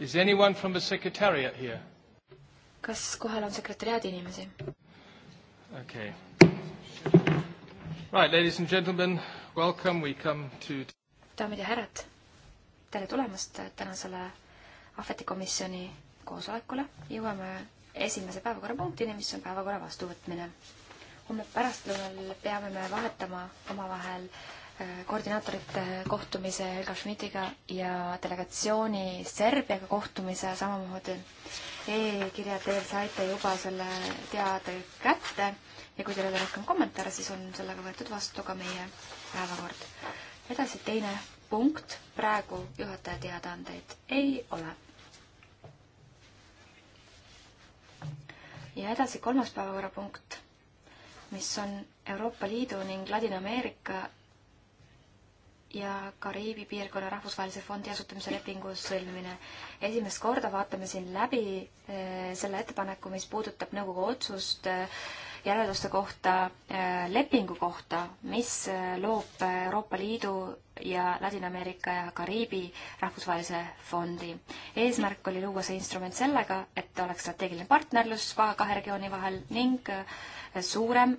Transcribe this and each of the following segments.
Is anyone from the secretariat here? kas kohal on sekretäriaadi inimesi? okei okay.. Right, ladies and gentlemen, welcome, we come to daamid ja härrad, tere tulemast tänasele ahvetikomisjoni koosolekule. jõuame esimese päevakorrapunktini, mis on päevakorra vastuvõtmine. homme pärastlõunal peame me vahetama omavahel äh, koordinaatorite kohtumise Helga Schmidtiga ja delegatsiooni Serbiaga kohtumise samamoodi e-kirja teel saite juba selle teade kätte ja kui teil ei ole rohkem kommentaare, siis on sellega võetud vastu ka meie päevakord. edasi teine punkt, praegu juhataja teadaandeid ei ole. ja edasi kolmas päevakorrapunkt, mis on Euroopa Liidu ning Ladina-Ameerika ja Kariibi piirkonna rahvusvahelise fondi asutamise lepingu sõlmimine. esimest korda vaatame siin läbi eh, selle ettepaneku, mis puudutab nõukogu otsust äh, järelduste kohta, äh, lepingu kohta, mis äh, loob Euroopa Liidu ja Ladina-Ameerika ja Kariibi rahvusvahelise fondi. eesmärk oli luua see instrument sellega, et oleks strateegiline partnerlus kahe regiooni vahel ning äh, suurem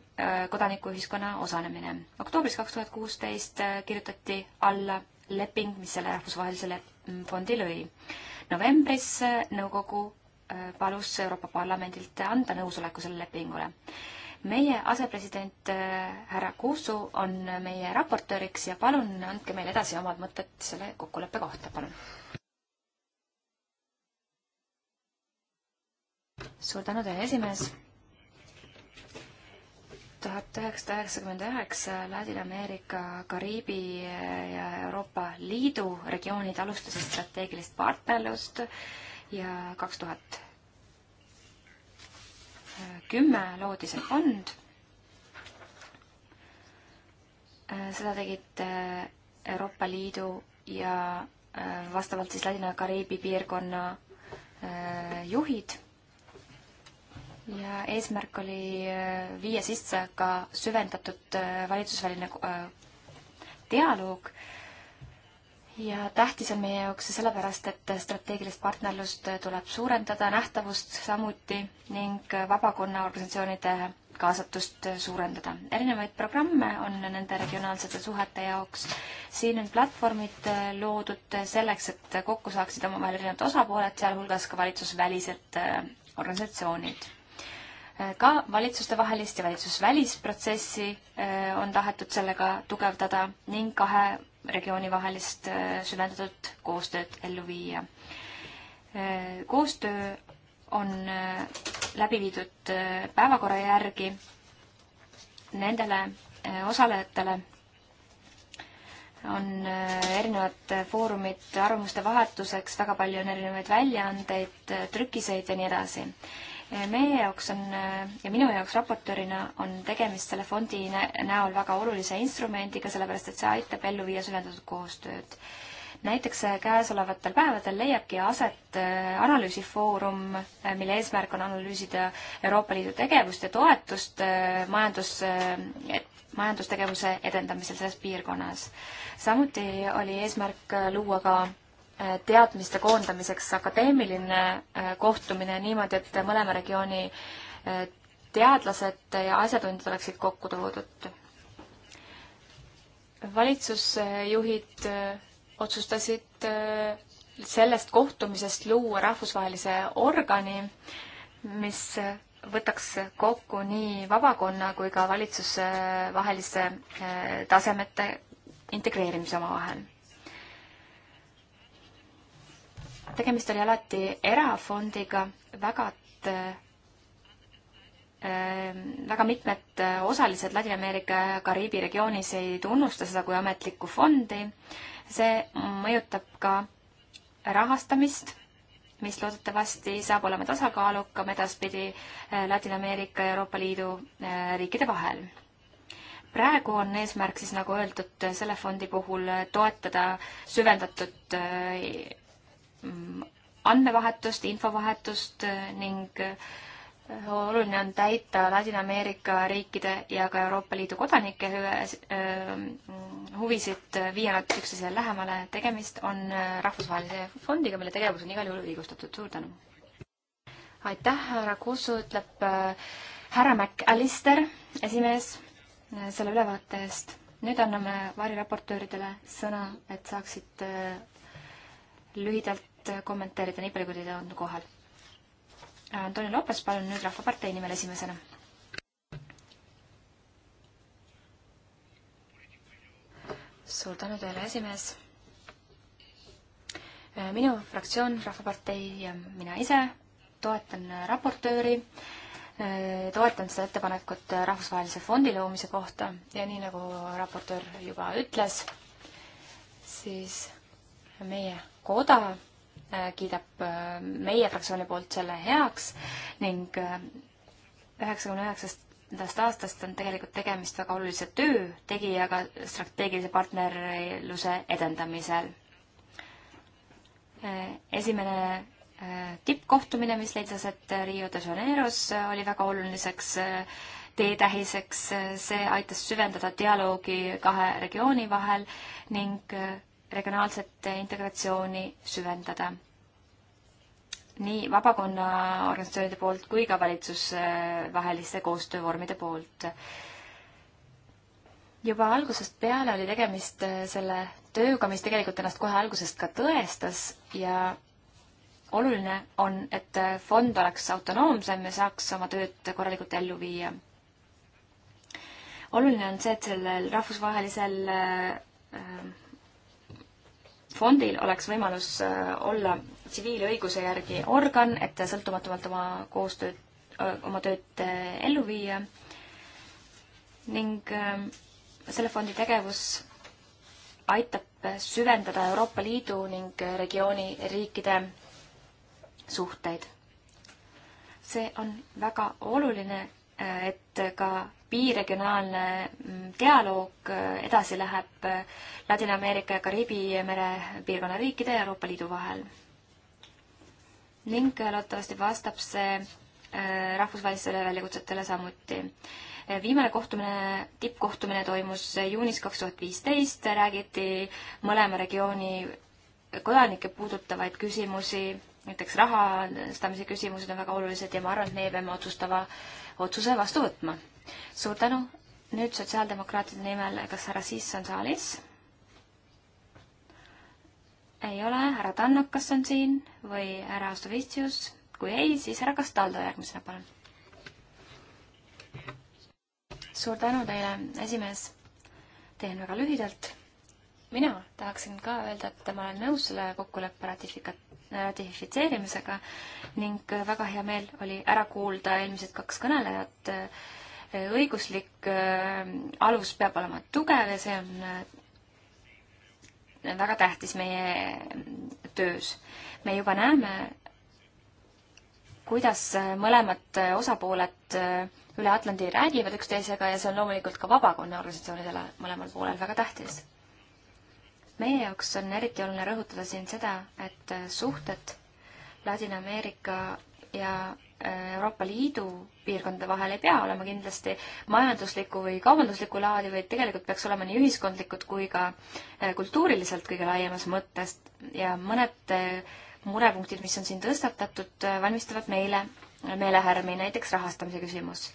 kodanikuühiskonna osalemine. oktoobris kaks tuhat kuusteist kirjutati alla leping, mis selle rahvusvahelisele fondi lõi. novembris nõukogu palus Euroopa Parlamendilt anda nõusoleku sellele lepingule. meie asepresident äh, härra Kuusu on meie raportööriks ja palun andke meile edasi omad mõtted selle kokkuleppe kohta, palun. suur tänu teile, esimees. tuhat üheksasada üheksakümmend üheksa Ladina-Ameerika, Kariibi äh, ja Euroopa Liidu regioonid alustasid strateegilist partnerlust ja kaks tuhat kümme loodi see fond. seda tegid äh, Euroopa Liidu ja äh, vastavalt siis Ladina-Kariibi piirkonna äh, juhid. ja eesmärk oli viia sisse ka süvendatud valitsusväline dialoog äh, ja tähtis on meie jaoks see sellepärast, et strateegilist partnerlust tuleb suurendada, nähtavust samuti ning vabakonna organisatsioonide kaasatust suurendada. erinevaid programme on nende regionaalsete suhete jaoks. siin on platvormid loodud selleks, et kokku saaksid omavahel erinevad osapooled, sealhulgas ka valitsusvälised äh, organisatsioonid. ka valitsustevahelist ja valitsusvälist protsessi äh, on tahetud sellega tugevdada ning kahe regioonivahelist äh, süvendatud koostööd ellu viia. Äh, koostöö on äh, läbi viidud päevakorra järgi nendele osalejatele on erinevad foorumid arvamuste vahetuseks, väga palju on erinevaid väljaandeid, trükiseid ja nii edasi meie jaoks on ja minu jaoks raportöörina on tegemist selle fondi näol väga olulise instrumendiga, sellepärast et see aitab ellu viia süvendatud koostööd. näiteks äh, käesolevatel päevadel leiabki aset äh, analüüsifoorum, äh, mille eesmärk on analüüsida Euroopa Liidu tegevust ja toetust majandus, majandustegevuse edendamisel selles piirkonnas. samuti oli eesmärk luua ka teadmiste koondamiseks akadeemiline äh, kohtumine niimoodi, et mõlema regiooni äh, teadlased ja asjatundjad oleksid kokku toodud. valitsusjuhid äh, otsustasid sellest kohtumisest luua rahvusvahelise organi, mis võtaks kokku nii vabakonna kui ka valitsuse vaheliste tasemete integreerimise omavahel tegemist oli alati erafondiga, väga äh, väga mitmed osalised Ladina-Ameerika ja Kariibi regioonis ei tunnusta seda kui ametlikku fondi. see mõjutab ka rahastamist, mis loodetavasti saab olema tasakaalukam edaspidi äh, Ladina-Ameerika ja Euroopa Liidu äh, riikide vahel. praegu on eesmärk siis, nagu öeldud, selle fondi puhul toetada süvendatud andmevahetust, infovahetust äh, ning äh, oluline on täita Ladina-Ameerika riikide ja ka Euroopa Liidu kodanike äh, mm, huvisid, viia nad üksteisele lähemale. tegemist on rahvusvahelise fondiga, mille tegevus on igal juhul õigustatud. suur tänu! aitäh, härra Kuusu, ütleb härra McAllister, esimees, selle ülevaate eest. nüüd anname variraportööridele sõna, et saaksid lühidalt kommenteerida nii palju, kui teid on kohal. Antoni Lopes, palun nüüd Rahvapartei nimel esimesena. suur tänu teile, esimees. minu fraktsioon, Rahvapartei ja mina ise toetan raportööri, toetan seda ettepanekut rahvusvahelise fondi loomise kohta ja nii, nagu raportöör juba ütles, siis meie koda Äh, kiidab äh, meie fraktsiooni poolt selle heaks ning äh, üheksakümne üheksast sellest aastast on tegelikult tegemist väga olulise töö tegijaga strateegilise partnerluse edendamisel. esimene tippkohtumine, mis leidis aset Rio de Janeiros, oli väga oluliseks teetähiseks, see aitas süvendada dialoogi kahe regiooni vahel ning regionaalset integratsiooni süvendada. nii vabakonna organisatsioonide poolt kui ka valitsusvaheliste koostöövormide poolt. juba algusest peale oli tegemist selle tööga, mis tegelikult ennast kohe algusest ka tõestas ja oluline on, et fond oleks autonoomsem ja saaks oma tööd korralikult ellu viia. oluline on see, et sellel rahvusvahelisel äh, fondil oleks võimalus äh, olla tsiviilõiguse järgi organ, et sõltumatumalt oma koostööd, äh, oma tööd äh, ellu viia ning selle fondi tegevus aitab süvendada Euroopa Liidu ning regiooni riikide suhteid. see on väga oluline, et ka biiregionaalne mm, dialoog äh, edasi läheb äh, Ladina-Ameerika ja Kariibi mere piirkonna riikide ja Euroopa Liidu vahel. ning äh, loodetavasti vastab see rahvusvahelistele väljakutsetele samuti. viimane kohtumine, tippkohtumine toimus juunis kaks tuhat viisteist, räägiti mõlema regiooni kodanikke puudutavaid küsimusi näiteks rahastamise küsimused on väga olulised ja ma arvan, et meie peame otsustava otsuse vastu võtma. suur tänu. nüüd sotsiaaldemokraatide nimel, kas härra Siss on saalis? ei ole, härra Tannok, kas on siin või härra Ostovitšius? kui ei, siis härra Kastaldo järgmisena, palun. suur tänu teile, esimees. teen väga lühidalt. mina tahaksin ka öelda, et ma olen nõus selle kokkuleppe ratifika-, ratifitseerimisega ning väga hea meel oli ära kuulda eelmised kaks kõnelejat. õiguslik äh, alus peab olema tugev ja see on äh, väga tähtis meie äh, töös. me juba näeme, kuidas mõlemad osapooled üle Atlandi räägivad üksteisega ja see on loomulikult ka vabakonna organisatsioonidele mõlemal poolel väga tähtis meie jaoks on eriti oluline rõhutada siin seda, et äh, suhted Ladina-Ameerika ja äh, Euroopa Liidu piirkondade vahel ei pea olema kindlasti majanduslikku või kaubanduslikku laadi, vaid tegelikult peaks olema nii ühiskondlikud kui ka äh, kultuuriliselt kõige laiemas mõttes ja mõned murepunktid, mis on siin tõstatatud, valmistavad meile meelehärmi, näiteks rahastamise küsimus.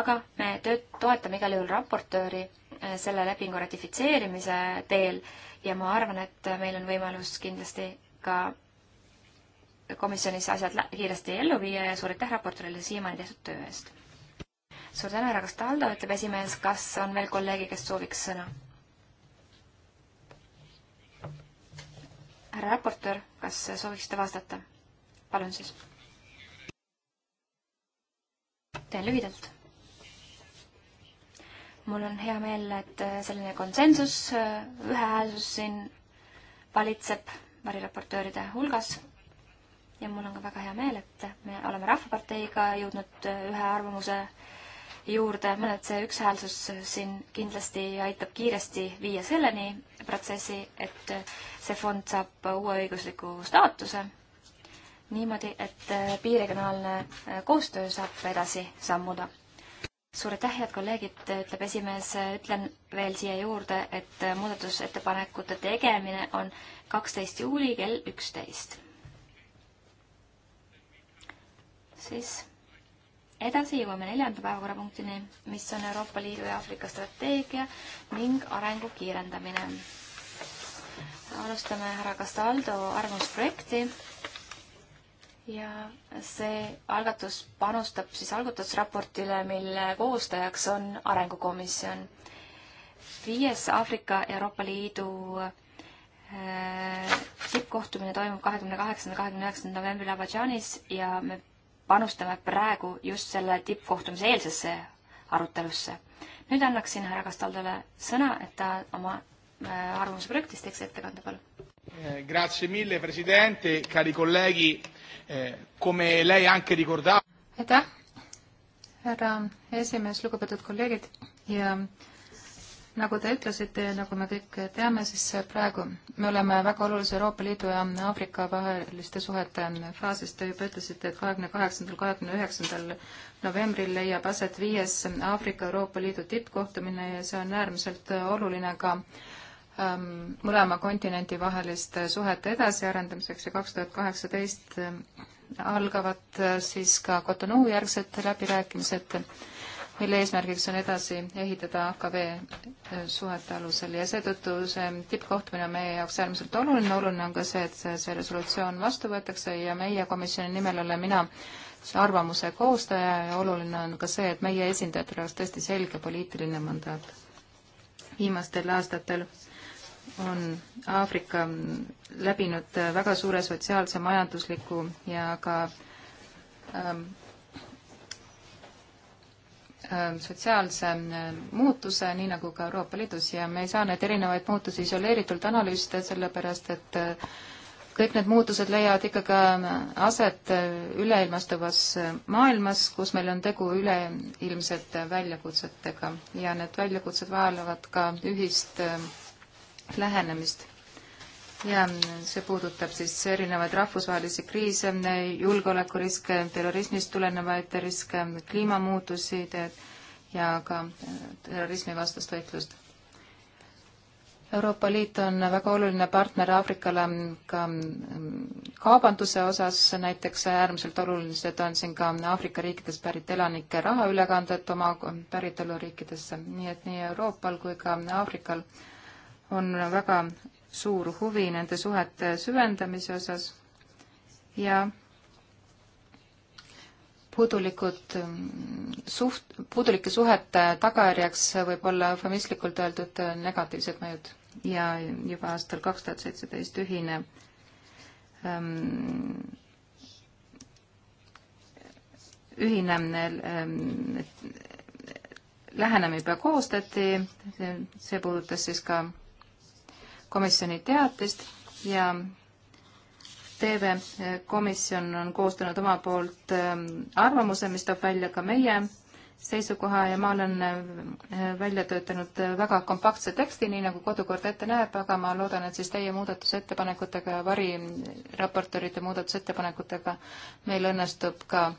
aga me tööd, toetame igal juhul raportööri Äh, selle lepingu ratifitseerimise teel ja ma arvan, et meil on võimalus kindlasti ka komisjonis asjad kiiresti ellu viia ja suur aitäh raportöörile siiamaani tehtud töö eest. suur tänu, härra Kastaldo, ütleb esimees, kas on veel kolleegi, kes sooviks sõna? härra raportöör, kas sooviksite vastata? palun siis. teen lühidalt mul on hea meel, et äh, selline konsensus, äh, ühehäälsus siin valitseb variraportööride hulgas. ja mul on ka väga hea meel, et me oleme Rahvaparteiga jõudnud äh, ühe arvamuse juurde, ma arvan, et see ükshäälsus siin kindlasti aitab kiiresti viia selleni protsessi, et see fond saab uue õigusliku staatuse. niimoodi, et piirregionaalne koostöö saab edasi sammuda suur aitäh, head kolleegid, ütleb esimees, ütlen veel siia juurde, et muudatusettepanekute tegemine on kaksteist juuli kell üksteist. siis edasi jõuame neljanda päevakorrapunktini, mis on Euroopa Liidu ja Aafrika strateegia ning arengu kiirendamine. alustame härra Castaldo arvamusprojekti ja see algatus panustab siis algatusraportile, mille koostajaks on Arengukomisjon. viies Aafrika Euroopa Liidu äh, tippkohtumine toimub kahekümne kaheksanda, kahekümne üheksanda novembril Abadžanis ja me panustame praegu just selle tippkohtumise eelsesse arutelusse. nüüd annaksin härra Kastaldole sõna, et ta oma äh, arvamuse projektis teeks ettekande, palun. Eh, grazie mille, presidente, cari colleghi Eh, come lei anche ricordava. aitäh, härra esimees, lugupeetud kolleegid ja nagu te ütlesite ja nagu me kõik teame, siis praegu me oleme väga olulise Euroopa Liidu ja Aafrika vaheliste suhete faasis. Te juba ütlesite, et kahekümne kaheksandal, kahekümne üheksandal novembril leiab aset viies Aafrika Euroopa Liidu tippkohtumine ja see on äärmiselt oluline ka äh, Ähm, mõlema kontinendi vaheliste suhete edasiarendamiseks ja kaks tuhat kaheksateist ähm, algavad äh, siis ka Cotonou järgsed läbirääkimised, mille eesmärgiks on edasi ehitada AKV äh, suhete alusel ja seetõttu see tippkohtumine on meie jaoks äärmiselt oluline, oluline on ka see, et see, see resolutsioon vastu võetakse ja meie komisjoni nimel olen mina arvamuse koostaja ja oluline on ka see, et meie esindajatel oleks tõesti selge poliitiline mandaat. viimastel aastatel on Aafrika läbinud väga suure sotsiaalse, majandusliku ja ka ähm, ähm sotsiaalse ähm, muutuse, nii nagu ka Euroopa Liidus ja me ei saa neid erinevaid muutusi isoleeritult analüüsida, sellepärast et äh, kõik need muutused leiavad ikkagi äh, aset äh, üleilmastuvas maailmas, kus meil on tegu üleilmsete väljakutsetega ja need väljakutsed vajavad ka ühist äh, lähenemist ja see puudutab siis erinevaid rahvusvahelisi kriise, julgeolekuriske, terrorismist tulenevaid riske, kliimamuutusi ja ka terrorismivastast võitlust. Euroopa Liit on väga oluline partner Aafrikale ka kaubanduse osas, näiteks äärmiselt olulised on siin ka Aafrika riikidest pärit elanike rahaülekanded oma päritoluriikidesse, nii et nii Euroopal kui ka Aafrikal äh, on väga suur huvi nende suhete süvendamise osas ja puudulikud mm, suht, puudulike suhete tagajärjeks võib olla eufemistlikult öeldud äh, negatiivsed mõjud ja juba aastal kaks tuhat seitseteist ühine ähm, ühine ähm, lähenemine koostati, see puudutas siis ka komisjoni teatist ja TV komisjon on koostanud oma poolt ähm, arvamuse, mis toob välja ka meie seisukoha ja ma olen äh, välja töötanud äh, väga kompaktse teksti, nii nagu kodukord ette näeb, aga ma loodan, et siis teie muudatusettepanekutega ja variraportorite muudatusettepanekutega meil õnnestub ka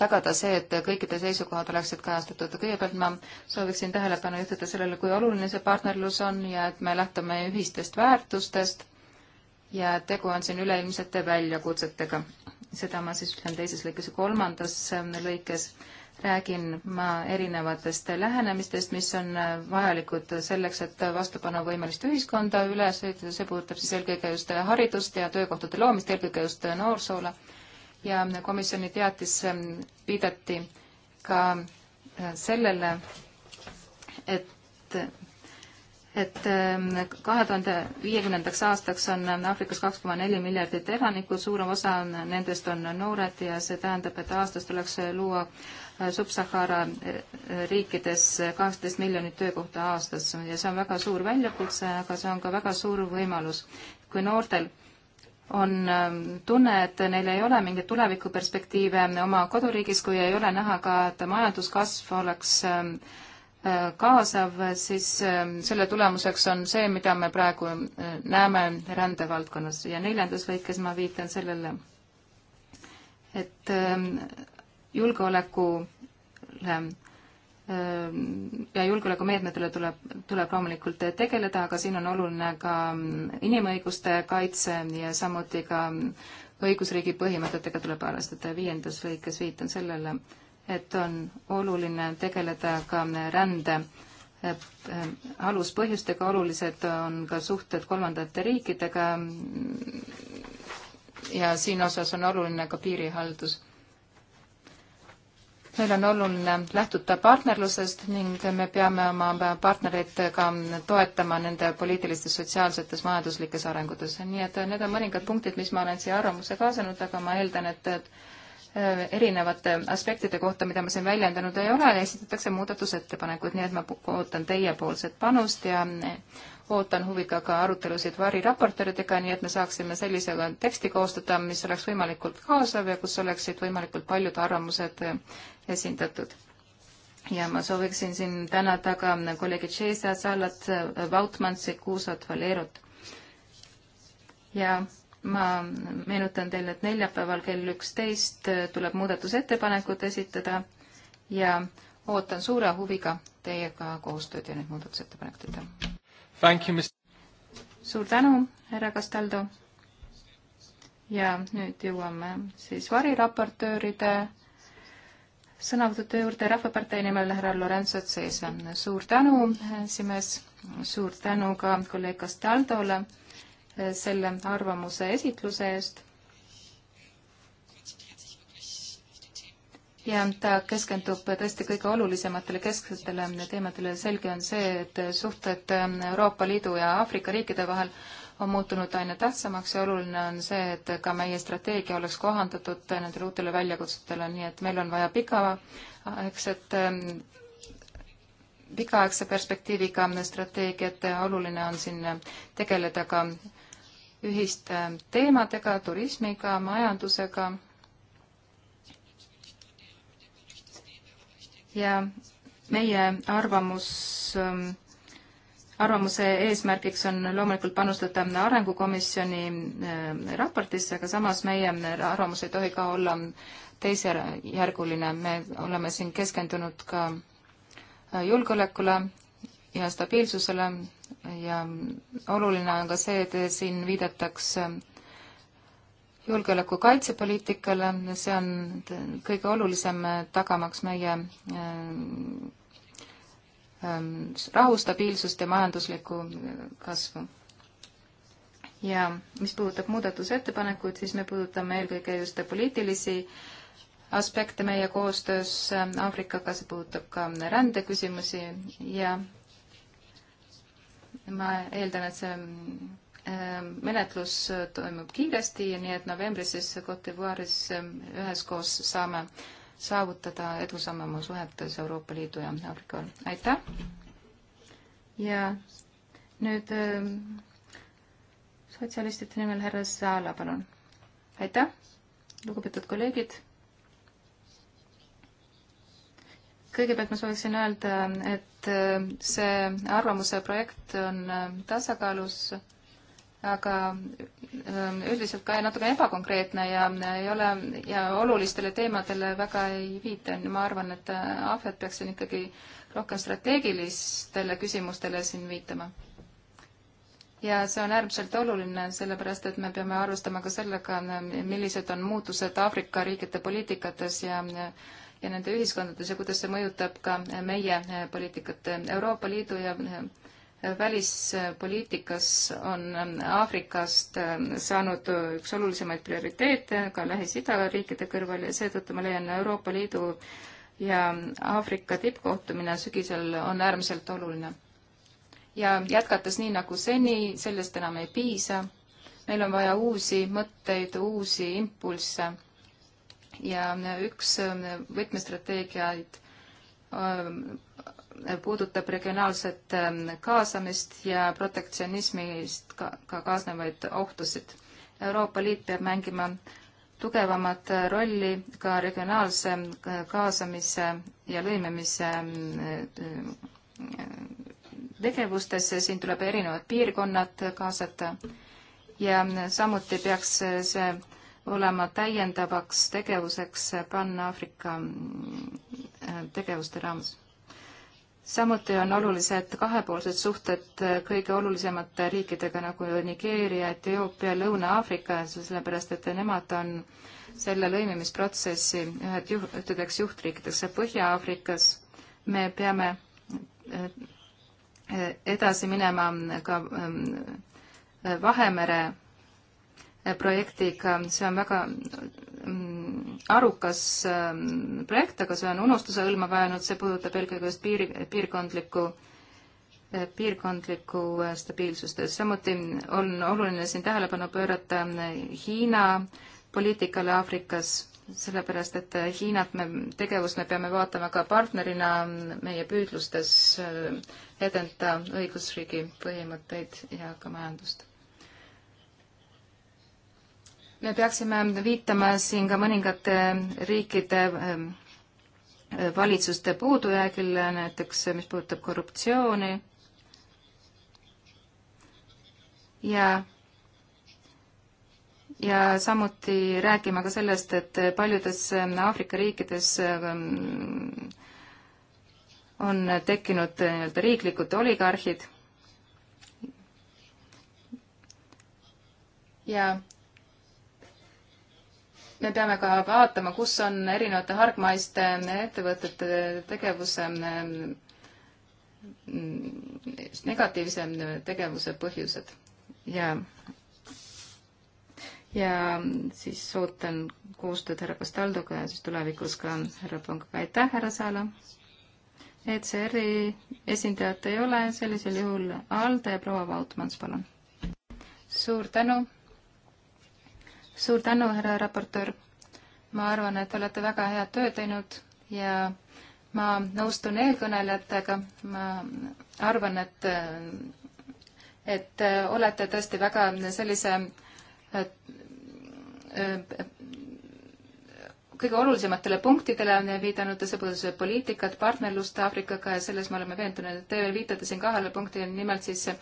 tagada see, et kõikide seisukohad oleksid kajastatud. kõigepealt ma sooviksin tähelepanu juhtida sellele, kui oluline see partnerlus on ja et me lähtume ühistest väärtustest ja tegu on siin üleilmsete väljakutsetega. seda ma siis ütlen teises lõikes ja kolmandas ähm, lõikes räägin ma erinevatest lähenemistest, mis on äh, vajalikud selleks, et vastupanuvõimelist ühiskonda üles ehitada, see puudutab siis eelkõige just äh, haridust ja töökohtade loomist, eelkõige just äh, noorsoole ja komisjoni teatis ähm, viidati ka äh, sellele, et, et ähm, kahe tuhande viiekümnendaks aastaks on äh, Aafrikas kaks koma neli miljardit elanikku, suurem osa äh, nendest on noored ja see tähendab, et aastas tuleks luua Sub-Sahara riikides kaheksateist miljonit töökohta aastas ja see on väga suur väljakutse, aga see on ka väga suur võimalus, kui noortel on ähm, tunne, et neil ei ole mingeid tulevikuperspektiive oma koduriigis, kui ei ole näha ka, et majanduskasv oleks ähm, äh, kaasav, siis ähm, selle tulemuseks on see, mida me praegu äh, näeme rändevaldkonnas ja neljandas lõikes ma viitan sellele, et julgeolekule Ehm, ja julgeolekumeetmetele tuleb, tuleb loomulikult tegeleda, aga siin on oluline ka mm, inimõiguste kaitse ja samuti ka mm, õigusriigi põhimõtetega tuleb arvestada. viiendas lõikes viitan sellele, et on oluline tegeleda ka mm, rände ehm, aluspõhjustega, olulised on ka suhted kolmandate riikidega ja siin osas on oluline ka piirihaldus meil on oluline lähtuda partnerlusest ning me peame oma partnereid ka toetama nende poliitilistes, sotsiaalsetes, majanduslikes arengutes. nii et need on mõningad punktid, mis ma olen siia arvamusse kaasanud, aga ma eeldan, et, et äh, erinevate aspektide kohta, mida ma siin väljendanud ei ole, esitatakse muudatusettepanekud, nii et ma ootan teiepoolset panust ja ootan huviga ka arutelusid variraportööridega, nii et me saaksime sellise teksti koostada, mis oleks võimalikult kaasav ja kus oleksid võimalikult paljud arvamused eh, esindatud. ja ma sooviksin siin tänada ka kolleegid Šeisa, Salat, Vautmansi, Kuusat, Valerot. ja ma meenutan teile, et neljapäeval kell üksteist eh, tuleb muudatusettepanekud esitada ja ootan suure huviga teiega koostööd ja neid muudatusettepanekuid suur tänu, härra Castaldo. ja nüüd jõuame siis variraportööride sõnavõtute juurde Rahvapartei nimel härra Lorenzo Cesa. suur tänu, esimees, suur tänu ka kolleeg Castaldole selle arvamuse esitluse eest ja ta keskendub tõesti kõige olulisematele kesksetele teemadele. selge on see, et suhted Euroopa Liidu ja Aafrika riikide vahel on muutunud aina tähtsamaks ja oluline on see, et ka meie strateegia oleks kohandatud nendele uutele väljakutsetele, nii et meil on vaja pikaaegset pikaaegse perspektiiviga strateegiat, oluline on siin tegeleda ka ühiste teemadega, turismiga, majandusega ja meie arvamus, ähm, arvamuse eesmärgiks on loomulikult panustada Arengukomisjoni ähm, raportisse, aga samas meie arvamus ei tohi ka olla teisejärguline, me oleme siin keskendunud ka äh, julgeolekule ja stabiilsusele ja oluline on ka see, et siin viidatakse julgeoleku kaitsepoliitikale, see on kõige olulisem tagamaks meie äh, ähm, rahu, stabiilsust ja majanduslikku äh, kasvu. ja mis puudutab muudatusettepanekuid, siis me puudutame eelkõige just poliitilisi aspekte meie koostöös Aafrikaga, see puudutab ka rändeküsimusi ja ma eeldan, et see Ehm, menetlus äh, toimub kiiresti ja nii, et novembris siis Cote d'Ivoire'is ehm, üheskoos saame saavutada edusamme oma suhetes Euroopa Liidu ja Aafrika vahel. aitäh! ja nüüd ehm, sotsialistide nimel härra Saala, palun. aitäh, lugupeetud kolleegid. kõigepealt ma sooviksin öelda, et see arvamuse projekt on tasakaalus aga ähm, üldiselt ka natuke ebakonkreetne ja äh, ei ole ja olulistele teemadele väga ei viita. ma arvan, et äh, ahvet peaks siin ikkagi rohkem strateegilistele küsimustele siin viitama. ja see on äärmiselt oluline, sellepärast et me peame arvestama ka sellega, äh, millised on muutused Aafrika riikide poliitikates ja ja nende ühiskondades ja kuidas see mõjutab ka meie poliitikat. Euroopa Liidu ja välispoliitikas on Aafrikast ähm, saanud äh, üks olulisemaid prioriteete ka Lähis-Ida riikide kõrval ja seetõttu ma leian Euroopa Liidu ja Aafrika tippkohtumine sügisel on äärmiselt oluline. ja jätkates nii nagu seni, sellest enam ei piisa. meil on vaja uusi mõtteid, uusi impulsse. ja üks ähm, võtmestrateegiaid ähm, puudutab regionaalset ähm, kaasamist ja protektsionismist ka, ka kaasnevaid ohtusid. Euroopa Liit peab mängima tugevamat äh, rolli ka regionaalse äh, kaasamise ja lõimimise ähm, äh, tegevustes, siin tuleb erinevad piirkonnad kaasata ja samuti peaks see olema täiendavaks tegevuseks Pan-Aafrika mm, tegevuste raames samuti on olulised kahepoolsed suhted äh, kõige olulisemate riikidega nagu Nigeeria, Etioopia, Lõuna-Aafrika, sellepärast et nemad on selle lõimimisprotsessi ühed juht, ühtedeks juhtriikideks ja Põhja-Aafrikas me peame äh, äh, edasi minema ka ähm, Vahemere projektiga, see on väga Mm, arukas ähm, projekt, aga see on unustuse hõlma vajanud, see puudutab eelkõige just piiri, piirkondlikku, äh, piirkondlikku äh, stabiilsust. samuti on oluline siin tähelepanu pöörata äh, Hiina poliitikale Aafrikas, sellepärast et Hiinat me, tegevust me peame vaatama ka partnerina mm, meie püüdlustes edenda õigusriigi põhimõtteid ja ka majandust me peaksime viitama siin ka mõningate riikide ähm, äh, valitsuste puudujäägile, näiteks äh, mis puudutab korruptsiooni ja ja samuti räägime ka sellest, et paljudes ähm, Aafrika riikides ähm, on tekkinud äh, nii-öelda riiklikud oligarhid ja me peame ka vaatama, kus on erinevate hargmaiste ettevõtete tegevuse, mm, negatiivse tegevuse põhjused ja, ja siis ootan koostööd härra Kastalduga ja siis tulevikus ka härra Pangaga. aitäh, härra Saala! ECR-i esindajat ei ole, sellisel juhul ALDE proua Vautmans, palun. suur tänu suur tänu, härra raportöör. ma arvan, et olete väga head tööd teinud ja ma nõustun eelkõnelejatega, ma arvan, et, et olete tõesti väga sellise kõige olulisematele punktidele on viidanud sõpruse poliitikat, partnerlust Aafrikaga ja selles me oleme veendunud, et te viitate siin kahele punktile, nimelt siis äh,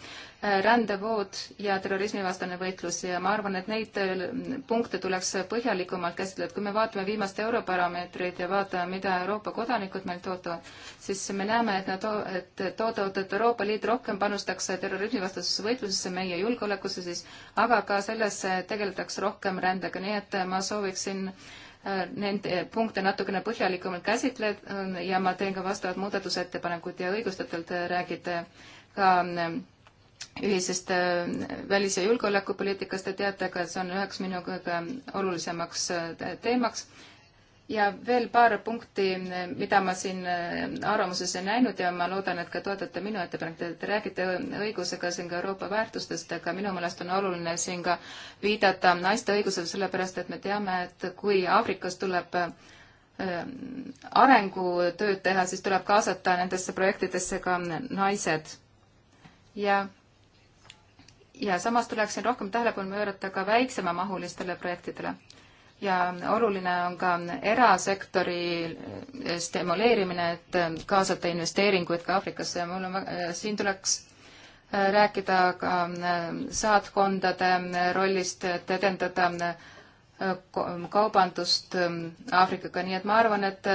rändevood ja terrorismivastane võitlus ja ma arvan, et neid äh, punkte tuleks põhjalikumalt käsitleda, et kui me vaatame viimast Europarameetrit ja vaatame, mida Euroopa kodanikud meilt ootavad, siis me näeme, et nad, et toodavad, et Euroopa Liit rohkem panustaks terrorismivastasesse võitlusesse, meie julgeolekusse siis, aga ka sellesse tegeldaks rohkem rändega, nii et ma sooviksin äh, Äh, nende äh, punkte natukene põhjalikumalt käsitled ähm, ja ma teen ka vastavad muudatusettepanekud ja õigustatult äh, räägite ka ühisest välis- ja julgeolekupoliitikast te teate, aga see on üheks minu kõige olulisemaks teemaks ja veel paar punkti, mida ma siin äh, arvamuses ei näinud ja ma loodan, et ka toetate minu ettepanekut. Te räägite õigusega siin ka Euroopa väärtustest, aga minu meelest on oluline siin ka viidata naiste õigusele, sellepärast et me teame, et kui Aafrikas tuleb äh, arengutööd teha, siis tuleb kaasata nendesse projektidesse ka naised. ja ja samas tuleks siin rohkem tähelepanu pöörata ka väiksemamahulistele projektidele ja oluline on ka erasektori eh, stimuleerimine, et eh, kaasata investeeringuid ka Aafrikasse ja mul on väga, eh, siin tuleks rääkida ka saatkondade rollist, et edendada kaubandust Aafrikaga, nii et ma arvan, et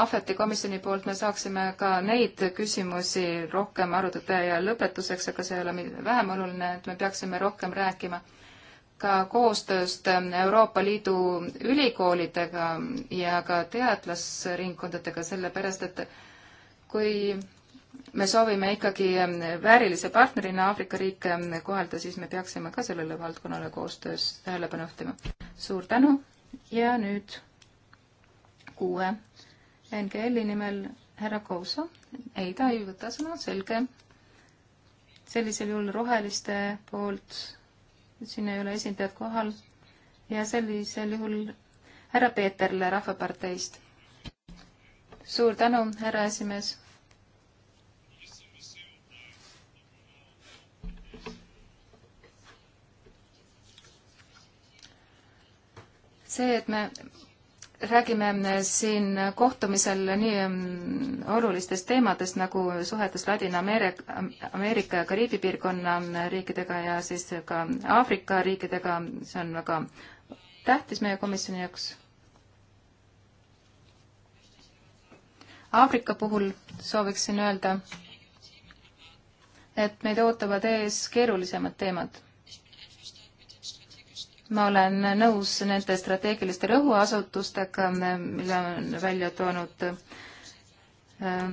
Ahveti komisjoni poolt me saaksime ka neid küsimusi rohkem arutada ja lõpetuseks, aga see ei ole vähem oluline, et me peaksime rohkem rääkima äh, ka koostööst Euroopa Liidu ülikoolidega ja ka teadlasringkondadega, sellepärast et kui me soovime ikkagi väärilise partnerina Aafrika riike kohelda, siis me peaksime ka sellele valdkonnale koostöös tähelepanu juhtima. suur tänu ja nüüd kuue NGL-i nimel härra Kouso. ei, ta ei võta sõna, selge. sellisel juhul roheliste poolt siin ei ole esindajad kohal ja sellisel juhul härra Peeterle Rahvaparteist. suur tänu, härra esimees. see, et me räägime siin kohtumisel nii mm, olulistest teemadest nagu suhetes Ladina-Ameerika, Ameerika ja Kariibi piirkonna riikidega ja siis ka Aafrika riikidega, see on väga tähtis meie komisjoni jaoks. Aafrika puhul sooviksin öelda, et meid ootavad ees keerulisemad teemad ma olen nõus nende strateegiliste rõhuasutustega, mille on välja toonud äh, äh,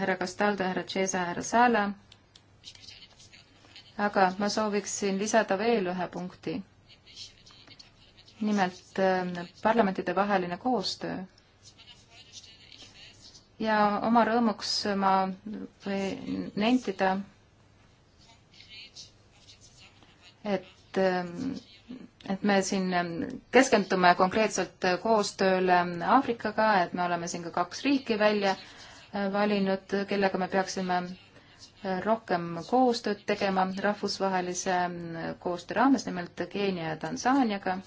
härra Castaldo, härra Cesa, härra Sala. aga ma sooviksin lisada veel ühe punkti. nimelt äh, parlamentidevaheline koostöö. ja oma rõõmuks ma võin nentida, et et me siin ähm, keskendume konkreetselt äh, koostööle ähm, Aafrikaga, et me oleme siin ka kaks riiki välja äh, valinud, kellega me peaksime äh, rohkem koostööd tegema rahvusvahelise ähm, koostöö raames, nimelt Keenia ja Tansaaniaga.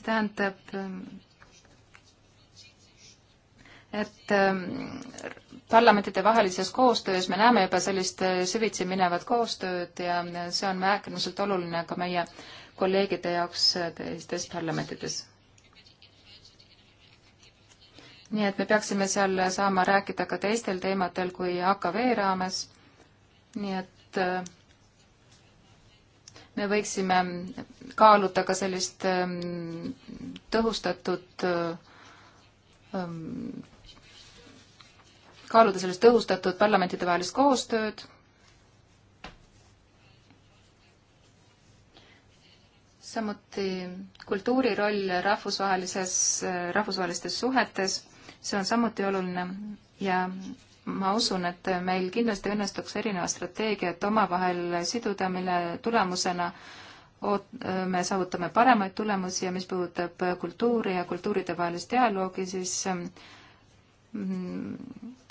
see tähendab, et ähm, parlamentide vahelises koostöös me näeme juba sellist äh, süvitsi minevat koostööd ja äh, see on äärmiselt oluline ka meie kolleegide jaoks äh, teistes parlamentides. nii et me peaksime seal saama rääkida ka teistel teemadel kui AKV raames, nii et me võiksime kaaluda ka sellist ähm, tõhustatud ähm, kaaluda sellist tõhustatud parlamentidevahelist koostööd, samuti kultuuri roll rahvusvahelises, rahvusvahelistes suhetes, see on samuti oluline ja ma usun, et meil kindlasti õnnestuks erinevad strateegiad omavahel siduda, mille tulemusena oot-, me saavutame paremaid tulemusi ja mis puudutab kultuuri ja kultuuridevahelist dialoogi, siis mm,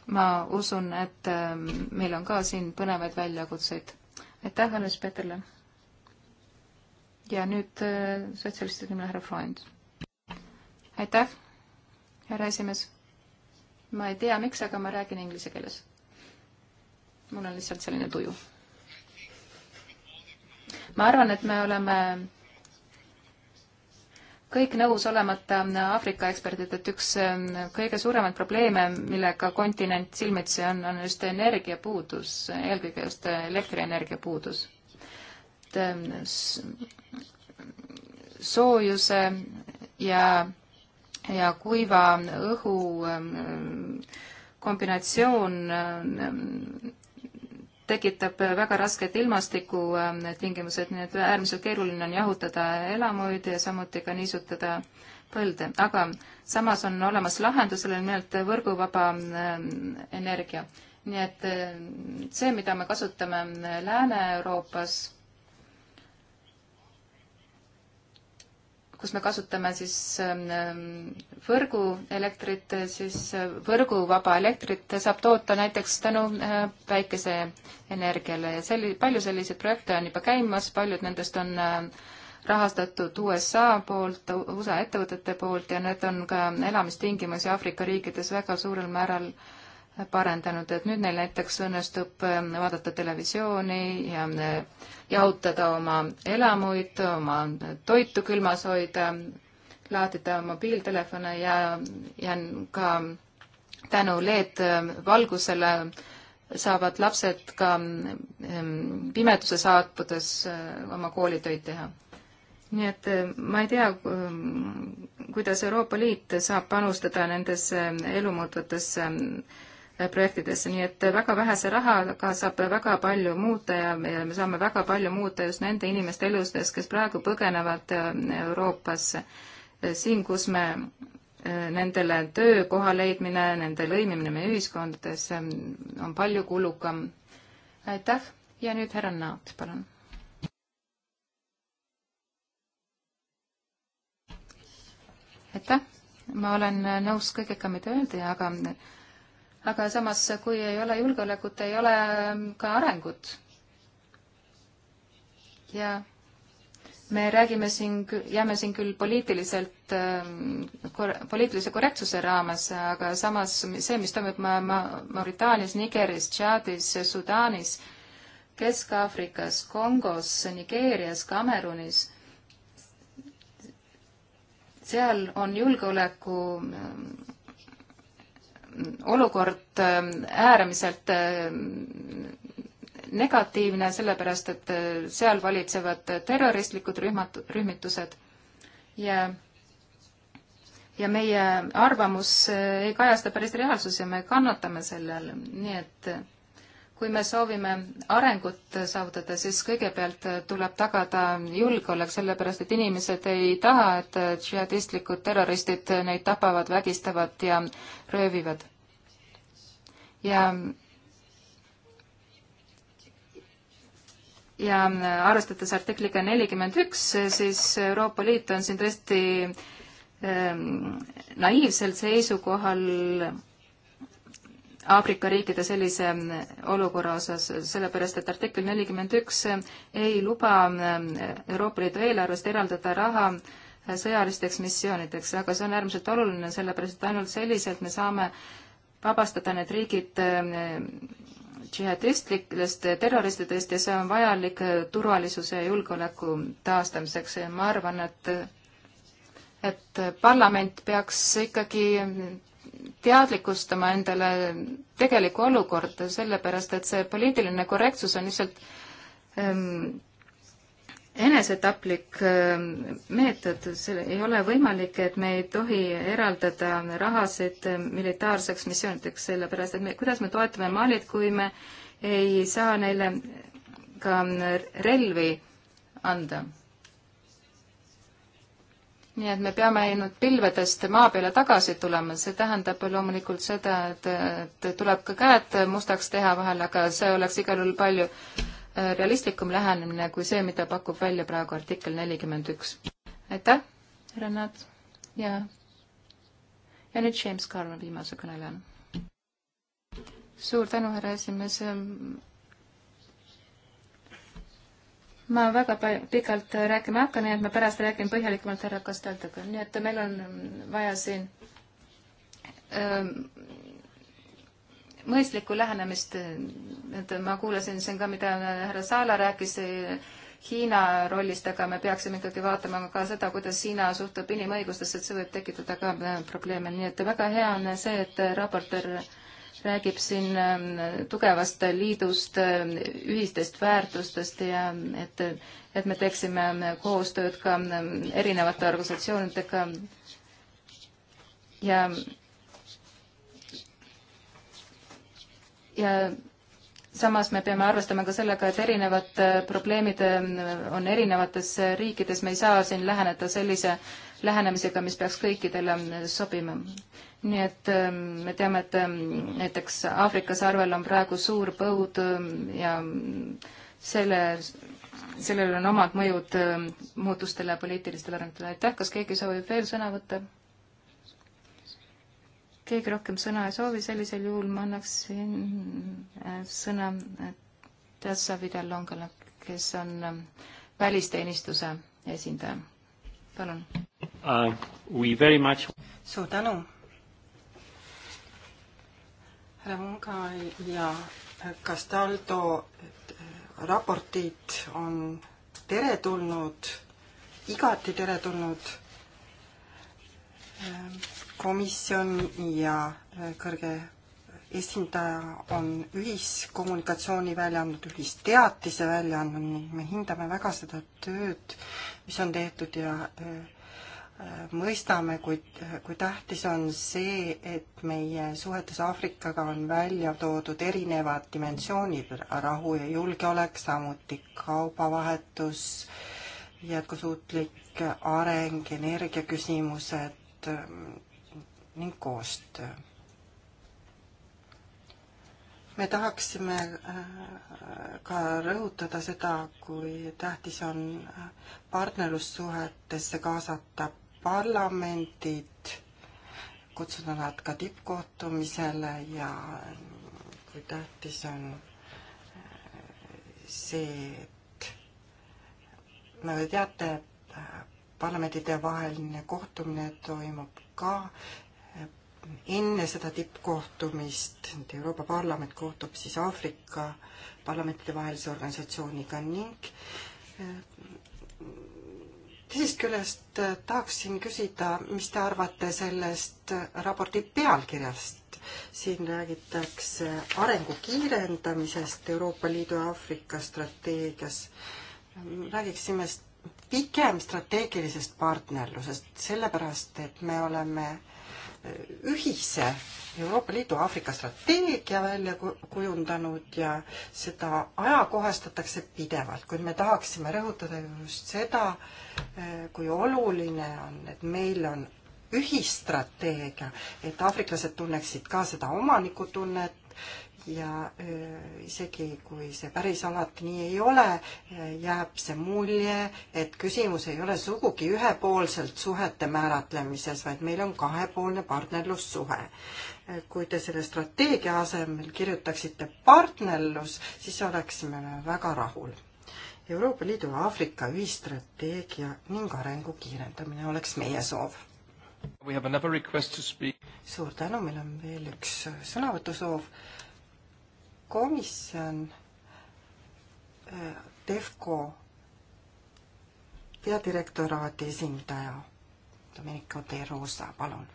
ma usun, et ähm, meil on ka siin põnevaid väljakutseid. aitäh, Hannes Peterle! ja nüüd äh, sotsialistide nimel härra Freund. aitäh, härra esimees! ma ei tea, miks, aga ma räägin inglise keeles. mul on lihtsalt selline tuju. ma arvan, et me oleme kõik nõus olemata Aafrika eksperdid, et üks ähm, kõige suuremaid probleeme, millega kontinent silmitsi on, on just energiapuudus, eelkõige just elektrienergia puudus. et ähm, soojuse ja, ja kuiva õhu ähm, kombinatsioon tekitab väga rasked ilmastikutingimused, ähm, nii et äärmiselt keeruline on jahutada elamuid ja samuti ka niisutada põlde. aga samas on olemas lahendus, selle nimelt võrguvaba ähm, energia. nii et äh, see, mida me kasutame Lääne-Euroopas kus me kasutame siis ähm, ähm, võrguelektrit, äh, siis äh, võrguvaba elektrit saab toota näiteks tänu äh, päikeseenergiale ja selli-, palju selliseid projekte on juba käimas, paljud nendest on rahastatud USA poolt, USA ettevõtete poolt ja need on ka elamistingimusi Aafrika riikides väga suurel määral äh, parendanud, et nüüd neil näiteks õnnestub ähm, vaadata televisiooni ja äh, jahutada oma elamuid, oma toitu külmas hoida, laadida mobiiltelefone ja, ja ka tänu LED-valgusele ähm, saavad lapsed ka ähm, pimeduse saatpudes äh, oma koolitöid teha. nii et äh, ma ei tea, kuidas Euroopa Liit saab panustada nendesse elumuutvatesse projektidesse, nii et väga vähese rahaga saab väga palju muuta ja me saame väga palju muuta just nende inimeste elustes, kes praegu põgenevad äh, Euroopasse. siin, kus me äh, nendele töökoha leidmine, nende lõimimine meie ühiskondadesse äh, on palju kulukam. aitäh ja nüüd härra Naat, palun. aitäh, ma olen nõus kõigega, mida öeldi, aga aga samas, kui ei ole julgeolekut, ei ole mm, ka arengut. ja me räägime siin, jääme siin küll poliitiliselt, mm, poliitilise korrektsuse raames, aga samas see, mis toimub ma-, ma-, Mauritaanias, Nigeris, Tšaadis, Sudaanis, Kesk-Aafrikas, Kongos, Nigeerias, Kamerunis, seal on julgeoleku mm, olukord ähm, äärmiselt ähm, negatiivne, sellepärast et äh, seal valitsevad terroristlikud rühmat-, rühmitused ja ja meie arvamus äh, ei kajasta päris reaalsusi ja me kannatame selle all, nii et äh, kui me soovime arengut saavutada, siis kõigepealt tuleb tagada julgeolek, sellepärast et inimesed ei taha, et džihadistlikud terroristid neid tapavad, vägistavad ja röövivad. ja ja arvestades artikliga nelikümmend üks, siis Euroopa Liit on siin tõesti ähm, naiivsel seisukohal Aafrika riikide sellise mm, olukorra osas, sellepärast et artikkel nelikümmend üks mm, ei luba mm, Euroopa Liidu eelarvest eraldada raha sõjalisteks missioonideks, aga see on äärmiselt oluline, sellepärast et ainult selliselt me saame vabastada need riigid džihadistlikest terroristidest ja see on vajalik turvalisuse ja julgeoleku taastamiseks ja ma arvan, et et parlament peaks ikkagi teadlikustama endale tegelikku olukorda, sellepärast et see poliitiline korrektsus on lihtsalt ähm, enesetaplik ähm, meetod, see ei ole võimalik, et me ei tohi eraldada rahasid ähm, militaarseks missioonideks, sellepärast et me, kuidas me toetame Malit, kui me ei saa neile ka relvi anda nii et me peame ainult pilvedest maa peale tagasi tulema, see tähendab loomulikult seda, et, et tuleb ka käed mustaks teha vahel, aga see oleks igal juhul palju äh, realistlikum lähenemine kui see, mida pakub välja praegu artikkel nelikümmend üks. aitäh, Renat ja, ja nüüd James Carver viimase kõnelejana. suur tänu, härra esimees ma väga pikalt rääkima ei hakka, nii et ma pärast räägin põhjalikumalt härra Kasteldaga, nii et meil on mm, vaja siin ähm, mõistlikku lähenemist, et ma kuulasin siin ka, mida härra Saala rääkis Hiina rollist, aga me peaksime ikkagi vaatama ka seda, kuidas Hiina suhtub inimõigustesse, et see võib tekitada ka äh, probleeme, nii et väga hea on see, et raportöör räägib siin ähm, tugevast liidust, äh, ühistest väärtustest ja et, et me teeksime ähm, koostööd ka ähm, erinevate organisatsioonidega ja ja samas me peame arvestama ka sellega, et erinevad äh, probleemid äh, on erinevates äh, riikides, me ei saa siin läheneda sellise lähenemisega, mis peaks kõikidele sobima. nii et ähm, me teame, et ähm, näiteks Aafrika sarvel on praegu suur põud ähm, ja mm, selle, sellel on omad mõjud muutustele ja poliitilistele arengutele. aitäh, kas keegi soovib veel sõna võtta? keegi rohkem sõna ei soovi, sellisel juhul ma annaksin äh, sõna äh, Tassa Vidal-Longale, kes on äh, välisteenistuse esindaja. palun uh,. We very much suur tänu. härra Munga ja Castaldo raportid on teretulnud, igati teretulnud ähm, komisjon ja äh, kõrge esindaja on ühiskommunikatsiooni välja andnud, ühisteatise välja andnud, nii et me hindame väga seda tööd, mis on tehtud ja äh, äh, mõistame, kui, kui tähtis on see, et meie suhetes Aafrikaga on välja toodud erinevad dimensioonid, rahu ja julgeolek, samuti kaubavahetus, jätkusuutlik areng, energiaküsimused, ning koostöö. me tahaksime äh, ka rõhutada seda, kui tähtis on äh, partnerlussuhetesse kaasata parlamendid, kutsuda nad ka tippkohtumisele ja äh, kui tähtis on see, et nagu te teate, parlamentide vaheline kohtumine toimub ka enne seda tippkohtumist, et Euroopa Parlament kohtub siis Aafrika parlamentidevahelise organisatsiooniga ning eh, teisest küljest eh, tahaksin küsida, mis te arvate sellest raporti pealkirjast? siin räägitakse arengu kiirendamisest Euroopa Liidu ja Aafrika strateegias. räägiksime pigem strateegilisest partnerlusest, sellepärast et me oleme ühise Euroopa Liidu Aafrika strateegia välja kujundanud ja seda ajakohastatakse pidevalt, kuid me tahaksime rõhutada just seda, eh, kui oluline on, et meil on ühistrateegia, et aafriklased tunneksid ka seda omanikutunnet ja e, isegi kui see päris alati nii ei ole, e, jääb see mulje, et küsimus ei ole sugugi ühepoolselt suhete määratlemises, vaid meil on kahepoolne partnerlussuhe. E, kui te selle strateegia asemel kirjutaksite partnerlus, siis oleksime me väga rahul. Euroopa Liidu Aafrika ühistrateegia ning arengu kiirendamine oleks meie soov suur tänu, meil on veel üks sõnavõtusoov komisjon äh, Defco peadirektoraadi esindaja Domenico De Rosa, palun.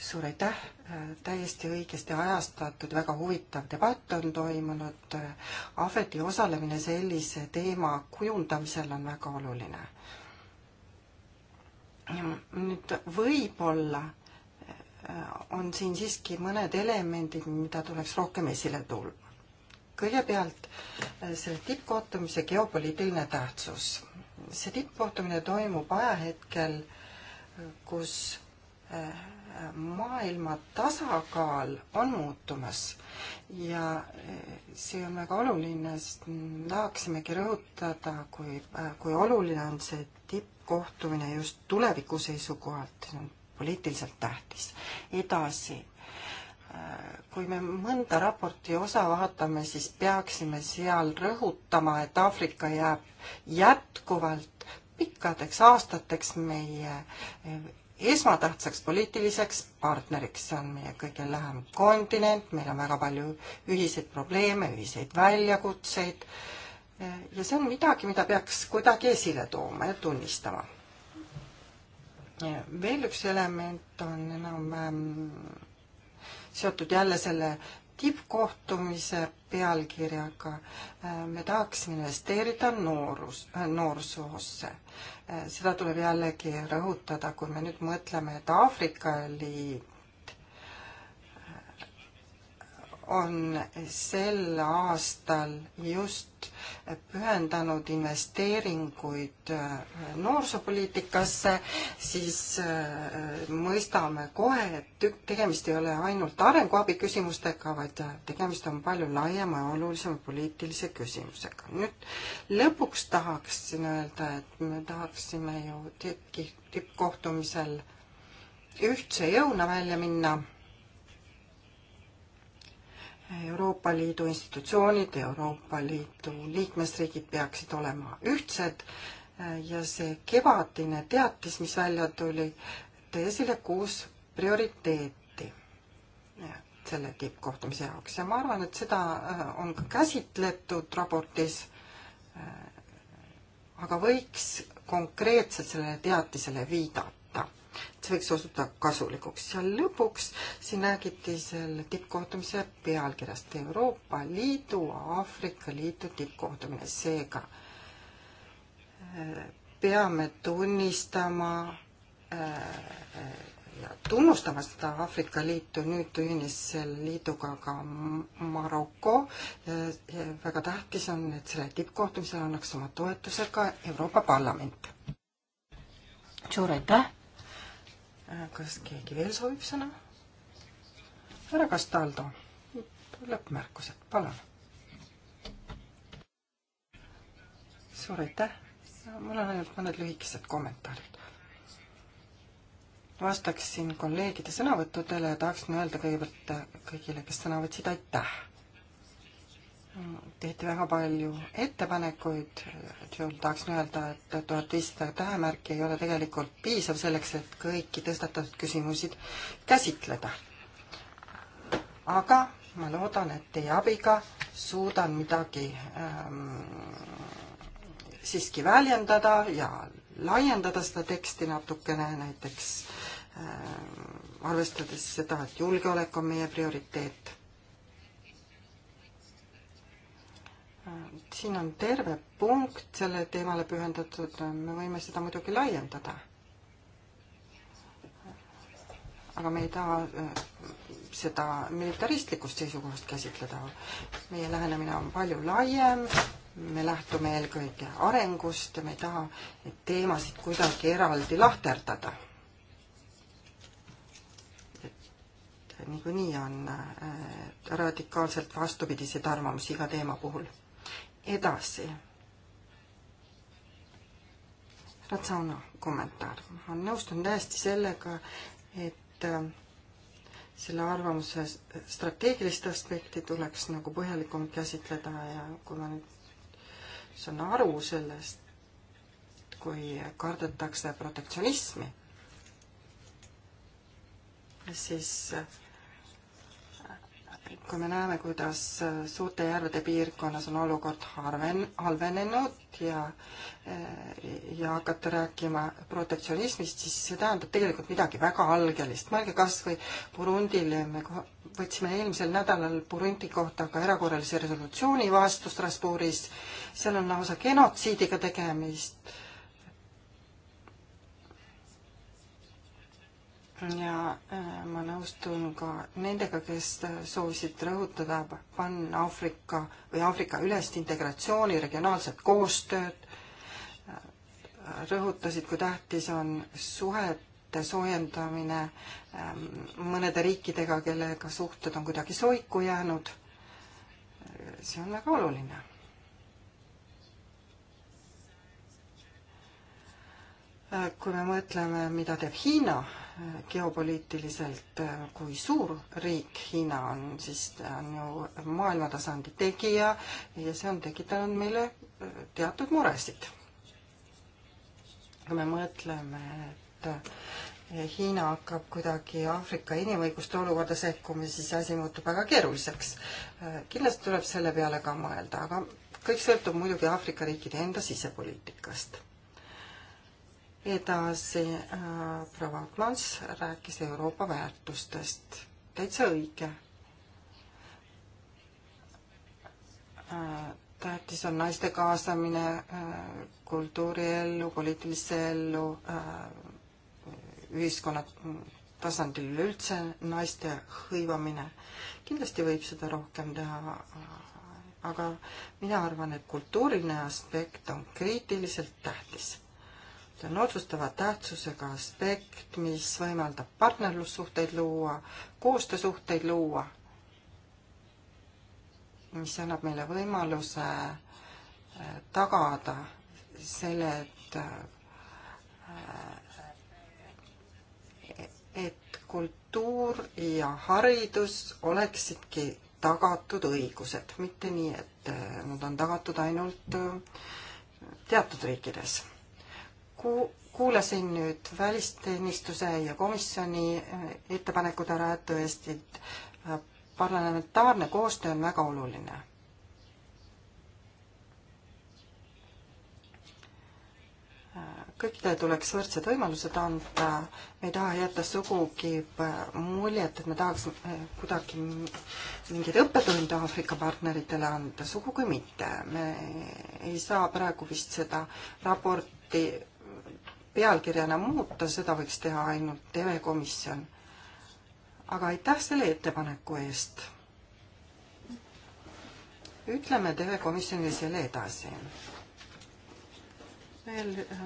suur aitäh, äh, täiesti õigesti ajastatud, väga huvitav debatt on toimunud. Äh, Ahveti osalemine sellise teema kujundamisel on väga oluline. nüüd võib-olla Äh, on siin siiski mõned elemendid, mida tuleks rohkem esile tuua. kõigepealt äh, selle tippkohtumise geopoliitiline tähtsus. see tippkohtumine toimub ajahetkel, äh, kus maailma tasakaal on muutumas ja see on väga oluline, sest tahaksimegi rõhutada, kui, kui oluline on see tippkohtumine just tuleviku seisukohalt, see on poliitiliselt tähtis. edasi, äh, kui me mõnda raporti osa vaatame, siis peaksime seal rõhutama, et Aafrika jääb jätkuvalt pikkadeks aastateks meie äh, esmatähtsaks poliitiliseks partneriks, see on meie kõige lähem kontinent, meil on väga palju ühiseid probleeme, ühiseid väljakutseid äh, ja see on midagi, mida peaks kuidagi esile tooma ja tunnistama veel üks element on enam-vähem seotud jälle selle tippkohtumise pealkirjaga äh, me tahaksime investeerida noorus, äh, noorsoosse. Äh, seda tuleb jällegi rõhutada, kui me nüüd mõtleme, et Aafrika oli on sel aastal just pühendanud investeeringuid äh, noorsoopoliitikasse, siis äh, mõistame kohe, et tegemist ei ole ainult arenguabi küsimustega, vaid äh, tegemist on palju laiema ja olulisema poliitilise küsimusega. nüüd lõpuks tahaksin öelda, et me tahaksime ju tippkohtumisel ühtse jõuna välja minna Euroopa Liidu institutsioonid, Euroopa Liidu liikmesriigid peaksid olema ühtsed ja see kevadine teatis, mis välja tuli, tõi esile kuus prioriteeti selle tippkohtumise jaoks ja ma arvan, et seda äh, on ka käsitletud raportis, äh, aga võiks konkreetselt sellele teatisele viidata see võiks osutuda kasulikuks. ja lõpuks siin räägiti selle tippkohtumise pealkirjast Euroopa Liidu, Aafrika Liidu tippkohtumine, seega äh, peame tunnistama äh, ja tunnustama seda Aafrika Liitu, nüüd ühines selle liiduga ka Maroko. Äh, väga tähtis on, et sellel tippkohtumisel annaks oma toetuse ka Euroopa Parlament. suur aitäh Äh, kas keegi veel soovib sõna? härra Castaldo, lõppmärkused, palun. suur aitäh, mul on ainult mõned lühikesed kommentaarid. vastaksin kolleegide sõnavõttudele ja tahaksin öelda kõigepealt kõigile, kes sõna võtsid, aitäh tehti väga palju ettepanekuid, tahaksin öelda, et tuhat viissada tähemärki ei ole tegelikult piisav selleks, et kõiki tõstatatud küsimusi käsitleda. aga ma loodan, et teie abiga suudan midagi ähm, siiski väljendada ja laiendada seda teksti natukene, näiteks ähm, arvestades seda, et julgeolek on meie prioriteet siin on terve punkt sellele teemale pühendatud, me võime seda muidugi laiendada. aga me ei taha äh, seda militaristlikust seisukohast käsitleda. meie lähenemine on palju laiem, me lähtume eelkõige arengust ja me ei taha neid teemasid kuidagi eraldi lahterdada. et niikuinii on äh, radikaalselt vastupidiseid arvamusi iga teema puhul edasi. Ratsauna kommentaar. ma nõustun täiesti sellega, et äh, selle arvamuse strateegilist aspekti tuleks nagu põhjalikumalt käsitleda ja kui ma nüüd saan aru sellest, kui kardetakse protektsionismi, siis äh, kui me näeme, kuidas äh, suurte järvede piirkonnas on olukord harven-, halvenenud ja äh, ja hakata rääkima protektsionismist, siis see tähendab tegelikult midagi väga algelist. mõelge kas või Burundile, me võtsime eelmisel nädalal Burundi kohta ka erakorralise resolutsiooni vastu Strasbourgis, seal on lausa genotsiidiga tegemist ja äh, ma nõustun ka nendega, kes äh, soovisid rõhutada Pan-Aafrika või Aafrika ülest integratsiooni, regionaalset koostööd, äh, rõhutasid, kui tähtis on suhete soojendamine ähm, mõnede riikidega, kellega suhted on kuidagi soiku jäänud. see on väga oluline kui me mõtleme, mida teeb Hiina geopoliitiliselt, kui suur riik Hiina on, siis ta on ju maailmatasandi tegija ja see on tekitanud meile äh, teatud muresid. kui me mõtleme, et äh, Hiina hakkab kuidagi Aafrika inimõiguste olukorda sekkuma, siis asi muutub väga keeruliseks. Äh, kindlasti tuleb selle peale ka mõelda, aga kõik sõltub muidugi Aafrika riikide enda sisepoliitikast edasi äh, proua Klons rääkis Euroopa väärtustest. täitsa õige äh,. tähtis on naiste kaasamine äh, kultuuriellu, poliitilisse ellu äh,, ühiskonna tasandil üleüldse naiste hõivamine. kindlasti võib seda rohkem teha, äh, aga mina arvan, et kultuuriline aspekt on kriitiliselt tähtis See on otsustava tähtsusega aspekt, mis võimaldab partnerlussuhteid luua, koostöösuhteid luua, mis annab meile võimaluse äh, tagada selle, et äh, e-, et kultuur ja haridus oleksidki tagatud õigused, mitte nii, et äh, nad on tagatud ainult teatud riikides ku-, kuulasin nüüd välisteenistuse ja komisjoni eh, ettepanekud ära, et tõesti eh, parlamentaarne koostöö on väga oluline. Eh, kõikidele tuleks võrdsed võimalused anda, me ei taha jätta sugugi muljet, et me tahaks kuidagi mingeid õppetunde Aafrika partneritele anda, sugugi mitte. me ei saa praegu vist seda raporti pealkirjana muuta, seda võiks teha ainult telekomisjon. aga aitäh selle ettepaneku eest. ütleme telekomisjonile selle edasi. veel äh,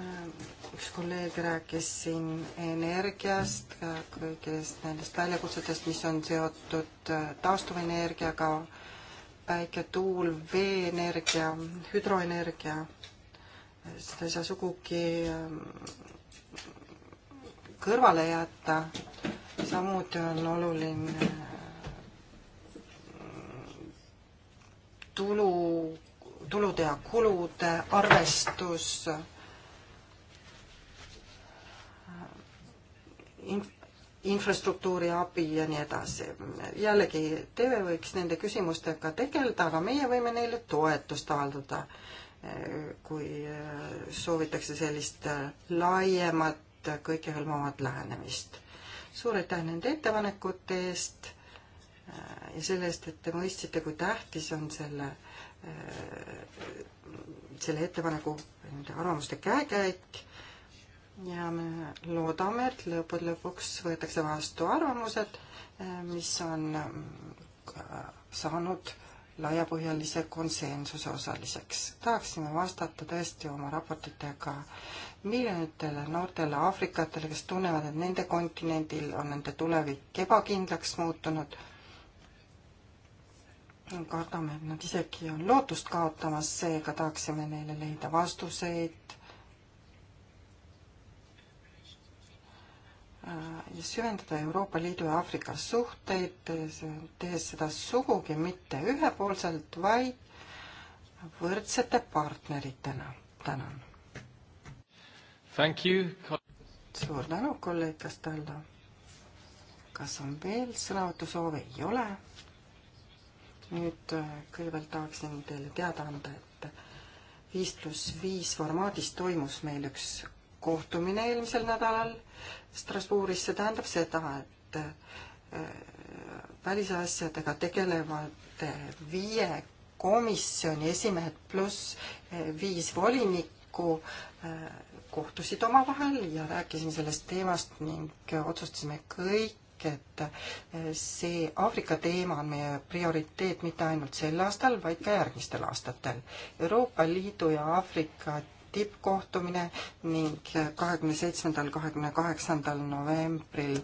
üks kolleeg rääkis siin energiast, kõigist nendest väljakutsetest, mis on seotud äh, taastuvenergiaga, päike, tuul, veeenergia, hüdroenergia seda ei saa sugugi ähm, kõrvale jätta. samuti on oluline äh, tulu, tulude ja kulude arvestus. infrastruktuuri abi ja nii edasi. jällegi, TV võiks nende küsimustega tegeleda, aga meie võime neile toetust avaldada kui äh, soovitakse sellist äh, laiemat, kõikehõlmavat lähenemist. suur aitäh nende ettepanekute eest äh, ja selle eest, et te mõistsite, kui tähtis on selle, selle ettepaneku nende arvamuste käekäik ja me loodame, et lõppude lõpuks võetakse vastu arvamused, mis on saanud laiapõhjalise konsensuse osaliseks. tahaksime vastata tõesti oma raportitega miljonitele noortele aafrikatele, kes tunnevad, et nende kontinendil on nende tulevik ebakindlaks muutunud. kardame, et nad isegi on lootust kaotamas, seega tahaksime neile leida vastuseid ja süvendada Euroopa Liidu ja Aafrika suhteid, tehes seda sugugi mitte ühepoolselt, vaid võrdsete partneritena. tänan. suur tänu, kolleeg Castaldo. kas on veel sõnavõtusoove? ei ole. nüüd äh, kõigepealt tahaksin teile teada anda, et viis pluss viis formaadis toimus meil üks kohtumine eelmisel nädalal Strasbourgis, see tähendab seda, et äh, välisasjadega tegelevad viie komisjoni esimehed pluss äh, viis volinikku äh, kohtusid omavahel ja rääkisime sellest teemast ning otsustasime kõik, et see Aafrika teema on meie prioriteet mitte ainult sel aastal, vaid ka järgmistel aastatel. Euroopa Liidu ja Aafrika tippkohtumine ning kahekümne seitsmendal, kahekümne kaheksandal novembril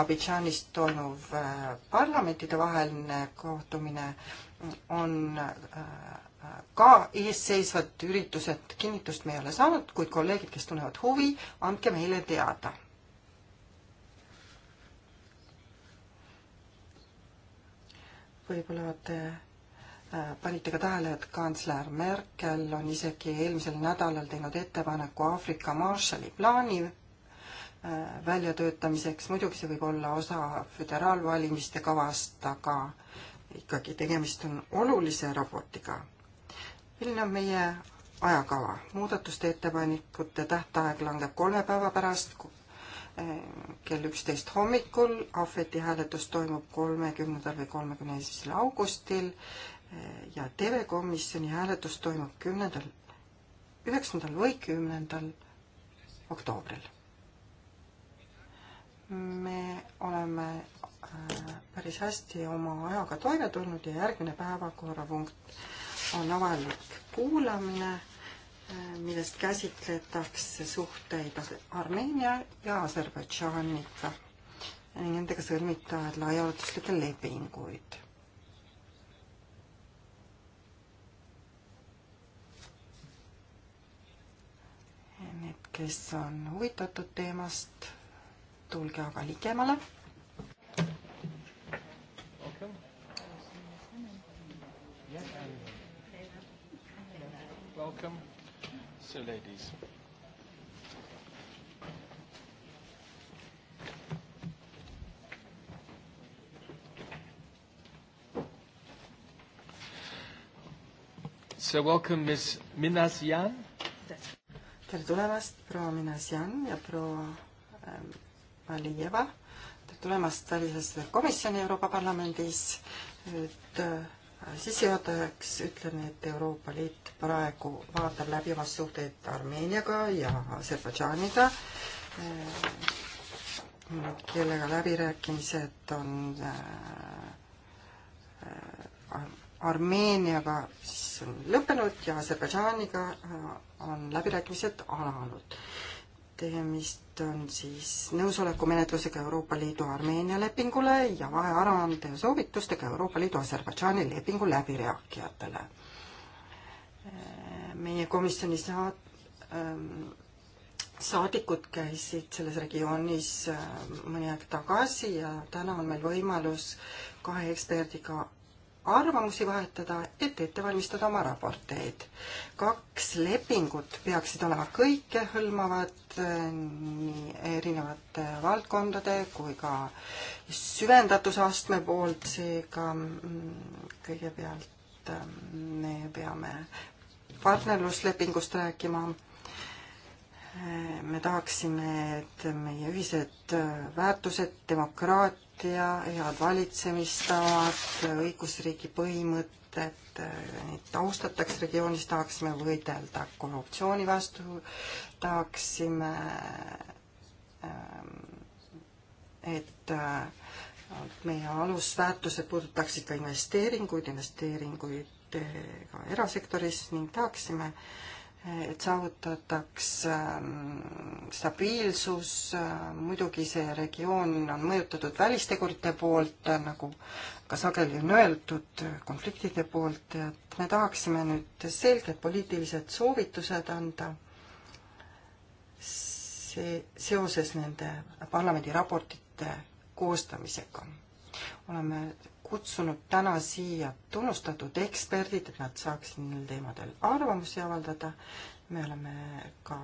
Abidžaanis toimuv äh, parlamentide vaheline kohtumine on äh, ka eesseisvad üritused, kinnitust me ei ole saanud, kuid kolleegid, kes tunnevad huvi, andke meile teada võib-olla te Äh, panite ka tähele, et kantsler Merkel on isegi eelmisel nädalal teinud ettepaneku Aafrika Marshalli plaani äh, väljatöötamiseks, muidugi see võib olla osa föderaalvalimiste kavast, aga ikkagi tegemist on olulise raportiga. milline on meie ajakava? muudatuste ettepanekute tähtaeg langeb kolme päeva pärast äh, kell üksteist hommikul, ahveti hääletus toimub kolmekümnendal või kolmekümne esimesel augustil ja telekomisjoni hääletus toimub kümnendal, üheksandal või kümnendal oktoobril. me oleme äh, päris hästi oma ajaga toime tulnud ja järgmine päevakorrapunkt on avalik kuulamine, äh, millest käsitletakse suhteid Armeenia ja Aserbaidžaaniga ning nendega sõlmitavaid laiaulatuslikke lepinguid kes on huvitatud teemast, tulge aga ligemale. Welcome. So ladies. So welcome Ms. Minasian tere tulemast, proua Minasjan ja proua ähm, Alijeva. tere tulemast välisasjade komisjoni Euroopa Parlamendis. et äh, sissejuhatajaks ütlen, et Euroopa Liit praegu vaatab läbi oma suhteid Armeeniaga ja Aserbaidžaaniga äh,, kellega läbirääkimised on äh, äh Armeeniaga siis on lõppenud ja Aserbaidžaaniga äh, on läbirääkimised alanud. tegemist on siis nõusolekumenetlusega Euroopa Liidu Armeenia lepingule ja vahearuande ja soovitustega Euroopa Liidu Aserbaidžaani lepingu läbirääkijatele. Äh, meie komisjoni saat- ähm,, saadikud käisid selles regioonis äh, mõni aeg tagasi ja täna on meil võimalus kahe eksperdiga arvamusi vahetada, et ette valmistada oma raporteid. kaks lepingut peaksid olema kõikehõlmavad eh, nii erinevate valdkondade kui ka süvendatusastme poolt, seega mm, kõigepealt eh, me peame partnerluslepingust rääkima eh, me tahaksime, et meie ühised väärtused, demokraatia, demokraatia, head valitsemistavad, õigusriigi põhimõtted, neid austataks regioonis, tahaksime võidelda korruptsiooni vastu, tahaksime, ähm, et äh, meie alusväärtused puudutaksid ka investeeringuid, investeeringuid äh, ka erasektoris ning tahaksime äh, et saavutataks ähm, stabiilsus, äh, muidugi see regioon on mõjutatud välistegurite poolt, äh, nagu ka sageli on öeldud, äh, konfliktide poolt, et me tahaksime nüüd selged poliitilised soovitused anda see, seoses nende parlamendi raportite koostamisega. oleme kutsunud täna siia tunnustatud eksperdid, et nad saaksid neil teemadel arvamusi avaldada. me oleme ka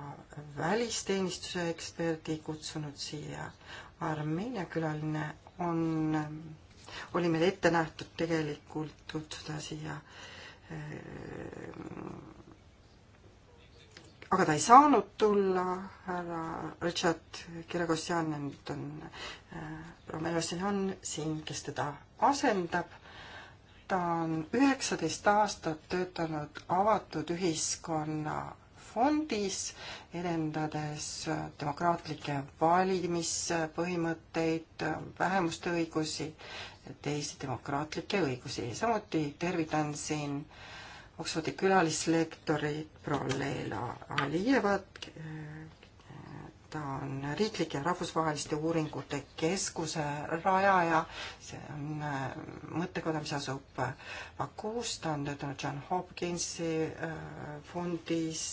välisteenistuse eksperdi kutsunud siia. Armeenia külaline on, oli meil ette nähtud tegelikult kutsuda siia eh, aga ta ei saanud tulla, härra Richard Kirgosjan, nüüd on äh,, eh, Romero siin on siin, kes teda asendab. ta on üheksateist aastat töötanud avatud ühiskonna fondis, edendades demokraatlikke valimispõhimõtteid, vähemuste õigusi, teisi demokraatlikke õigusi. samuti tervitan siin Oxfordi külalislektorit proua Leila Alijevat, ta on riiklike ja rahvusvaheliste uuringute keskuse rajaja, see on äh, mõttekoda, mis asub äh, Bakuus, ta on töötanud John Hopkinsi äh, fondis,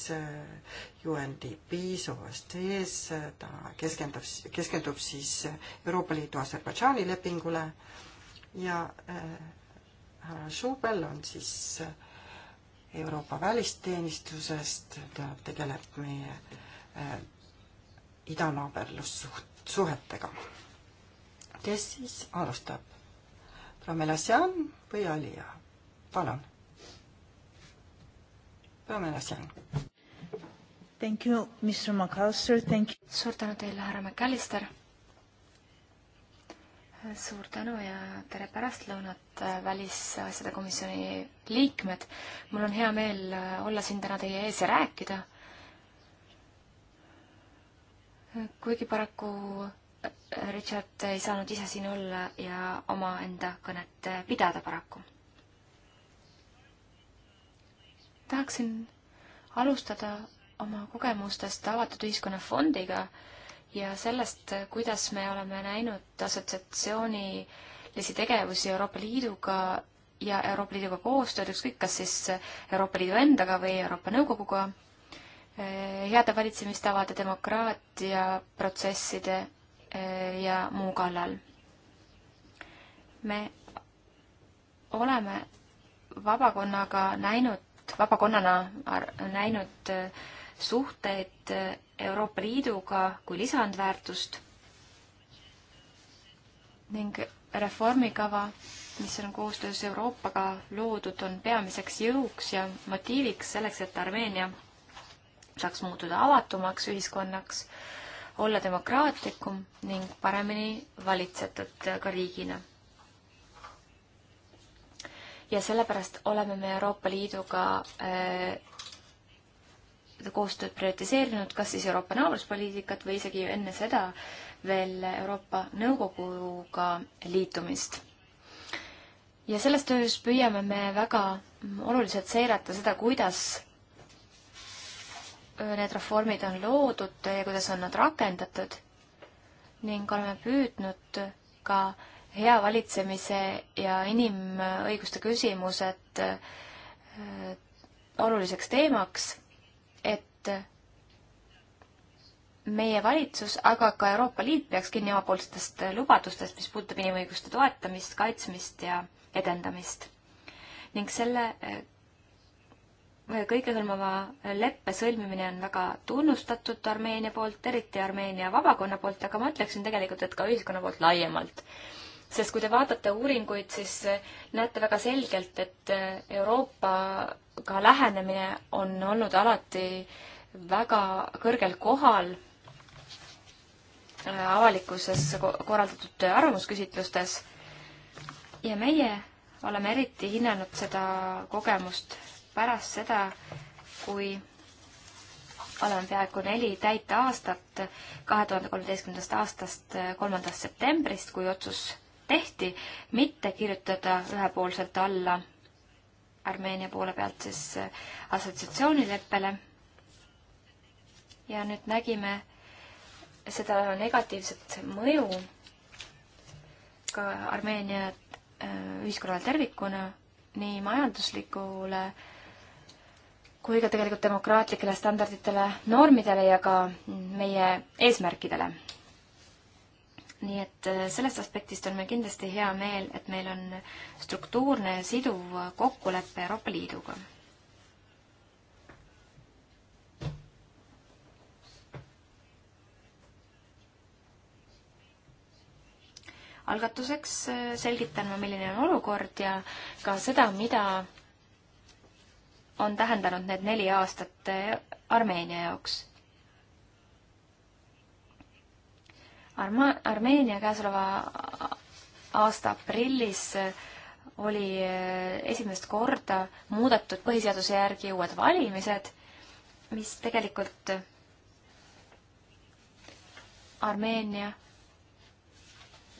UNDP-s, OSCE-s, ta keskendub, keskendub siis Euroopa Liidu Aserbaidžaani lepingule ja härra Schubel on siis Euroopa välisteenistusest, ta tegeleb meie idanaaberlussuhetega. kes siis alustab? Promelasjan või Alija? palun. Promelasjan. Thank you, Mr McAllister, thank you. suur tänu teile, härra McAllister. suur tänu ja tere pärastlõunat, äh, välisasjade komisjoni liikmed. mul on hea meel äh, olla siin täna teie ees ja rääkida kuigi paraku äh, Richard ei saanud ise siin olla ja omaenda kõnet äh, pidada paraku. tahaksin alustada oma kogemustest avatud ühiskonna fondiga ja sellest, kuidas me oleme näinud assotsiatsioonilisi tegevusi Euroopa Liiduga ja Euroopa Liiduga koostööd, ükskõik kas siis Euroopa Liidu endaga või Euroopa Nõukoguga Eh, heade valitsemistavade, demokraatia protsesside eh, ja muu kallal. me oleme vabakonnaga näinud, vabakonnana näinud eh, suhteid Euroopa Liiduga kui lisandväärtust ning reformikava, mis on koostöös Euroopaga loodud, on peamiseks jõuks ja motiiviks selleks, et Armeenia saaks muutuda avatumaks ühiskonnaks, olla demokraatlikum ning paremini valitsetud ka riigina. ja sellepärast oleme me Euroopa Liiduga äh, koostööd prioritiseerinud, kas siis Euroopa naabruspoliitikat või isegi enne seda veel Euroopa Nõukoguga liitumist. ja selles töös püüame me väga oluliselt seirata seda, kuidas need reformid on loodud ja kuidas on nad rakendatud ning oleme püüdnud ka hea valitsemise ja inimõiguste küsimused äh, oluliseks teemaks, et meie valitsus, aga ka Euroopa Liit peaks kinni omapoolsetest lubadustest, mis puudutab inimõiguste toetamist, kaitsmist ja edendamist. ning selle kõigehõlmava leppe sõlmimine on väga tunnustatud Armeenia poolt, eriti Armeenia vabakonna poolt, aga ma ütleksin tegelikult, et ka ühiskonna poolt laiemalt. sest kui te vaatate uuringuid, siis näete väga selgelt, et Euroopaga lähenemine on olnud alati väga kõrgel kohal äh, avalikkuses korraldatud arvamusküsitlustes ja meie oleme eriti hinnanud seda kogemust pärast seda, kui olen peaaegu neli täit aastat, kahe tuhande kolmeteistkümnendast aastast kolmandast septembrist, kui otsus tehti, mitte kirjutada ühepoolselt alla Armeenia poole pealt siis assotsiatsioonileppele. ja nüüd nägime seda negatiivset mõju ka Armeenia äh, ühiskonnale tervikuna, nii majanduslikule äh, kui ka tegelikult demokraatlikele standarditele, normidele ja ka meie eesmärkidele. nii et äh, sellest aspektist on meil kindlasti hea meel, et meil on struktuurne ja siduv kokkulepe Euroopa Liiduga. algatuseks äh, selgitan ma, milline on olukord ja ka seda, mida on tähendanud need neli aastat eh, Armeenia jaoks Arma-, Armeenia käesoleva aasta aprillis eh, oli eh, esimest korda muudetud põhiseaduse järgi uued valimised, mis tegelikult Armeenia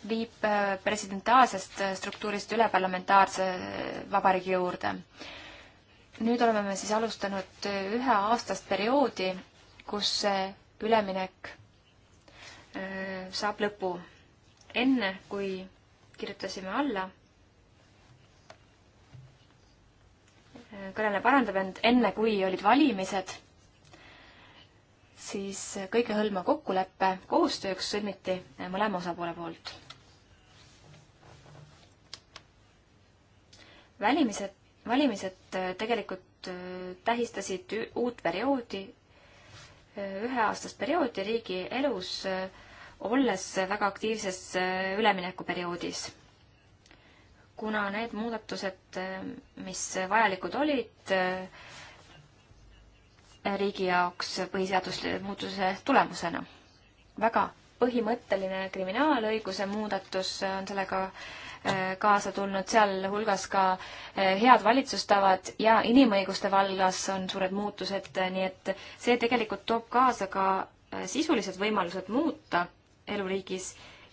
viib presidentaalsest struktuurist üle parlamentaarse vabariigi juurde nüüd oleme me siis alustanud üheaastast perioodi, kus see üleminek saab lõpu. enne, kui kirjutasime alla, kõneleja parandab end, enne kui olid valimised, siis kõigehõlma kokkulepe koostööks sõlmiti mõlema osapoole poolt. välimised valimised äh, tegelikult äh, tähistasid uut perioodi, äh, üheaastast perioodi riigi elus, olles väga aktiivses üleminekuperioodis. kuna need muudatused, mis vajalikud olid riigi jaoks põhiseaduse muutuse tulemusena, väga põhimõtteline kriminaalõiguse muudatus on sellega äh, Äh, kaasa tulnud, sealhulgas ka äh, head valitsustavad ja inimõiguste vallas on suured muutused, äh, nii et see tegelikult toob kaasa ka sisulised võimalused muuta eluriigis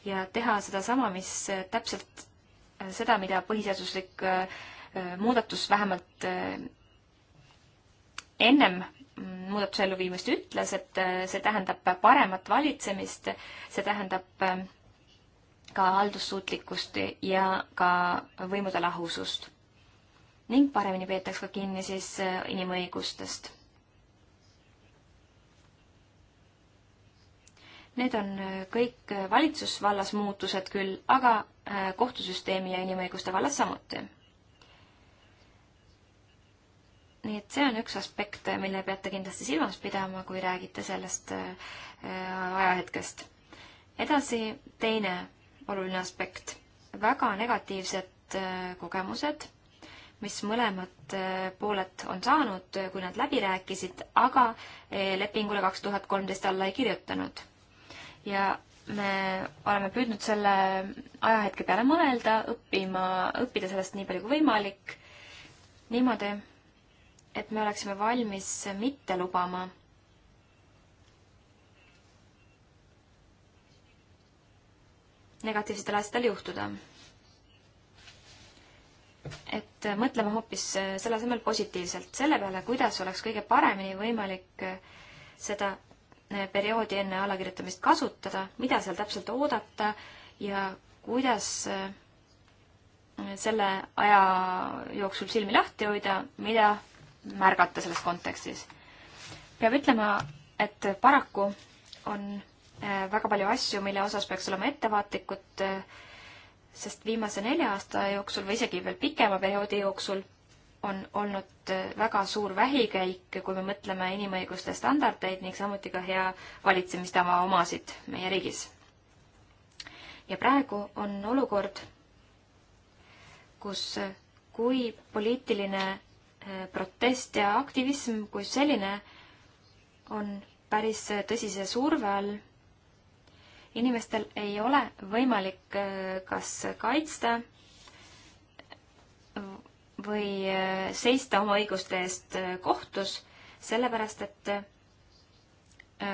ja teha sedasama, mis täpselt seda, mida põhiseaduslik muudatus vähemalt ennem mm, muudatuse elluviimist ütles, et see tähendab paremat valitsemist, see tähendab ka haldussuutlikkust ja ka võimude lahusust. ning paremini peetaks ka kinni siis äh, inimõigustest. Need on äh, kõik äh, valitsusvallas muutused küll, aga kohtusüsteemi ja inimõiguste vallas samuti. nii et see on üks aspekt, mille peate kindlasti silmas pidama, kui räägite sellest ajahetkest. edasi teine oluline aspekt. väga negatiivsed äh, kogemused, mis mõlemad äh, pooled on saanud, äh, kui nad läbi rääkisid, aga lepingule kaks tuhat kolmteist alla ei kirjutanud. ja me oleme püüdnud selle ajahetke peale mõelda, õppima, õppida sellest nii palju kui võimalik, niimoodi, et me oleksime valmis mitte lubama negatiivsetel asjadel juhtuda. et mõtlema hoopis äh, selle asemel positiivselt selle peale, kuidas oleks kõige paremini võimalik äh, seda äh, perioodi enne allakirjutamist kasutada, mida seal täpselt oodata ja kuidas selle aja jooksul silmi lahti hoida, mida märgata selles kontekstis. peab ütlema, et paraku on Äh, väga palju asju, mille osas peaks olema ettevaatlikud, äh, sest viimase nelja aasta jooksul või isegi veel pikema perioodi jooksul on olnud äh, väga suur vähikäik, kui me mõtleme inimõiguste standardeid ning samuti ka hea valitsemistava omasid meie riigis. ja praegu on olukord, kus kui poliitiline protest ja aktivism kui selline on päris tõsise surve all inimestel ei ole võimalik äh, kas kaitsta või äh, seista oma õiguste eest äh, kohtus, sellepärast et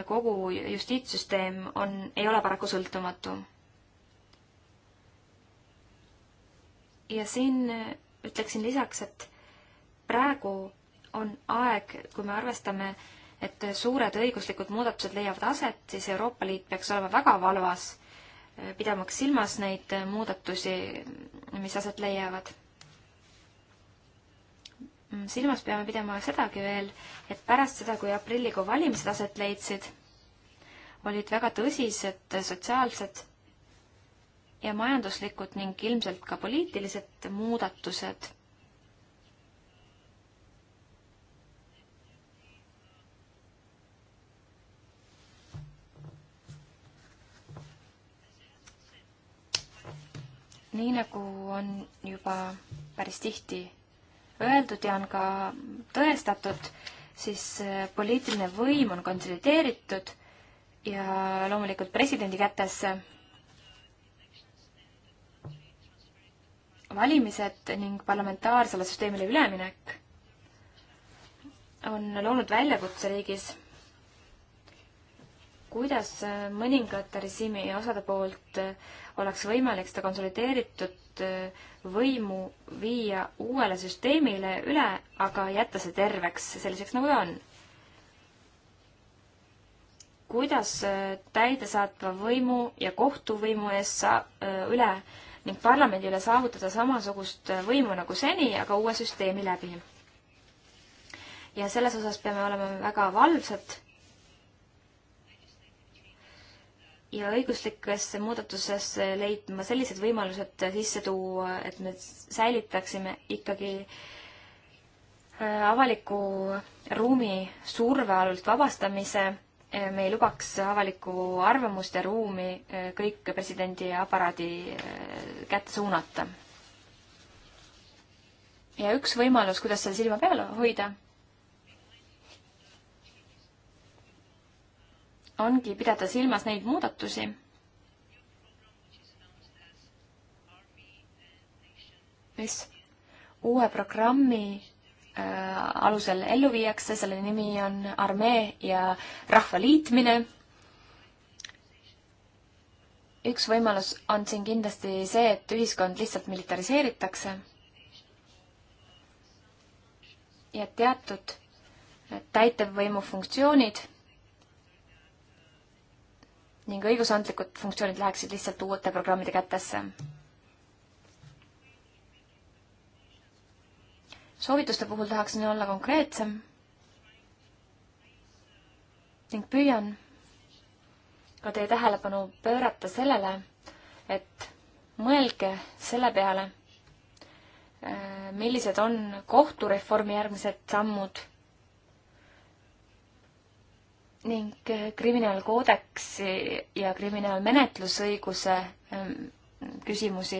kogu justiitssüsteem on, ei ole paraku sõltumatu. ja siin ütleksin lisaks, et praegu on aeg, kui me arvestame äh, et suured õiguslikud muudatused leiavad aset, siis Euroopa Liit peaks olema väga valvas, pidamaks silmas neid muudatusi, mis aset leiavad. silmas peame pidama sedagi veel, et pärast seda, kui aprillikuu valimised aset leidsid, olid väga tõsised sotsiaalsed ja majanduslikud ning ilmselt ka poliitilised muudatused nii nagu on juba päris tihti öeldud ja on ka tõestatud, siis äh, poliitiline võim on konsolideeritud ja loomulikult presidendi kätes valimised ning parlamentaarsele süsteemile üleminek on loonud väljakutse riigis kuidas äh, mõningate režiimi osade poolt äh, oleks võimalik seda konsolideeritud äh, võimu viia uuele süsteemile üle, aga jätta see terveks selliseks, nagu ta on? kuidas täidesaatva võimu ja kohtuvõimu eest saa-, üle ning parlamendi üle saavutada samasugust võimu nagu seni, aga uue süsteemi läbi? ja selles osas peame olema väga valvsad ja õiguslikesse muudatusesse leidma sellised võimalused sisse tuua, et me säilitaksime ikkagi äh, avaliku ruumi surve allalt vabastamise, äh, me ei lubaks avalikku arvamust ja ruumi äh, kõik presidendi aparaadi kätte suunata. ja üks võimalus, kuidas seal silma peal hoida ongi pidada silmas neid muudatusi, mis uue programmi äh, alusel ellu viiakse, selle nimi on armee ja rahva liitmine. üks võimalus on siin kindlasti see, et ühiskond lihtsalt militariseeritakse ja teatud täitevvõimu funktsioonid ning õigusandlikud funktsioonid läheksid lihtsalt uute programmide kätesse. soovituste puhul tahaksin olla konkreetsem ning püüan ka teie tähelepanu pöörata sellele, et mõelge selle peale, millised on kohtureformi järgmised sammud ning äh, kriminaalkoodeksi ja kriminaalmenetlusõiguse ähm, küsimusi,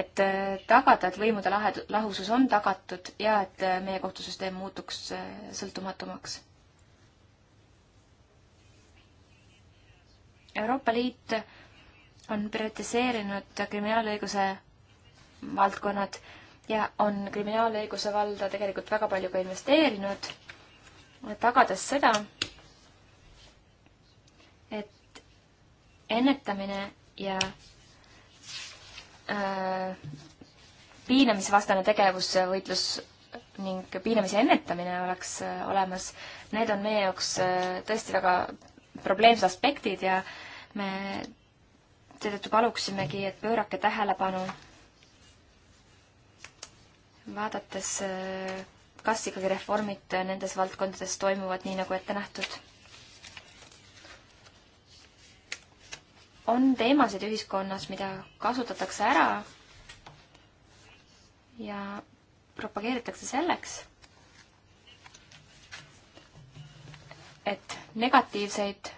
et äh, tagada, et võimude lahe, lahusus on tagatud ja et äh, meie kohtusüsteem muutuks sõltumatumaks. Euroopa Liit on prioritiseerinud kriminaalõiguse valdkonnad ja on kriminaalõiguse valda tegelikult väga palju ka investeerinud, tagades seda, ennetamine ja äh, piinamisvastane tegevus, äh, võitlus ning piinamise ennetamine oleks äh, olemas. Need on meie jaoks äh, tõesti väga probleemsed aspektid ja me seetõttu paluksimegi, et pöörake tähelepanu, vaadates, äh, kas ikkagi reformid nendes valdkondades toimuvad nii, nagu ette nähtud on teemasid ühiskonnas, mida kasutatakse ära ja propageeritakse selleks, et negatiivseid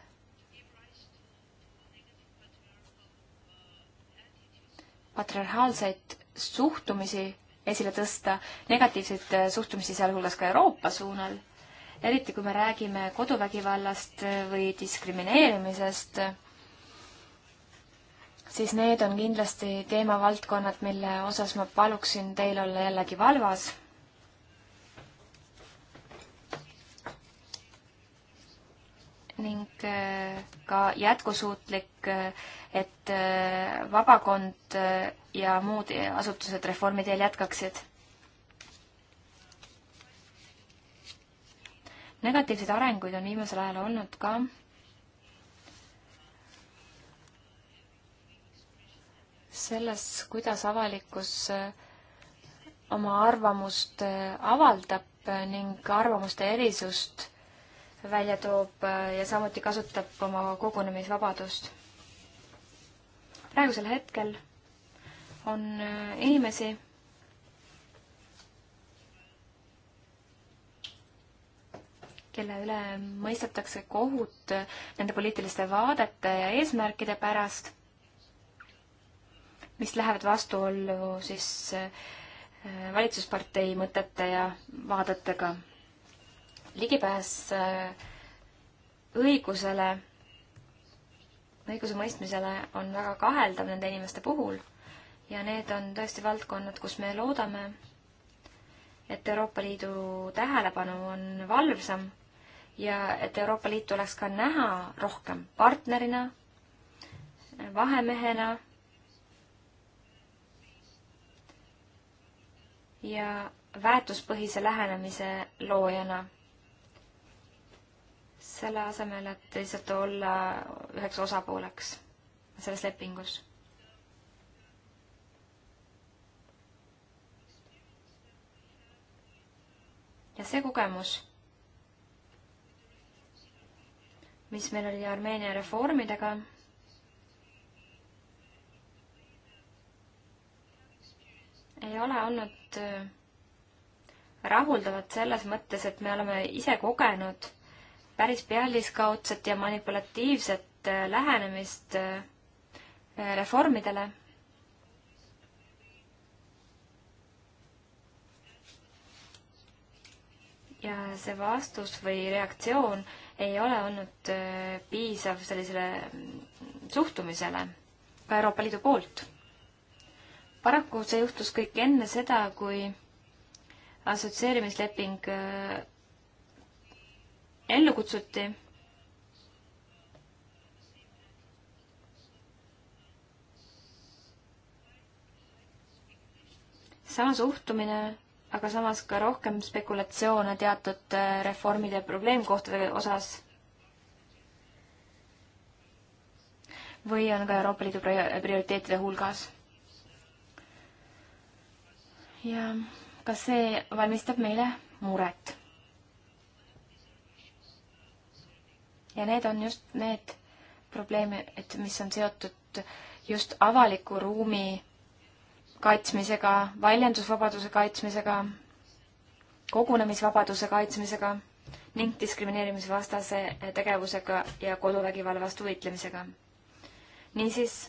patriarhaalseid suhtumisi esile tõsta, negatiivseid suhtumisi sealhulgas ka Euroopa suunal, eriti kui me räägime koduvägivallast või diskrimineerimisest siis need on kindlasti teemavaldkonnad, mille osas ma paluksin teil olla jällegi valvas. ning äh, ka jätkusuutlik, äh, et äh, vabakond ja muud asutused reformi teel jätkaksid. negatiivseid arenguid on viimasel ajal olnud ka selles, kuidas avalikkus eh, oma arvamust eh, avaldab eh, ning arvamuste erisust välja toob ja samuti kasutab oma kogunemisvabadust. praegusel hetkel on inimesi, kelle üle mõistetakse kohut nende poliitiliste vaadete ja eesmärkide pärast mis lähevad vastuollu siis äh, valitsuspartei mõtete ja vaadetega. ligipääs äh, õigusele, õigusemõistmisele on väga kaheldav nende inimeste puhul ja need on tõesti valdkonnad, kus me loodame, et Euroopa Liidu tähelepanu on valvsam ja et Euroopa Liit oleks ka näha rohkem partnerina, vahemehena ja väärtuspõhise lähenemise loojana. selle asemel, et lihtsalt olla üheks osapooleks selles lepingus. ja see kogemus, mis meil oli Armeenia reformidega, ei ole olnud meid äh, rahuldavad selles mõttes, et me oleme ise kogenud päris pealiskaudset ja manipulatiivset äh, lähenemist äh, reformidele. ja see vastus või reaktsioon ei ole olnud piisav sellisele mm, suhtumisele ka Euroopa Liidu poolt paraku see juhtus kõik enne seda, kui assotsieerimisleping äh, ellu kutsuti. sama suhtumine, aga samas ka rohkem spekulatsioone teatud äh, reformide probleemkohtade osas või on ka Euroopa Liidu prioriteetide hulgas? ja ka see valmistab meile muret. ja need on just need probleemid, mis on seotud just avaliku ruumi kaitsmisega, väljendusvabaduse kaitsmisega, kogunemisvabaduse kaitsmisega ning diskrimineerimisvastase tegevusega ja koduvägivalla vastu võitlemisega. niisiis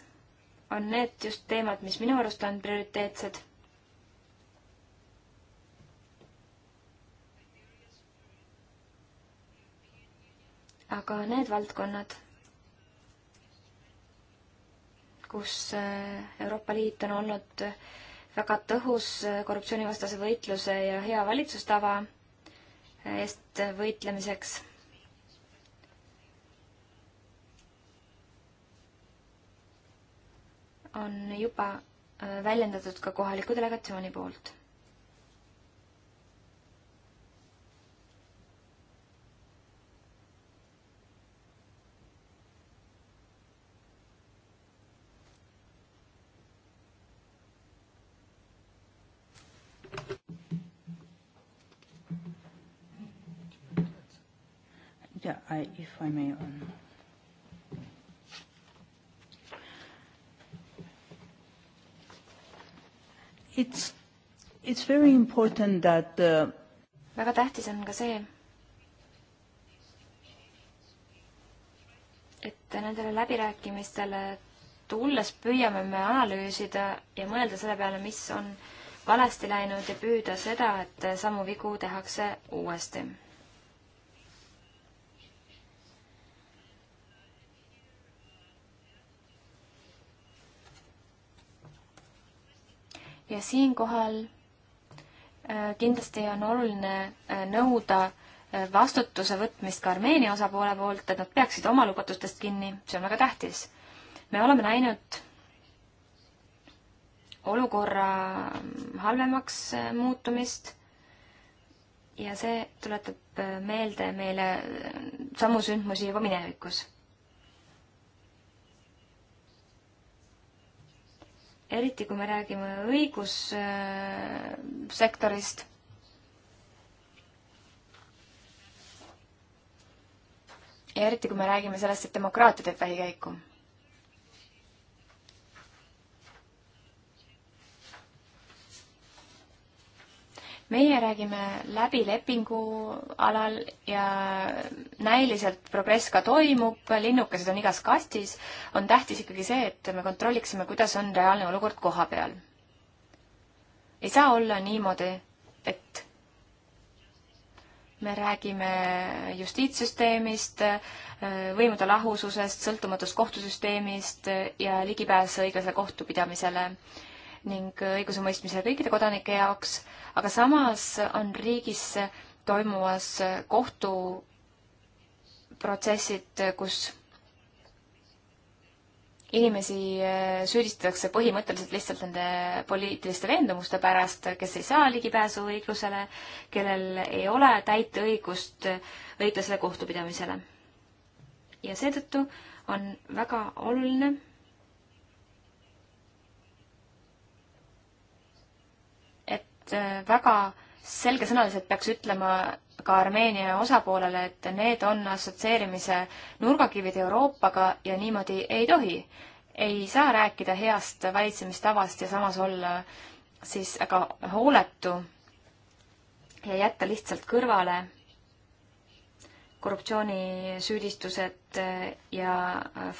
on need just teemad, mis minu arust on prioriteetsed aga need valdkonnad, kus eh, Euroopa Liit on olnud väga tõhus eh, korruptsioonivastase võitluse ja hea valitsustava eh, eest võitlemiseks. on juba väljendatud ka kohaliku delegatsiooni poolt Yeah, I, if I may. Um, it's, it's very important that the uh, väga tähtis on ka see, et nendele läbirääkimistele tulles püüame me analüüsida ja mõelda selle peale, mis on valesti läinud ja püüda seda, et samu vigu tehakse uuesti ja siinkohal äh, kindlasti on oluline äh, nõuda äh, vastutuse võtmist ka Armeenia osapoole poolt, et nad peaksid oma lubadustest kinni, see on väga tähtis. me oleme näinud olukorra mm, halvemaks muutumist ja see tuletab meelde meile samu sündmusi juba minevikus eriti kui me räägime õigussektorist äh,, ja eriti, kui me räägime sellest, et demokraatia teeb vähikäiku meie räägime läbi lepingu alal ja näiliselt progress ka toimub, linnukesed on igas kastis, on tähtis ikkagi see, et me kontrolliksime, kuidas on reaalne olukord koha peal. ei saa olla niimoodi, et me räägime justiitssüsteemist, võimude lahususest, sõltumatust kohtusüsteemist ja ligipääs õiglasele kohtupidamisele äh, ning õigusemõistmise kõikide kodanike jaoks, aga samas on riigis toimuvas kohtuprotsessid, kus inimesi äh, süüdistatakse põhimõtteliselt lihtsalt nende poliitiliste veendumuste pärast, kes ei saa ligipääsu õiglusele, kellel ei ole täit õigust õiglasele kohtupidamisele. ja seetõttu on väga oluline Äh, väga selgesõnaliselt peaks ütlema ka Armeenia osapoolele, et need on assotsieerimise nurgakivid Euroopaga ja niimoodi ei tohi. ei saa rääkida heast valitsemistavast ja samas olla siis aga hooletu ja jätta lihtsalt kõrvale korruptsioonisüüdistused äh, ja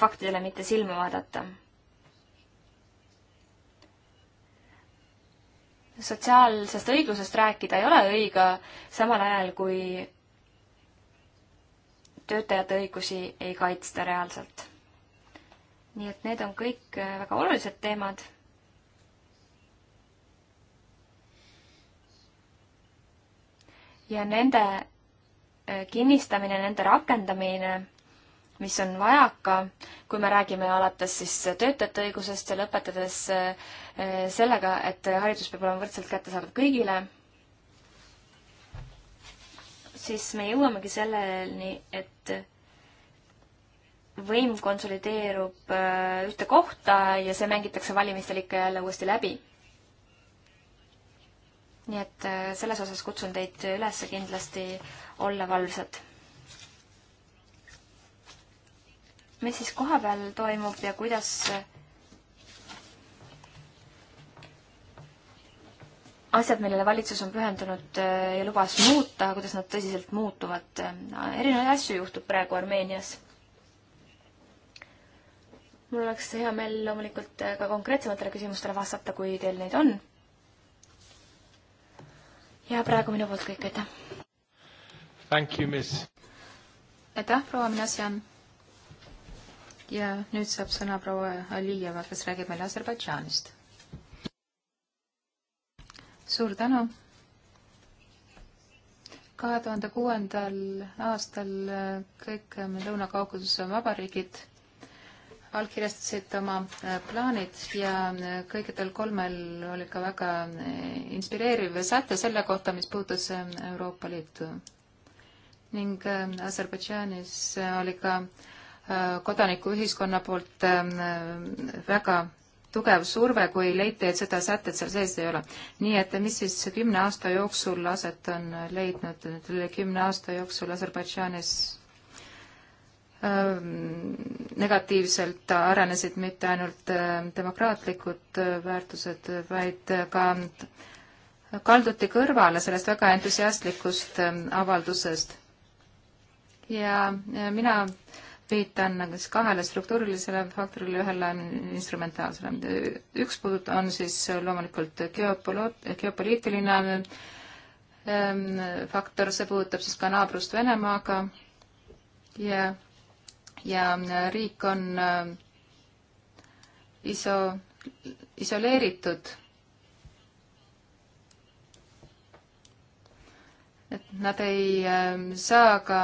faktidele mitte silma vaadata sotsiaalsest õiglusest rääkida ei ole õige, samal ajal kui töötajate õigusi ei kaitsta reaalselt. nii et need on kõik äh, väga olulised teemad. ja nende äh, kinnistamine, nende rakendamine, mis on vajaka, kui me räägime alates siis töötajate õigusest ja lõpetades äh, Äh, sellega, et haridus peab olema võrdselt kättesaadav kõigile, siis me jõuamegi selleni, et võim konsolideerub äh, ühte kohta ja see mängitakse valimistel ikka jälle uuesti läbi. nii et äh, selles osas kutsun teid üles kindlasti olla valvsad. mis siis kohapeal toimub ja kuidas asjad, millele valitsus on pühendunud äh, ja lubas muuta, kuidas nad tõsiselt muutuvad. erinevaid asju juhtub praegu Armeenias. mul oleks hea meel loomulikult äh, ka konkreetsematele küsimustele vastata, kui teil neid on. ja praegu minu poolt kõik, aitäh! Thank you, miss! aitäh, proua Minasjan! ja nüüd saab sõna proua Alijeva, kes räägib meile Aserbaidžaanist suur tänu. kahe tuhande kuuendal aastal äh, kõik äh, Lõuna-Kaukasuse vabariigid allkirjastasid oma äh, plaanid ja kõikidel kolmel oli ka väga inspireeriv säte selle kohta, mis puudutas Euroopa Liitu. ning Aserbaidžaanis oli ka kodanikuühiskonna poolt väga tugev surve, kui leiti, et seda sätet seal sees ei ole. nii et mis siis kümne aasta jooksul aset on leidnud, selle kümne aasta jooksul Aserbaidžaanis ähm, negatiivselt arenesid mitte ainult ähm, demokraatlikud äh, väärtused, vaid ka kalduti kõrvale sellest väga entusiastlikust ähm, avaldusest. ja mina äh, viitan kas kahele struktuurilisele faktorile, ühele instrumentaalsele. üks puudut- on siis loomulikult geopolo-, geopoliitiline ähm, faktor, see puudutab siis ka naabrust Venemaaga ja, ja riik on äh, iso-, isoleeritud. et nad ei äh, saa ka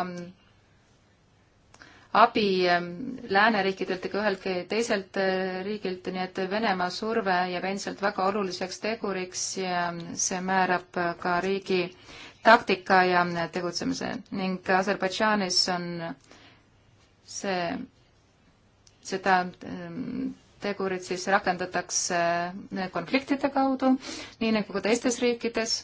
abi ähm, lääneriikidelt ega üheltki teiselt äh, riigilt, nii et Venemaa surve jääb endiselt väga oluliseks teguriks ja ähm, see määrab äh, ka riigi taktika ja äh, tegutsemise ning Aserbaidžaanis on see, seda ähm, tegurit siis rakendatakse konfliktide kaudu, nii nagu ka teistes riikides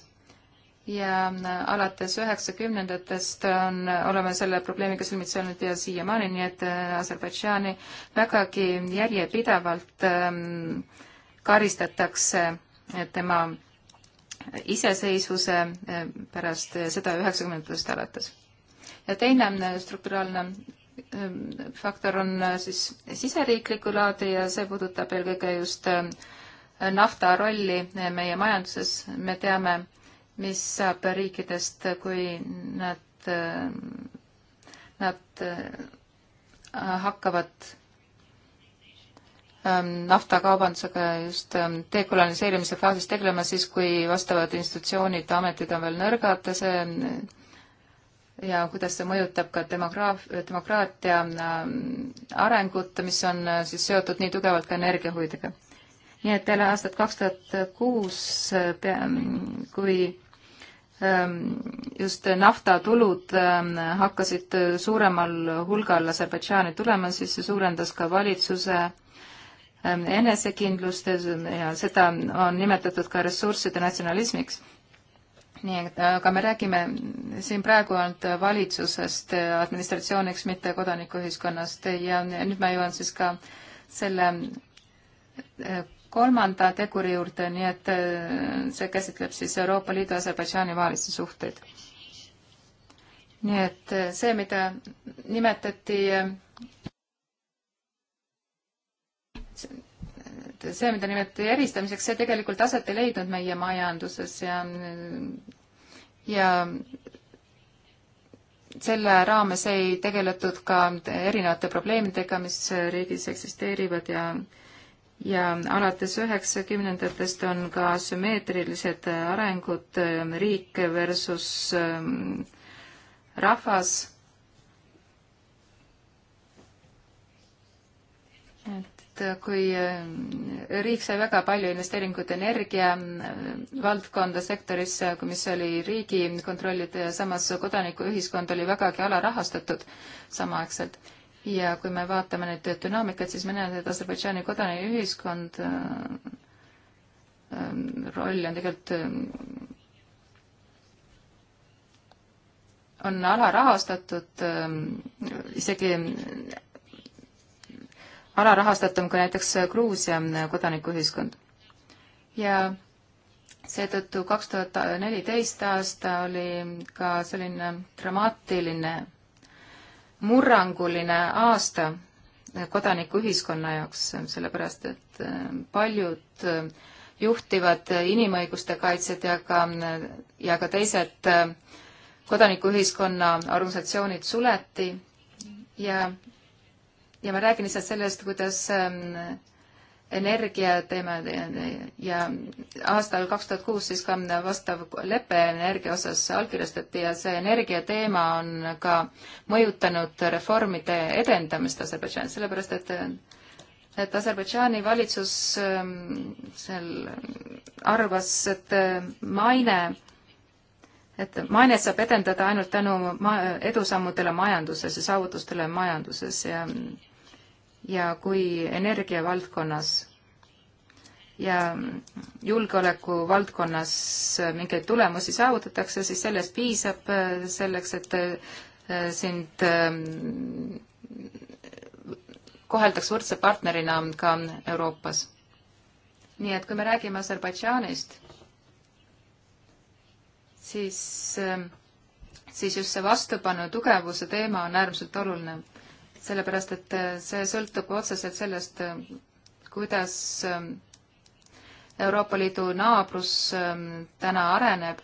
ja äh, alates üheksakümnendatest on, äh, oleme selle probleemiga silmitsi olnud ja siiamaani, nii et äh, Aserbaidžaani vägagi järjepidevalt ähm, karistatakse tema iseseisvuse pärast seda üheksakümnendatest alates. ja teine strukturaalne ähm, faktor on siis siseriikliku laadi ja see puudutab eelkõige just nafta rolli meie majanduses, me teame, mis saab riikidest, kui nad, nad äh, hakkavad ähm, naftakaubandusega just ähm, dekoloniseerimise faasis tegelema siis, kui vastavad institutsioonid, ametid on veel nõrgad, see ja kuidas see mõjutab ka demograaf-, demokraatia ähm, arengut, mis on äh, siis seotud nii tugevalt ka energiahuvidega. nii et peale aastat kaks tuhat kuus, äh, kui Ehm, just naftatulud ehm, hakkasid suuremal hulgal Aserbaidžaani tulema, siis see suurendas ka valitsuse ehm, enesekindlust ja seda on nimetatud ka ressursside natsionalismiks. nii et aga me räägime siin praegu ainult valitsusest, administratsiooniks, mitte kodanikuühiskonnast ja nüüd ma jõuan siis ka selle eh, kolmanda teguri juurde, nii et äh, see käsitleb siis Euroopa Liidu ja Aserbaidžaani vahelisi suhteid. nii et äh, see, mida nimetati äh, see, mida nimetati eristamiseks, see tegelikult aset ei leidnud meie majanduses ja, ja selle raames ei tegeletud ka erinevate probleemidega, mis riigis eksisteerivad ja äh, ja alates üheksakümnendatest on ka sümmeetrilised arengud ähm, riik versus ähm, rahvas. et äh, kui äh, riik sai väga palju investeeringuid energia äh, valdkonda sektorisse, mis oli riigi kontrollida ja samas kodanikuühiskond oli vägagi alarahastatud samaaegselt ja kui me vaatame nüüd dünaamikat, siis me näeme, et Aserbaidžaani kodanikuühiskond äh, äh, roll on tegelikult äh, on alarahastatud, isegi alarahastatum kui näiteks Gruusia kodanikuühiskond. ja seetõttu kaks tuhat neliteist aasta oli ka selline dramaatiline murranguline aasta kodanikuühiskonna jaoks, sellepärast et äh, paljud äh, juhtivad inimõiguste kaitsjad ja ka, äh, ja ka teised kodanikuühiskonna organisatsioonid suleti ja, ja ma räägin lihtsalt sellest, kuidas ähm, energiateema ja aastal kaks tuhat kuus siis ka vastav lepe energia osas allkirjastati ja see energiateema on ka mõjutanud reformide edendamist Aserbaidžaanis, sellepärast et et Aserbaidžaani valitsus ähm, seal arvas, et äh, maine, et mainet saab edendada ainult tänu ma-, edusammudele majanduses ja saavutustele majanduses ja ja kui energia valdkonnas ja julgeoleku valdkonnas mingeid tulemusi saavutatakse, siis sellest piisab äh, selleks, et äh, sind ähm, koheldaks võrdse partnerina ka Euroopas. nii et kui me räägime Aserbaidžaanist, siis, ähm, siis just see vastupanu tugevuse teema on äärmiselt oluline sellepärast et äh, see sõltub otseselt sellest, äh, kuidas äh, Euroopa Liidu naabrus ähm, täna areneb,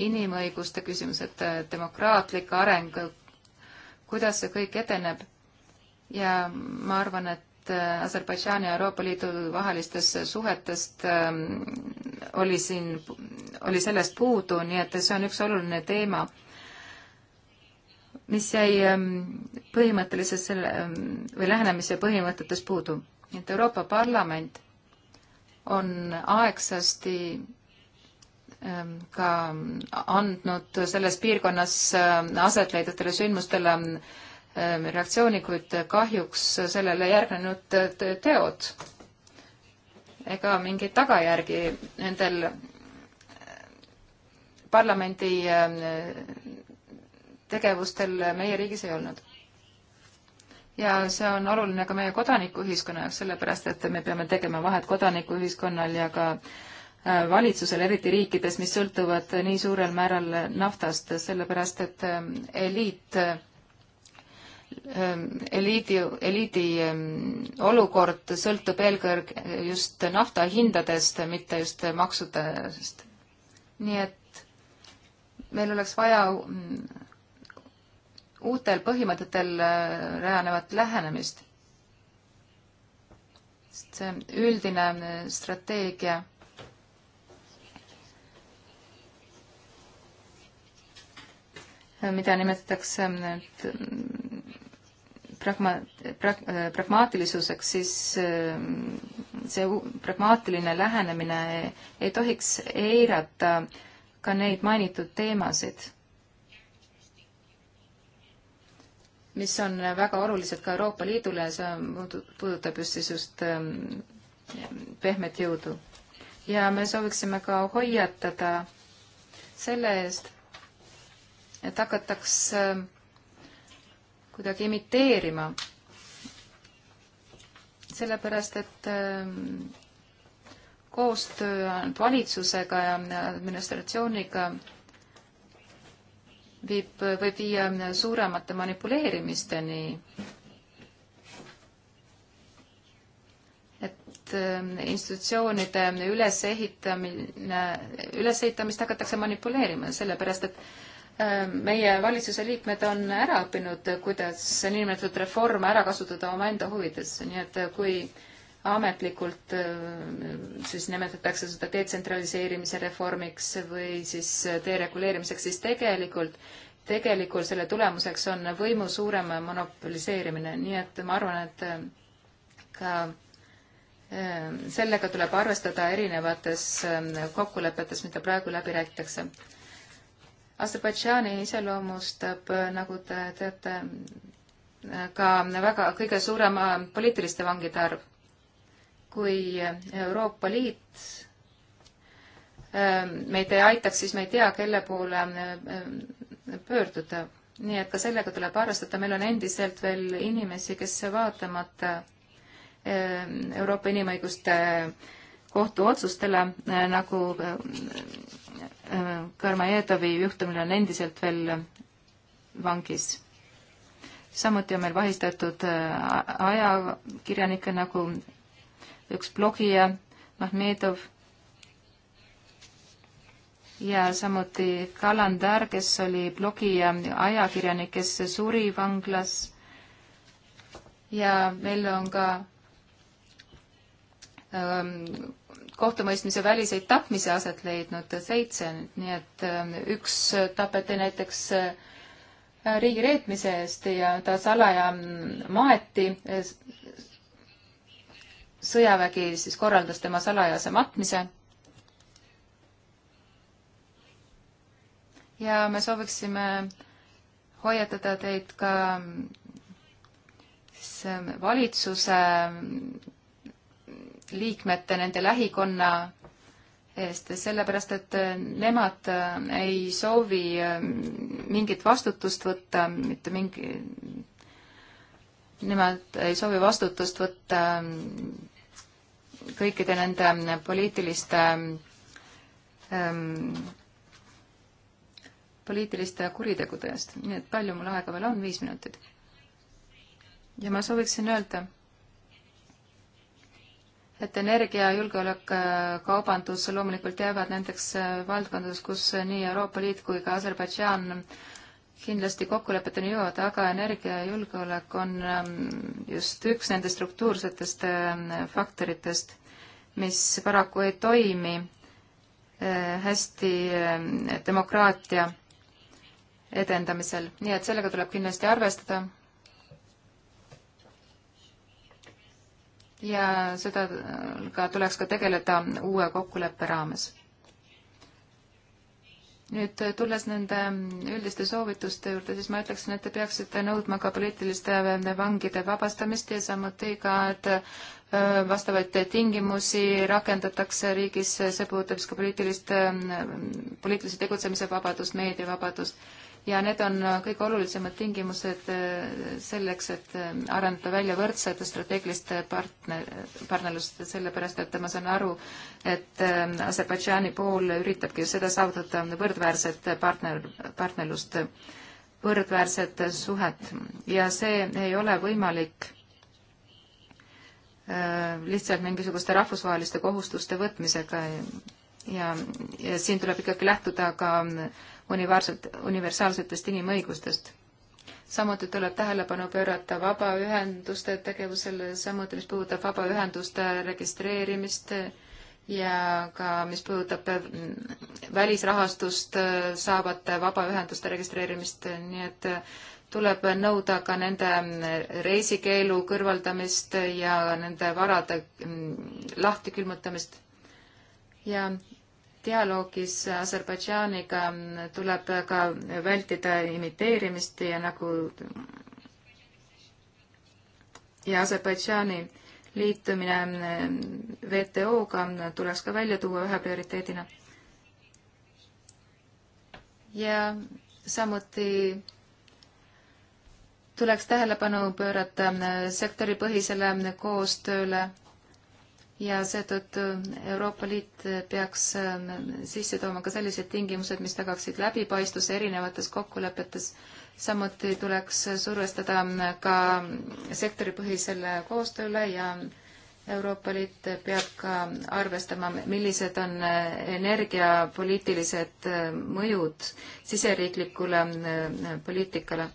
inimõiguste küsimused, demokraatlik areng, kuidas see kõik edeneb ja ma arvan, et Aserbaidžaani ja Euroopa Liidu vahelistest suhetest ähm, oli siin, oli sellest puudu, nii et see on üks oluline teema mis jäi ähm, põhimõttelises selle ähm, või lähenemise põhimõtetes puudu. et Euroopa Parlament on aegsasti ähm, ka andnud selles piirkonnas aset leidvatele sündmustele reaktsiooni, kuid kahjuks sellele järgnenud teod ega mingeid tagajärgi nendel äh, parlamendi äh, tegevustel meie riigis ei olnud. ja see on oluline ka meie kodanikuühiskonna jaoks, sellepärast et me peame tegema vahet kodanikuühiskonnal ja ka äh, valitsusel, eriti riikides, mis sõltuvad nii suurel määral naftast, sellepärast et äh, eliit, äh, eliidi, eliidi ähm, olukord sõltub eelkõige just nafta hindadest, mitte just maksudest. nii et meil oleks vaja mm, uutel põhimõtetel äh, rajanevat lähenemist. sest see üldine äh, strateegia mida nimetatakse äh, pragma-, prag-, pragmaatilisuseks, siis see pragmaatiline lähenemine ei tohiks eirata ka neid mainitud teemasid mis on väga olulised ka Euroopa Liidule, see puudutab just siis just ähm, pehmet jõudu. ja me sooviksime ka hoiatada selle eest, et hakataks ähm, kuidagi imiteerima, sellepärast et ähm, koostöö valitsusega ja administratsiooniga viib, võib viia suuremate manipuleerimisteni. et ähm, institutsioonide ülesehitamine, ülesehitamist hakatakse manipuleerima, sellepärast et ähm, meie valitsuse liikmed on ära õppinud, kuidas niinimetatud reforme ära kasutada omaenda huvides, nii et kui äh, ametlikult äh, siis nimetatakse seda detsentraliseerimise reformiks või siis äh, dereguleerimiseks, siis tegelikult, tegelikult selle tulemuseks on võimu suurem monopoliseerimine, nii et ma arvan, et äh, ka sellega tuleb arvestada erinevates kokkulepetes, mida praegu läbi räägitakse. Aserbaidžaani iseloomustab, nagu te teate, ka väga, kõige suurema poliitiliste vangide arv kui Euroopa Liit ähm, meid ei aitaks, siis me ei tea, kelle poole ähm, pöörduda. nii et ka sellega tuleb arvestada, meil on endiselt veel inimesi, kes vaatamata ähm, Euroopa Inimõiguste Kohtu otsustele, äh, nagu äh, äh, Karmajetovi juhtumil on endiselt veel vangis. samuti on meil vahistatud ajakirjanikke nagu üks blogija, Mahmedov, ja samuti Kalandar, kes oli blogija, ajakirjanik, kes suri vanglas ja meil on ka ähm, kohtumõistmise väliseid tapmisi aset leidnud seitse, nii et ähm, üks tapeti näiteks äh, riigireetmise eest ja ta salaja mm, maeti äh, sõjavägi siis korraldas tema salajase matmise. ja me sooviksime hoiatada teid ka siis ähm, valitsuse ähm, liikmete, nende lähikonna eest, sellepärast et äh, nemad äh, ei soovi ähm, mingit vastutust võtta, mitte mingi, nemad ei soovi vastutust võtta kõikide nende poliitiliste ähm, poliitiliste kuritegude eest. nii et palju mul aega veel on, viis minutit. ja ma sooviksin öelda, et energia, julgeolek, kaubandus loomulikult jäävad nendeks äh, valdkondades, kus nii Euroopa Liit kui ka Aserbaidžaan äh, kindlasti kokkulepeteni jõuavad, aga energiajulgeolek on ähm, just üks nendest struktuursetest ähm, faktoritest, mis paraku ei toimi äh, hästi ähm, demokraatia edendamisel, nii et sellega tuleb kindlasti arvestada. ja seda ka tuleks ka tegeleda uue kokkuleppe raames nüüd äh, tulles nende mm, üldiste soovituste juurde, siis ma ütleksin, et te peaksite nõudma ka poliitiliste äh, vangide vabastamist ja samuti ka, et äh, vastavaid tingimusi rakendatakse riigis, see puudutab siis ka poliitilist, mm, poliitilise tegutsemise vabadust, meediavabadust ja need on kõige olulisemad tingimused äh, selleks, et äh, arendada välja võrdsed strateegiliste partner, partnerlust, sellepärast et ma saan aru, et äh, Aserbaidžaani pool üritabki seda saavutada, võrdväärset partner, partnerlust, võrdväärset suhet ja see ei ole võimalik lihtsalt mingisuguste rahvusvaheliste kohustuste võtmisega ja, ja siin tuleb ikkagi lähtuda ka äh, universaalset, universaalsetest inimõigustest. samuti tuleb tähelepanu pöörata vabaühenduste tegevusele, samuti mis puudutab vabaühenduste registreerimist ja ka mis puudutab mm, välisrahastust äh, saavate vabaühenduste registreerimist, nii et äh, tuleb nõuda ka nende mm, reisikeelu kõrvaldamist ja nende varade mm, lahtikülmutamist. ja dialoogis Aserbaidžaaniga tuleb ka vältida imiteerimist ja nagu ja Aserbaidžaani liitumine WTO-ga tuleks ka välja tuua ühe prioriteedina. ja samuti tuleks tähelepanu pöörata sektoripõhisele koostööle ja seetõttu Euroopa Liit peaks äh, sisse tooma ka sellised tingimused, mis tagaksid läbipaistvuse erinevates kokkulepetes. samuti tuleks survestada äh, ka sektoripõhisele koostööle ja Euroopa Liit peab ka arvestama, millised on äh, energiapoliitilised mõjud siseriiklikule poliitikale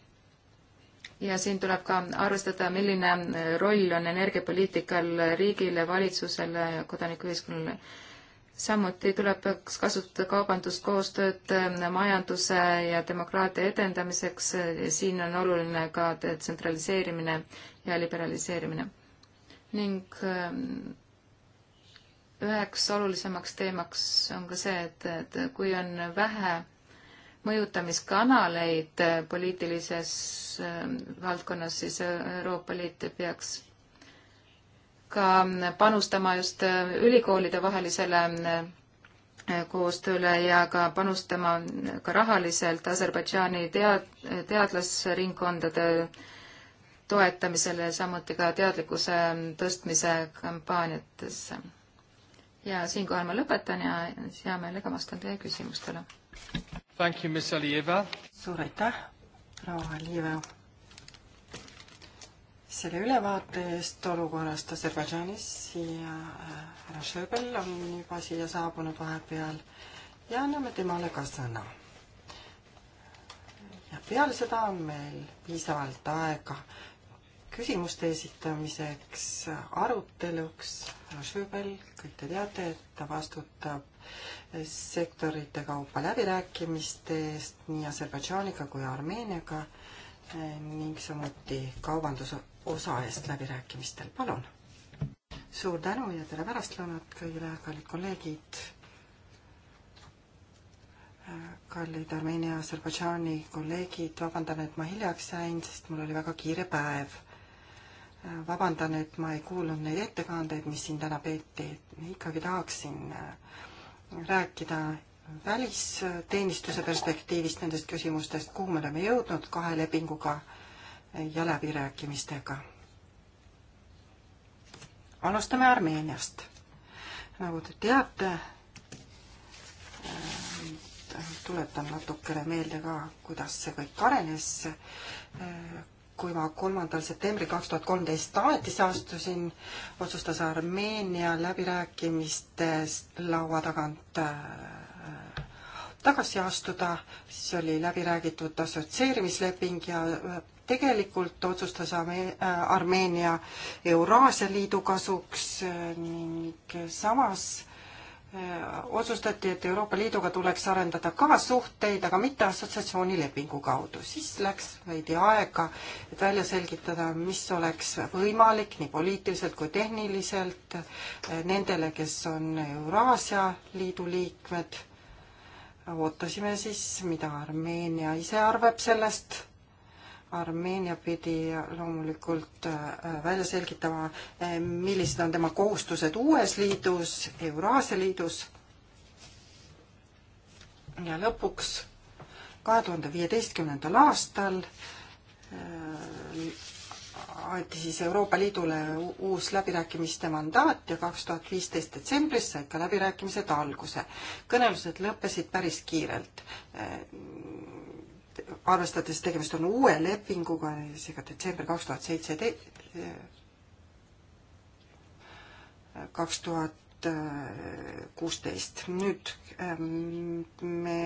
ja siin tuleb ka arvestada, milline äh, roll on energiapoliitikal riigile, valitsusele ja kodanikuühiskonnale. samuti tuleb kasutada kaubanduskoostööd äh, majanduse ja demokraatia edendamiseks, äh, siin on oluline ka detsentraliseerimine ja liberaliseerimine. ning üheks olulisemaks teemaks on ka see, et, et kui on vähe mõjutamiskanaleid äh, poliitilises äh, valdkonnas, siis äh, Euroopa Liit peaks ka panustama just ülikoolide vahelisele koostööle ja ka panustama ka rahaliselt Aserbaidžaani tead-, teadlasringkondade toetamisele, samuti ka teadlikkuse tõstmise kampaaniatesse. ja siinkohal ma lõpetan ja hea meelega vastan teie küsimustele suur aitäh, proua Alijeva, selle ülevaate eest olukorrast Aserbaidžaanis ja äh, härra Šöbel on juba siia saabunud vahepeal ja anname temale ka sõna. ja peale seda on meil piisavalt aega küsimuste esitamiseks, aruteluks. härra Schöbel, kõik te teate, et ta vastutab sektorite kaupa läbirääkimiste eest nii Aserbaidžaaniga kui Armeeniaga ning samuti kaubandusosa eest läbirääkimistel. palun! suur tänu ja tere pärastlõunat kõigile, kallid kolleegid! kallid Armeenia ja Aserbaidžaani kolleegid, vabandan, et ma hiljaks jäin, sest mul oli väga kiire päev vabandan, et ma ei kuulnud neid ettekandeid, mis siin täna peeti, ikkagi tahaksin äh, rääkida välisteenistuse perspektiivist nendest küsimustest, kuhu me oleme jõudnud kahe lepinguga ja läbirääkimistega. alustame Armeeniast. nagu te teate, äh, tuletan natukene meelde ka, kuidas see kõik arenes äh, kui ma kolmandal septembril kaks tuhat kolmteist ametisse astusin, otsustas Armeenia läbirääkimistest laua tagant äh, tagasi astuda, siis oli läbi räägitud assotsieerimisleping ja äh, tegelikult otsustas äh, Armeenia Euraasia Liidu kasuks ning samas Äh, otsustati, et Euroopa Liiduga tuleks arendada kaassuhteid, aga mitte assotsiatsioonilepingu kaudu. siis läks veidi aega, et välja selgitada, mis oleks võimalik nii poliitiliselt kui tehniliselt äh, nendele, kes on Euraasia Liidu liikmed. ootasime siis, mida Armeenia ise arvab sellest Armeenia pidi loomulikult äh, välja selgitama, äh, millised on tema kohustused uues liidus, Euraasia liidus. ja lõpuks kahe tuhande viieteistkümnendal aastal äh, anti siis Euroopa Liidule uus läbirääkimiste mandaat ja kaks tuhat viisteist detsembris said ka läbirääkimised alguse. kõnelused lõppesid päris kiirelt arvestades tegemist on uue lepinguga, seega detsember kaks tuhat seitse, kaks tuhat kuusteist. nüüd ähm, me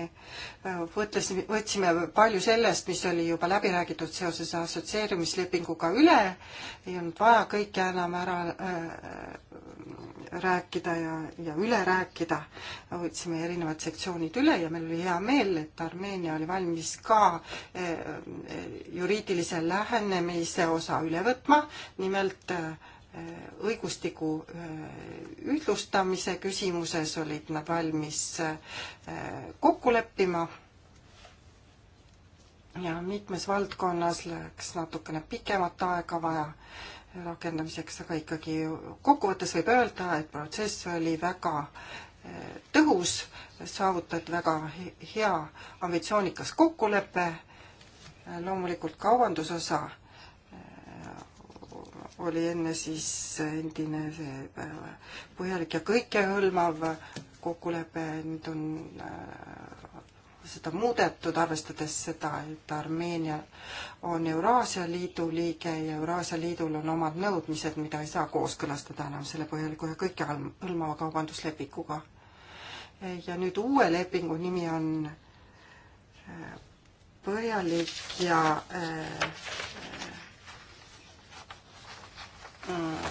äh, võtlesime, võtsime palju sellest, mis oli juba läbi räägitud seoses assotsieerumislepinguga üle, ei olnud vaja kõike enam ära äh, rääkida ja, ja üle rääkida. hoidsime erinevad sektsioonid üle ja meil oli hea meel, et Armeenia oli valmis ka eh, eh, juriidilise lähenemise osa üle võtma, nimelt eh, õigustiku ühtlustamise küsimuses olid nad valmis kokku leppima ja mitmes valdkonnas läks natukene pikemat aega vaja rakendamiseks, aga ikkagi kokkuvõttes võib öelda, et protsess oli väga eh, tõhus, saavutati väga hea ambitsioonikas kokkulepe, eh, loomulikult kaubandusosa eh, oli enne siis endine see põhjalik ja kõikehõlmav kokkulepe, nüüd on seda muudetud, arvestades seda, et Armeenia on Euraasia Liidu liige ja Euraasia Liidul on omad nõudmised, mida ei saa kooskõlastada enam selle põhjaliku ja kõike hõlmava kaubanduslepinguga. ja nüüd uue lepingu nimi on äh, põhjalik ja äh, äh,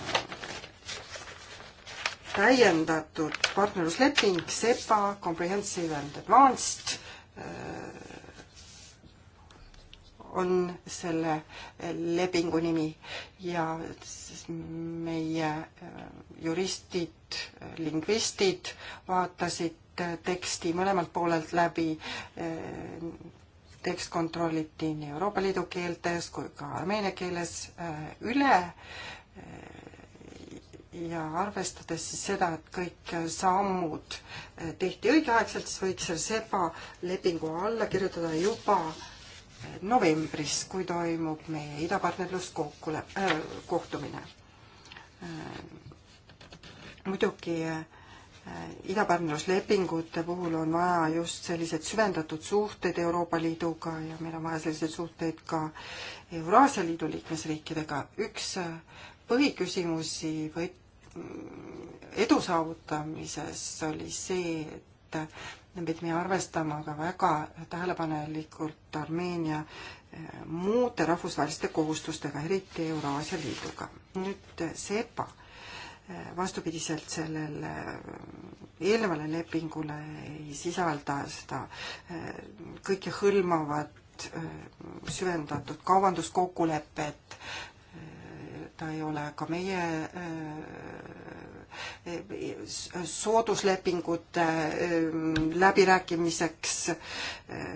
täiendatud partnerlusleping SEPA Comprehensive and Advanced on selle lepingu nimi ja meie äh, juristid, lingvistid vaatasid äh, teksti mõlemalt poolelt läbi. Äh, tekst kontrolliti nii Euroopa Liidu keeltes kui ka armeenia keeles üle ja arvestades siis seda, et kõik sammud eh, tehti õigeaegselt, siis võiks selle SEPA lepingu alla kirjutada juba eh, novembris, kui toimub meie idapartnerluskokkulepe äh,, kohtumine muidugi idapartnerluslepingute puhul on vaja just selliseid süvendatud suhteid Euroopa Liiduga ja meil on vaja selliseid suhteid ka Euraasia Liidu liikmesriikidega. üks põhiküsimusi võib edu saavutamises oli see, et me pidime arvestama ka väga tähelepanelikult Armeenia eh, muude rahvusvaheliste kohustustega, eriti Euraasia Liiduga. nüüd eh, SEPA eh, vastupidiselt sellele eelnevale lepingule ei sisalda seda kõikehõlmavat süvendatud kaubanduskokkulepet, ta ei ole ka meie äh, sooduslepingute äh, läbirääkimiseks äh,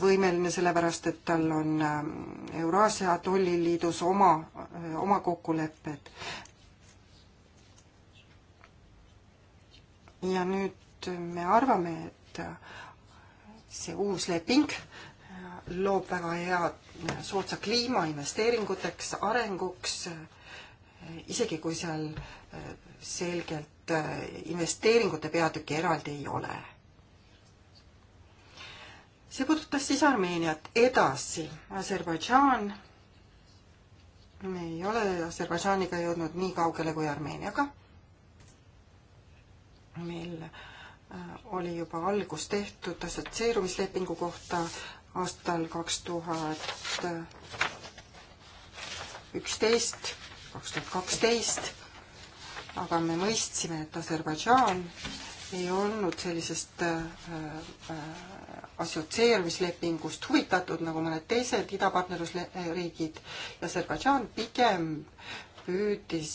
võimeline, sellepärast et tal on Euraasia Tolliliidus oma, oma kokkulepped. ja nüüd me arvame, et see uus leping loob väga head soodsa kliima investeeringuteks, arenguks, eh, isegi kui seal eh, selgelt eh, investeeringute peatükki eraldi ei ole. see puudutas siis Armeeniat. edasi, Aserbaidžaan. me ei ole Aserbaidžaaniga jõudnud nii kaugele kui Armeeniaga. meil oli juba algus tehtud assotsieerumislepingu kohta aastal kaks tuhat üksteist, kaks tuhat kaksteist, aga me mõistsime, et Aserbaidžaan ei olnud sellisest äh, äh assotsieerumislepingust huvitatud nagu mõned teised idapartnerlusriigid ja Aserbaidžaan pigem püüdis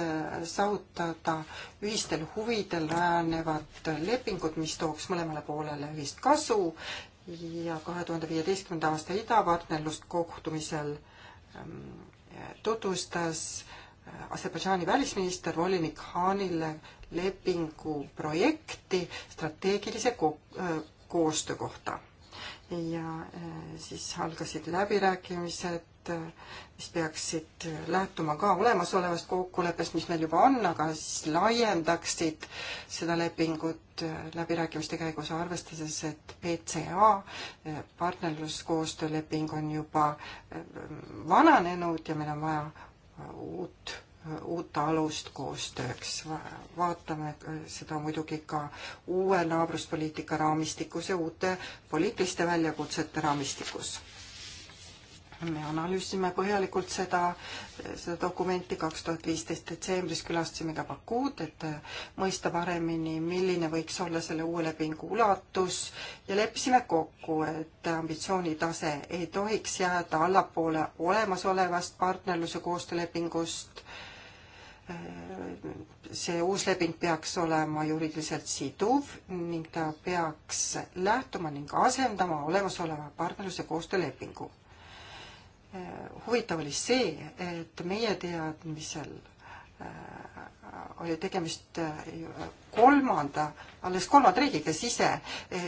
äh, saavutada ühistel huvidel rajanevat lepingut, mis tooks mõlemale poolele ühist kasu ja kahe tuhande viieteistkümnenda aasta idapartnerlust kohtumisel ähm, tutvustas äh, Aserbaidžaani välisminister volinik Haanile lepingu projekti strateegilise ko äh, koostöö kohta. ja äh, siis algasid läbirääkimised mis peaksid lähtuma ka olemasolevast kokkuleppest, mis meil juba on, aga siis laiendaksid seda lepingut läbirääkimiste käigus, arvestades, et PCA partnerluskoostööleping on juba ähm, vananenud ja meil on vaja uut uut alust koostööks. vaatame äh, seda muidugi ka uue naabruspoliitika raamistikus ja uute poliitiliste väljakutsete raamistikus me analüüsime põhjalikult seda, seda dokumenti, kaks tuhat viisteist detsembris külastasime ka Bakuud, et mõista paremini, milline võiks olla selle uue lepingu ulatus ja leppisime kokku, et ambitsioonitase ei tohiks jääda allapoole olemasolevast partnerluse koostöölepingust see uus leping peaks olema juriidiliselt siduv ning ta peaks lähtuma ning asendama olemasoleva partnerluse koostöölepingu huvitav oli see, et meie teadmisel äh, oli tegemist äh, kolmanda, alles kolmanda riigiga, kes ise äh,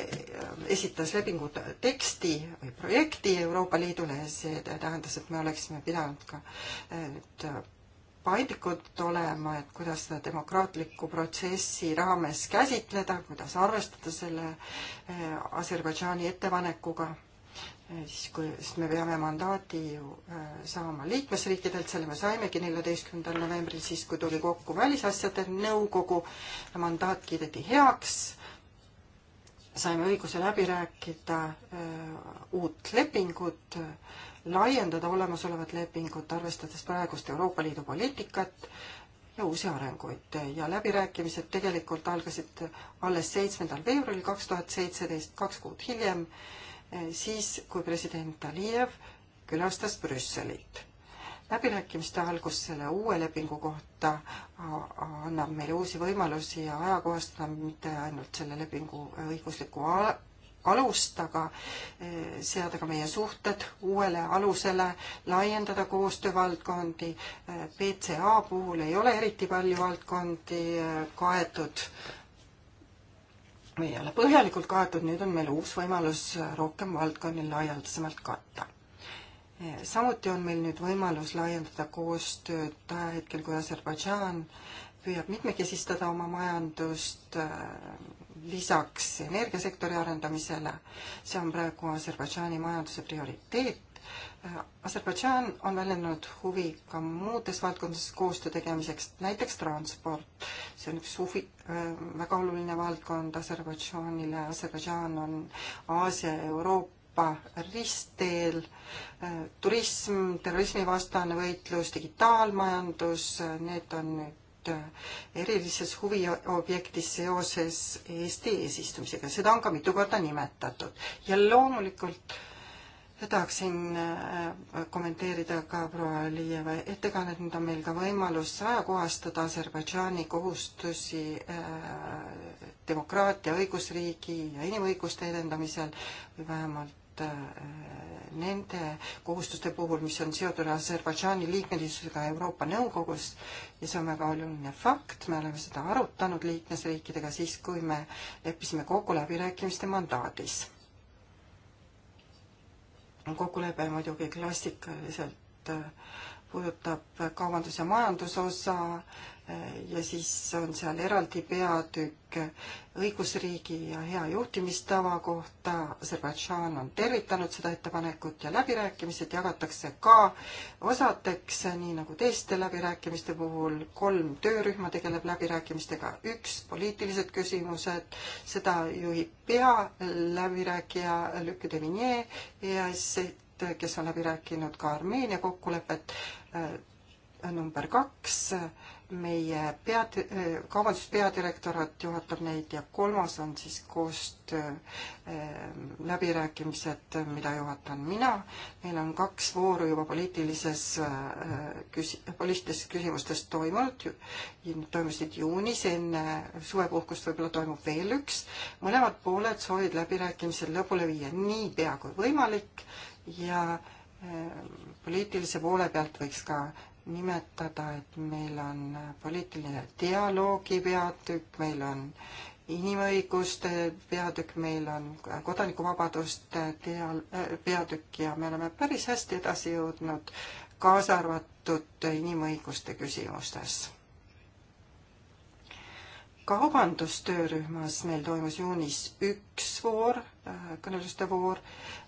esitas lepingu teksti või projekti Euroopa Liidule ja see tähendas, et me oleksime pidanud ka nüüd paindlikud olema, et kuidas seda demokraatlikku protsessi raames käsitleda, kuidas arvestada selle Aserbaidžaani ettepanekuga siis kui, sest me peame mandaati ju äh, saama liikmesriikidelt, selle me saimegi neljateistkümnendal novembril, siis kui tuli kokku Välisasjade Nõukogu, mandaat kiideti heaks, saime õiguse läbi rääkida äh, uut lepingut, laiendada olemasolevat lepingut, arvestades praegust Euroopa Liidu poliitikat ja uusi arenguid ja läbirääkimised tegelikult algasid alles seitsmendal veebruaril kaks tuhat seitseteist, kaks kuud hiljem siis, kui president Alijev külastas Brüsselit. läbirääkimiste algus selle uue lepingu kohta annab meile uusi võimalusi ja ajakohastada mitte ainult selle lepingu õiguslikku alust, aga e, seada ka meie suhted uuele alusele, laiendada koostöövaldkondi. BCA e, puhul ei ole eriti palju valdkondi e, kaetud ei ole põhjalikult kaetud, nüüd on meil uus võimalus rohkem valdkondi laialdasemalt katta. samuti on meil nüüd võimalus laiendada koostööd hetkel, kui Aserbaidžaan püüab mitmekesistada oma majandust äh, lisaks energiasektori arendamisele. see on praegu Aserbaidžaani majanduse prioriteet Aserbaidžaan on väljendanud huvi ka muudes valdkondades koostöö tegemiseks, näiteks transport. see on üks huvi äh,, väga oluline valdkond Aserbaidžaanile. Aserbaidžaan on Aasia ja Euroopa ristteel äh,. turism, terrorismivastane võitlus, digitaalmajandus äh,, need on nüüd äh, erilises huviobjektis seoses Eesti eesistumisega. seda on ka mitu korda nimetatud. ja loomulikult äh, tahaksin äh, kommenteerida ka proua Alijeva ettekannet, nüüd on meil ka võimalus ajakohastada Aserbaidžaani kohustusi äh, demokraatia, õigusriigi ja inimõiguste edendamisel või vähemalt äh, nende kohustuste puhul, mis on seotud Aserbaidžaani liikmelisusega Euroopa Nõukogus ja see on väga oluline fakt, me oleme seda arutanud liikmesriikidega siis, kui me leppisime kokku läbirääkimiste mandaadis kokkulepe muidugi klassikaliselt äh, puudutab kaubandus- ja majandusosa ja siis on seal eraldi peatükk õigusriigi ja hea juhtimistava kohta. Aserbaidžaan on tervitanud seda ettepanekut ja läbirääkimised jagatakse ka osadeks, nii nagu teiste läbirääkimiste puhul. kolm töörühma tegeleb läbirääkimistega, üks poliitilised küsimused, seda juhib pealäbirääkija Luc de Vignier EAS-i kes on läbi rääkinud ka Armeenia kokkulepet, äh, number kaks, meie pead, äh, kaubanduspeadirektorat juhatab neid ja kolmas on siis koostöö äh, läbirääkimised, mida juhatan mina. meil on kaks vooru juba poliitilises küsi-, poliitilistes küsimustes toimunud, toimusid juunis, enne suvepuhkust võib-olla toimub veel üks. mõlemad pooled soovivad läbirääkimised lõpule viia niipea kui võimalik ja eh, poliitilise poole pealt võiks ka nimetada, et meil on eh, poliitiline dialoogi peatükk, meil on inimõiguste peatükk, meil on kodanikuvabaduste dial-, eh, peatükk ja me oleme päris hästi edasi jõudnud, kaasa arvatud inimõiguste küsimustes kaubandustöörühmas meil toimus juunis üks voor, äh, kõneluste voor,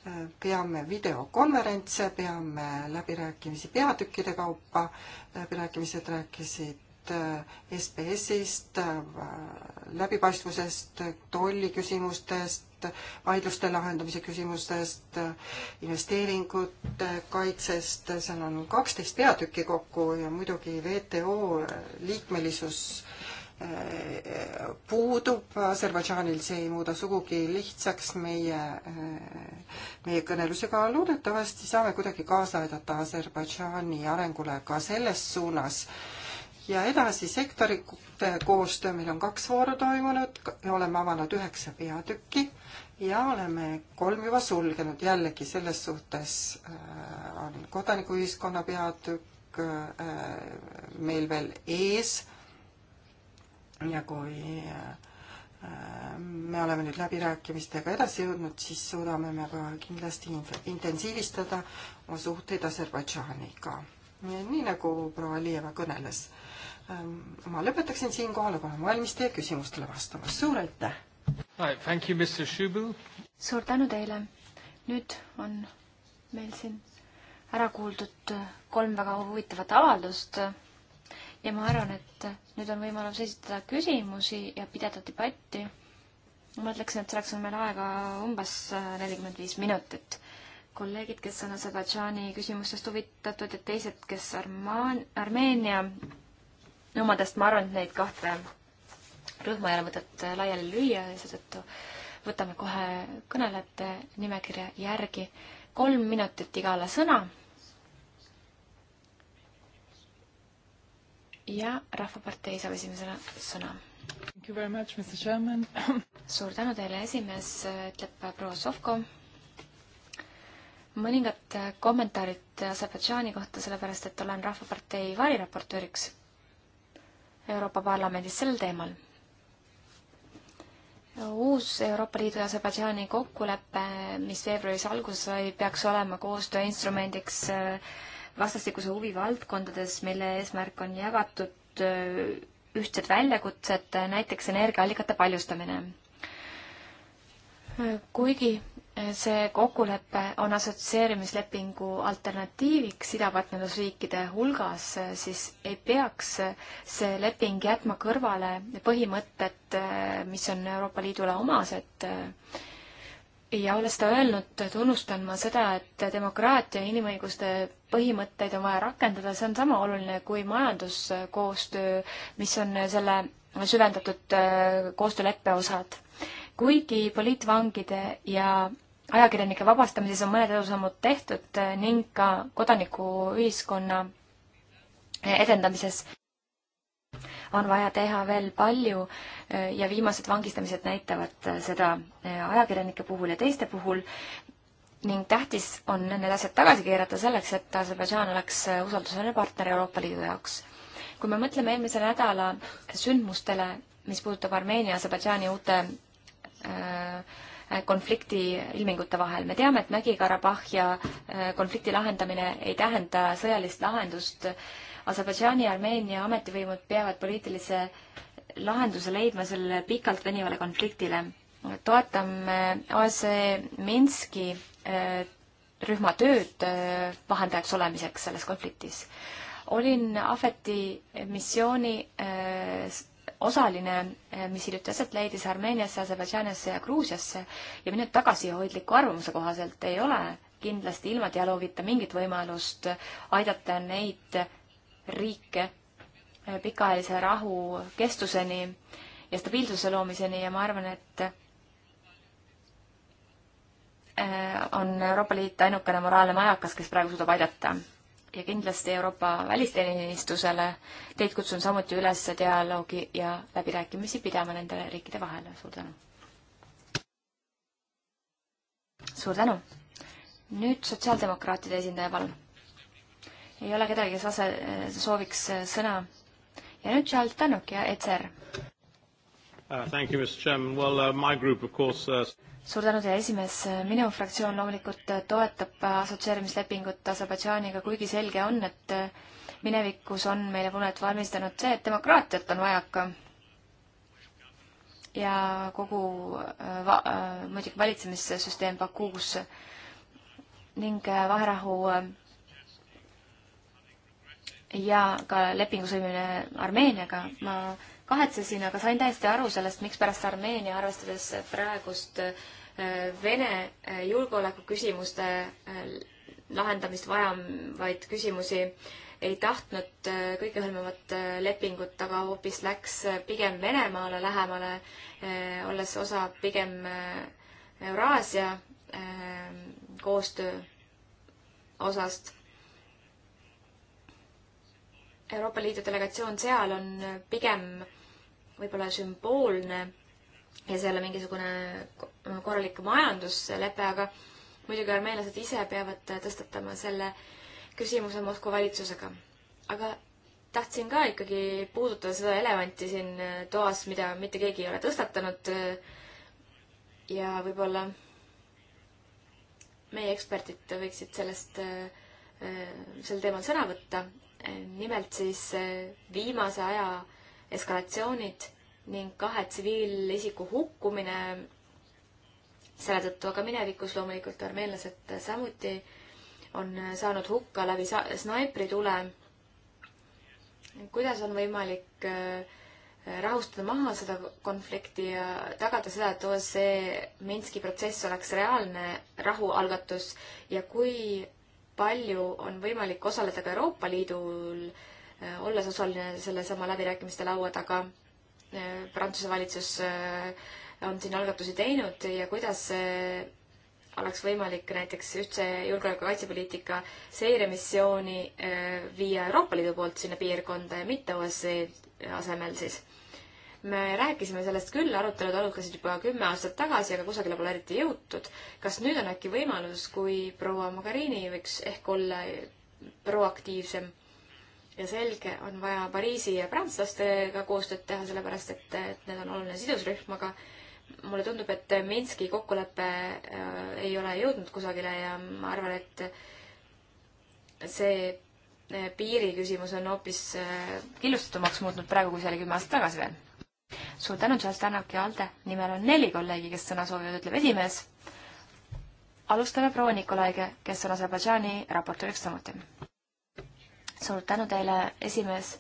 äh, peame videokonverentse, peame läbirääkimisi peatükkide kaupa, läbirääkimised rääkisid äh, SBS-ist, läbipaistvusest, tolliküsimustest, vaidluste lahendamise küsimustest, investeeringute kaitsest, seal on kaksteist peatükki kokku ja muidugi WTO liikmelisus puudub, Aserbaidžaanil see ei muuda sugugi lihtsaks meie, meie kõnelusega, loodetavasti saame kuidagi kaasa aidata Aserbaidžaani arengule ka selles suunas. ja edasi sektorite koostöö, meil on kaks vooru toimunud, oleme avanud üheksa peatükki ja oleme kolm juba sulgenud, jällegi selles suhtes äh, on kodanikuühiskonna peatükk äh, meil veel ees ja kui äh, me oleme nüüd läbirääkimistega edasi jõudnud, siis suudame me ka kindlasti intensiivistada oma suhteid Aserbaidžaaniga. nii nagu proua Liieva kõneles. Ähm, ma lõpetaksin siinkohal, aga olen valmis teie küsimustele vastama. suur aitäh! suur tänu teile! nüüd on meil siin ära kuuldud kolm väga huvitavat avaldust ja ma arvan, et nüüd on võimalus esitada küsimusi ja pidada debatti. ma ütleksin, et selleks on meil aega umbes äh, nelikümmend viis minutit. kolleegid, kes on Aserbaidžaani küsimustest huvitatud ja teised, kes Armaan-, Armeenia omadest, ma arvan, et neid kahte rühma ei ole mõtet äh, laiali lüüa ja seetõttu võtame kohe kõnelejate nimekirja järgi kolm minutit igale sõna ja Rahvapartei saab esimesena sõna. suur tänu teile, esimees, ütleb proua Sovko. mõningad kommentaarid Aserbaidžaani kohta, sellepärast et olen Rahvapartei variraportööriks Euroopa Parlamendis sel teemal uus Euroopa Liidu ja Aserbaidžaani kokkulepe, mis veebruaris alguse sai, peaks olema koostööinstrumendiks vastastikuse huvi valdkondades, mille eesmärk on jagatud äh, ühtsed väljakutsed, äh, näiteks energiaallikate paljustamine. Äh, kuigi see kokkulepe on assotsieerimislepingu alternatiiviks idapartnerlusriikide hulgas, siis ei peaks see leping jätma kõrvale põhimõtted, mis on Euroopa Liidule omased et ja olles seda öelnud, tunnustan ma seda, et demokraatia ja inimõiguste põhimõtteid on vaja rakendada, see on sama oluline kui majanduskoostöö, mis on selle süvendatud äh, koostööleppe osad. kuigi poliitvangide ja ajakirjanike vabastamises on mõned edusammud tehtud äh, ning ka kodanikuühiskonna edendamises on vaja teha veel palju äh, ja viimased vangistamised näitavad äh, seda äh, ajakirjanike puhul ja teiste puhul ning tähtis on need asjad tagasi keerata selleks, et Aserbaidžaan oleks usaldusväärne partner Euroopa Liidu jaoks. kui me mõtleme eelmise nädala sündmustele, mis puudutab Armeenia ja Aserbaidžaani uute äh, konflikti ilmingute vahel. me teame, et Mägi-Karabahhi konflikti lahendamine ei tähenda sõjalist lahendust äh, Aserbaidžaani ja Armeenia ametivõimud peavad poliitilise lahenduse leidma sellele pikalt venivale konfliktile. toetame OSCE äh, Minski äh, rühma tööd äh, vahendajaks olemiseks selles konfliktis. olin Ahveti missiooni osaline, mis hiljuti aset leidis Armeeniasse, Aserbaidžaaniasse ja Gruusiasse ja minu tagasihoidliku arvamuse kohaselt ei ole kindlasti ilma dialoogita mingit võimalust aidata neid riike äh, pikaajalise rahu kestuseni ja stabiilsuse loomiseni ja ma arvan, et äh, on Euroopa Liit ainukene moraalne majakas, kes praegu suudab aidata. ja kindlasti Euroopa välisteenistusele teid kutsun samuti üles dialoogi ja läbirääkimisi pidama nende riikide vahel. suur tänu! suur tänu! nüüd sotsiaaldemokraatide esindaja, palun ei ole kedagi, kes ase, sooviks äh, sõna. ja nüüd Charles Tannock ja ECR uh,. Thank you, Mr Chairman. Well uh, my group of course uh... suur tänu, teie esimees. Äh, minu fraktsioon loomulikult äh, toetab assotsieerimislepingut Aserbaidžaaniga, kuigi selge on, et minevikus on meile muret valmistanud see, et demokraatiat on vajaka. ja kogu va-, muidugi valitsemissüsteem Bakuus ning vaherahu ja ka lepingu sõlmimine Armeeniaga. ma kahetsesin, aga sain täiesti aru sellest, mikspärast Armeenia, arvestades praegust äh, Vene äh, julgeolekuküsimuste äh, lahendamist vajavaid küsimusi, ei tahtnud kõigehõlmavat lepingut, aga hoopis läks pigem Venemaale lähemale, olles osa pigem Euraasia koostöö osast Euroopa Liidu delegatsioon seal on pigem võib-olla sümboolne ja see ei ole mingisugune korralik majanduslepe, aga muidugi armeenlased ise peavad tõstatama selle küsimuse Moskva valitsusega. aga tahtsin ka ikkagi puudutada seda elevanti siin toas, mida mitte keegi ei ole tõstatanud. ja võib-olla meie eksperdid võiksid sellest, äh, sel teemal sõna võtta, nimelt siis äh, viimase aja eskalatsioonid ning kahe tsiviilisiku hukkumine selle tõttu, aga minevikus loomulikult armeenlased samuti on äh, saanud hukka läbi snaipritule. kuidas on võimalik äh, rahustada maha seda konflikti ja tagada seda, et OSCE Minski protsess oleks reaalne rahualgatus ja kui palju on võimalik osaleda ka Euroopa Liidul, äh, olles osaline sellesama läbirääkimiste laua taga. Äh, Prantsuse valitsus äh, on siin algatusi teinud ja kuidas oleks võimalik näiteks ühtse julgeoleku- ja kaitsepoliitika seiremissiooni viia Euroopa Liidu poolt sinna piirkonda ja mitte OSCE asemel siis me rääkisime sellest küll, arutelud algasid juba kümme aastat tagasi, aga kusagile pole eriti jõutud. kas nüüd on äkki võimalus, kui proua Mogherini võiks ehk olla proaktiivsem? ja selge, on vaja Pariisi ja prantslastega koostööd teha, sellepärast et, et need on oluline sidusrühm, aga mulle tundub, et Minski kokkulepe äh, ei ole jõudnud kusagile ja ma arvan, et see äh, piiriküsimus on hoopis äh, killustatumaks muutnud praegu, kui see oli kümme aastat tagasi veel suur tänu, Charles Tänak ja Alde. nimel on neli kolleegi, kes sõna soovivad, ütleb esimees. alustame proua Nikolaiga, kes on Aserbaidžaani raportööriks samuti. suur tänu teile, esimees.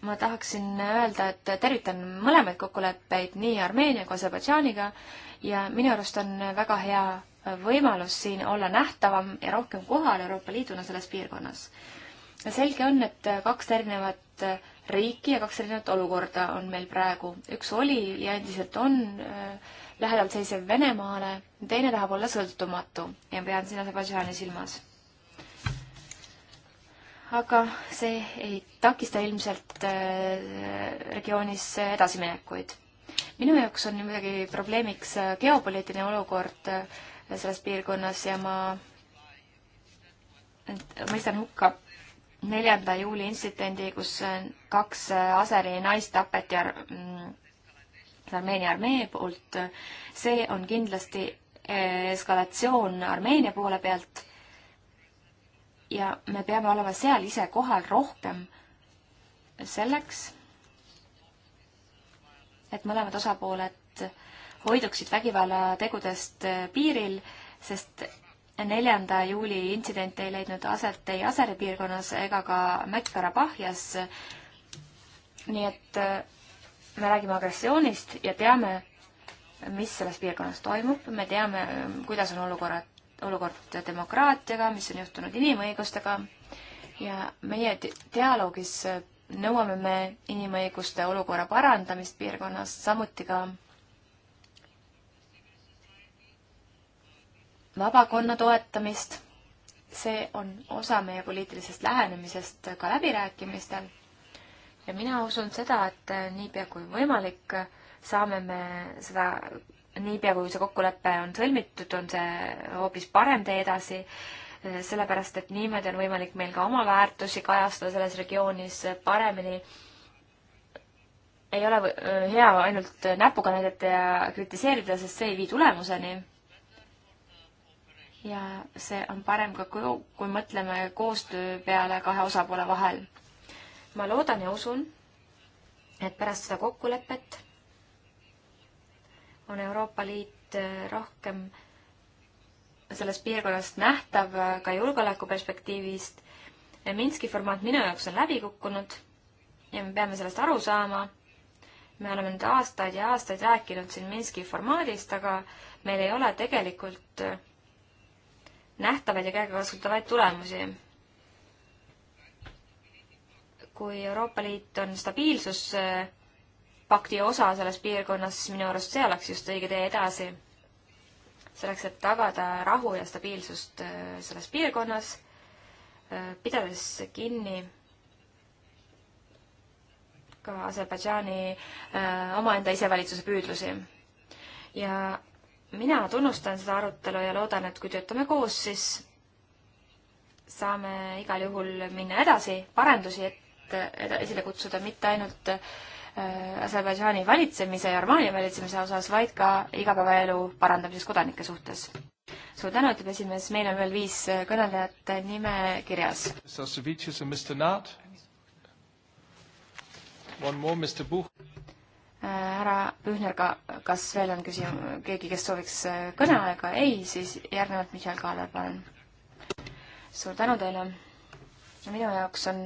ma tahaksin öelda, et tervitan mõlemaid kokkuleppeid nii Armeenia kui Aserbaidžaaniga ja minu arust on väga hea võimalus siin olla nähtavam ja rohkem kohal Euroopa Liiduna selles piirkonnas. selge on, et kaks erinevat riiki ja kaks erinevat olukorda on meil praegu. üks oli ja endiselt on äh, lähedal seisev Venemaale, teine tahab olla sõltumatu ja pean siin Aserbaidžaani silmas. aga see ei takista ilmselt äh, regioonis edasiminekuid. minu jaoks on muidugi probleemiks äh, geopoliitiline olukord äh, selles piirkonnas ja ma mõistan hukka neljanda juuli intsidendi, kus äh, kaks äh, Aseri naist tapeti ar-, mm, Armeenia armee poolt. see on kindlasti äh, eskalatsioon Armeenia poole pealt. ja me peame olema seal ise kohal rohkem selleks, et mõlemad osapooled hoiduksid vägivallategudest piiril, sest neljanda juuli intsident ei leidnud aset ei Aseri piirkonnas ega ka Mäkk-Karabahhias. nii et äh, me räägime agressioonist ja teame, mis selles piirkonnas toimub, me teame, äh, kuidas on olukorrad, olukord demokraatiaga, mis on juhtunud inimõigustega ja meie dialoogis äh, nõuame me inimõiguste olukorra parandamist piirkonnas, samuti ka vabakonna toetamist. see on osa meie poliitilisest lähenemisest ka läbirääkimistel. ja mina usun seda, et niipea kui võimalik, saame me seda, niipea kui see kokkulepe on sõlmitud, on see hoopis parem tee edasi sellepärast et niimoodi on võimalik meil ka oma väärtusi kajastada selles regioonis paremini. ei ole hea ainult näpuga näidata ja kritiseerida, sest see ei vii tulemuseni ja see on parem ka, kui, kui mõtleme koostöö peale kahe osapoole vahel. ma loodan ja usun, et pärast seda kokkulepet on Euroopa Liit äh, rohkem sellest piirkonnast nähtav äh, ka julgeoleku perspektiivist. Minski formaat minu jaoks on läbi kukkunud ja me peame sellest aru saama. me oleme nüüd aastaid ja aastaid rääkinud siin Minski formaadist, aga meil ei ole tegelikult äh, nähtavaid ja käegakasutavaid tulemusi. kui Euroopa Liit on stabiilsuspakti osa selles piirkonnas, siis minu arust see oleks just õige tee edasi. selleks, et tagada rahu ja stabiilsust äh, selles piirkonnas, äh, pidades kinni ka Aserbaidžaani äh, omaenda isevalitsuse püüdlusi. ja mina tunnustan seda arutelu ja loodan, et kui töötame koos, siis saame igal juhul minna edasi, parendusi ette eda, esile kutsuda, mitte ainult äh, Aserbaidžaani valitsemise ja Armaania valitsemise osas, vaid ka igapäevaelu parandamises kodanike suhtes. suur tänu, ütleb esimees, meil on veel viis äh, kõnelejat nimekirjas. One more, Mr Puh- härra Pühner, ka, kas veel on küsimus, keegi, kes sooviks äh, kõneaega? ei, siis järgnevalt Mihhail Kaaler, palun. suur tänu teile. minu jaoks on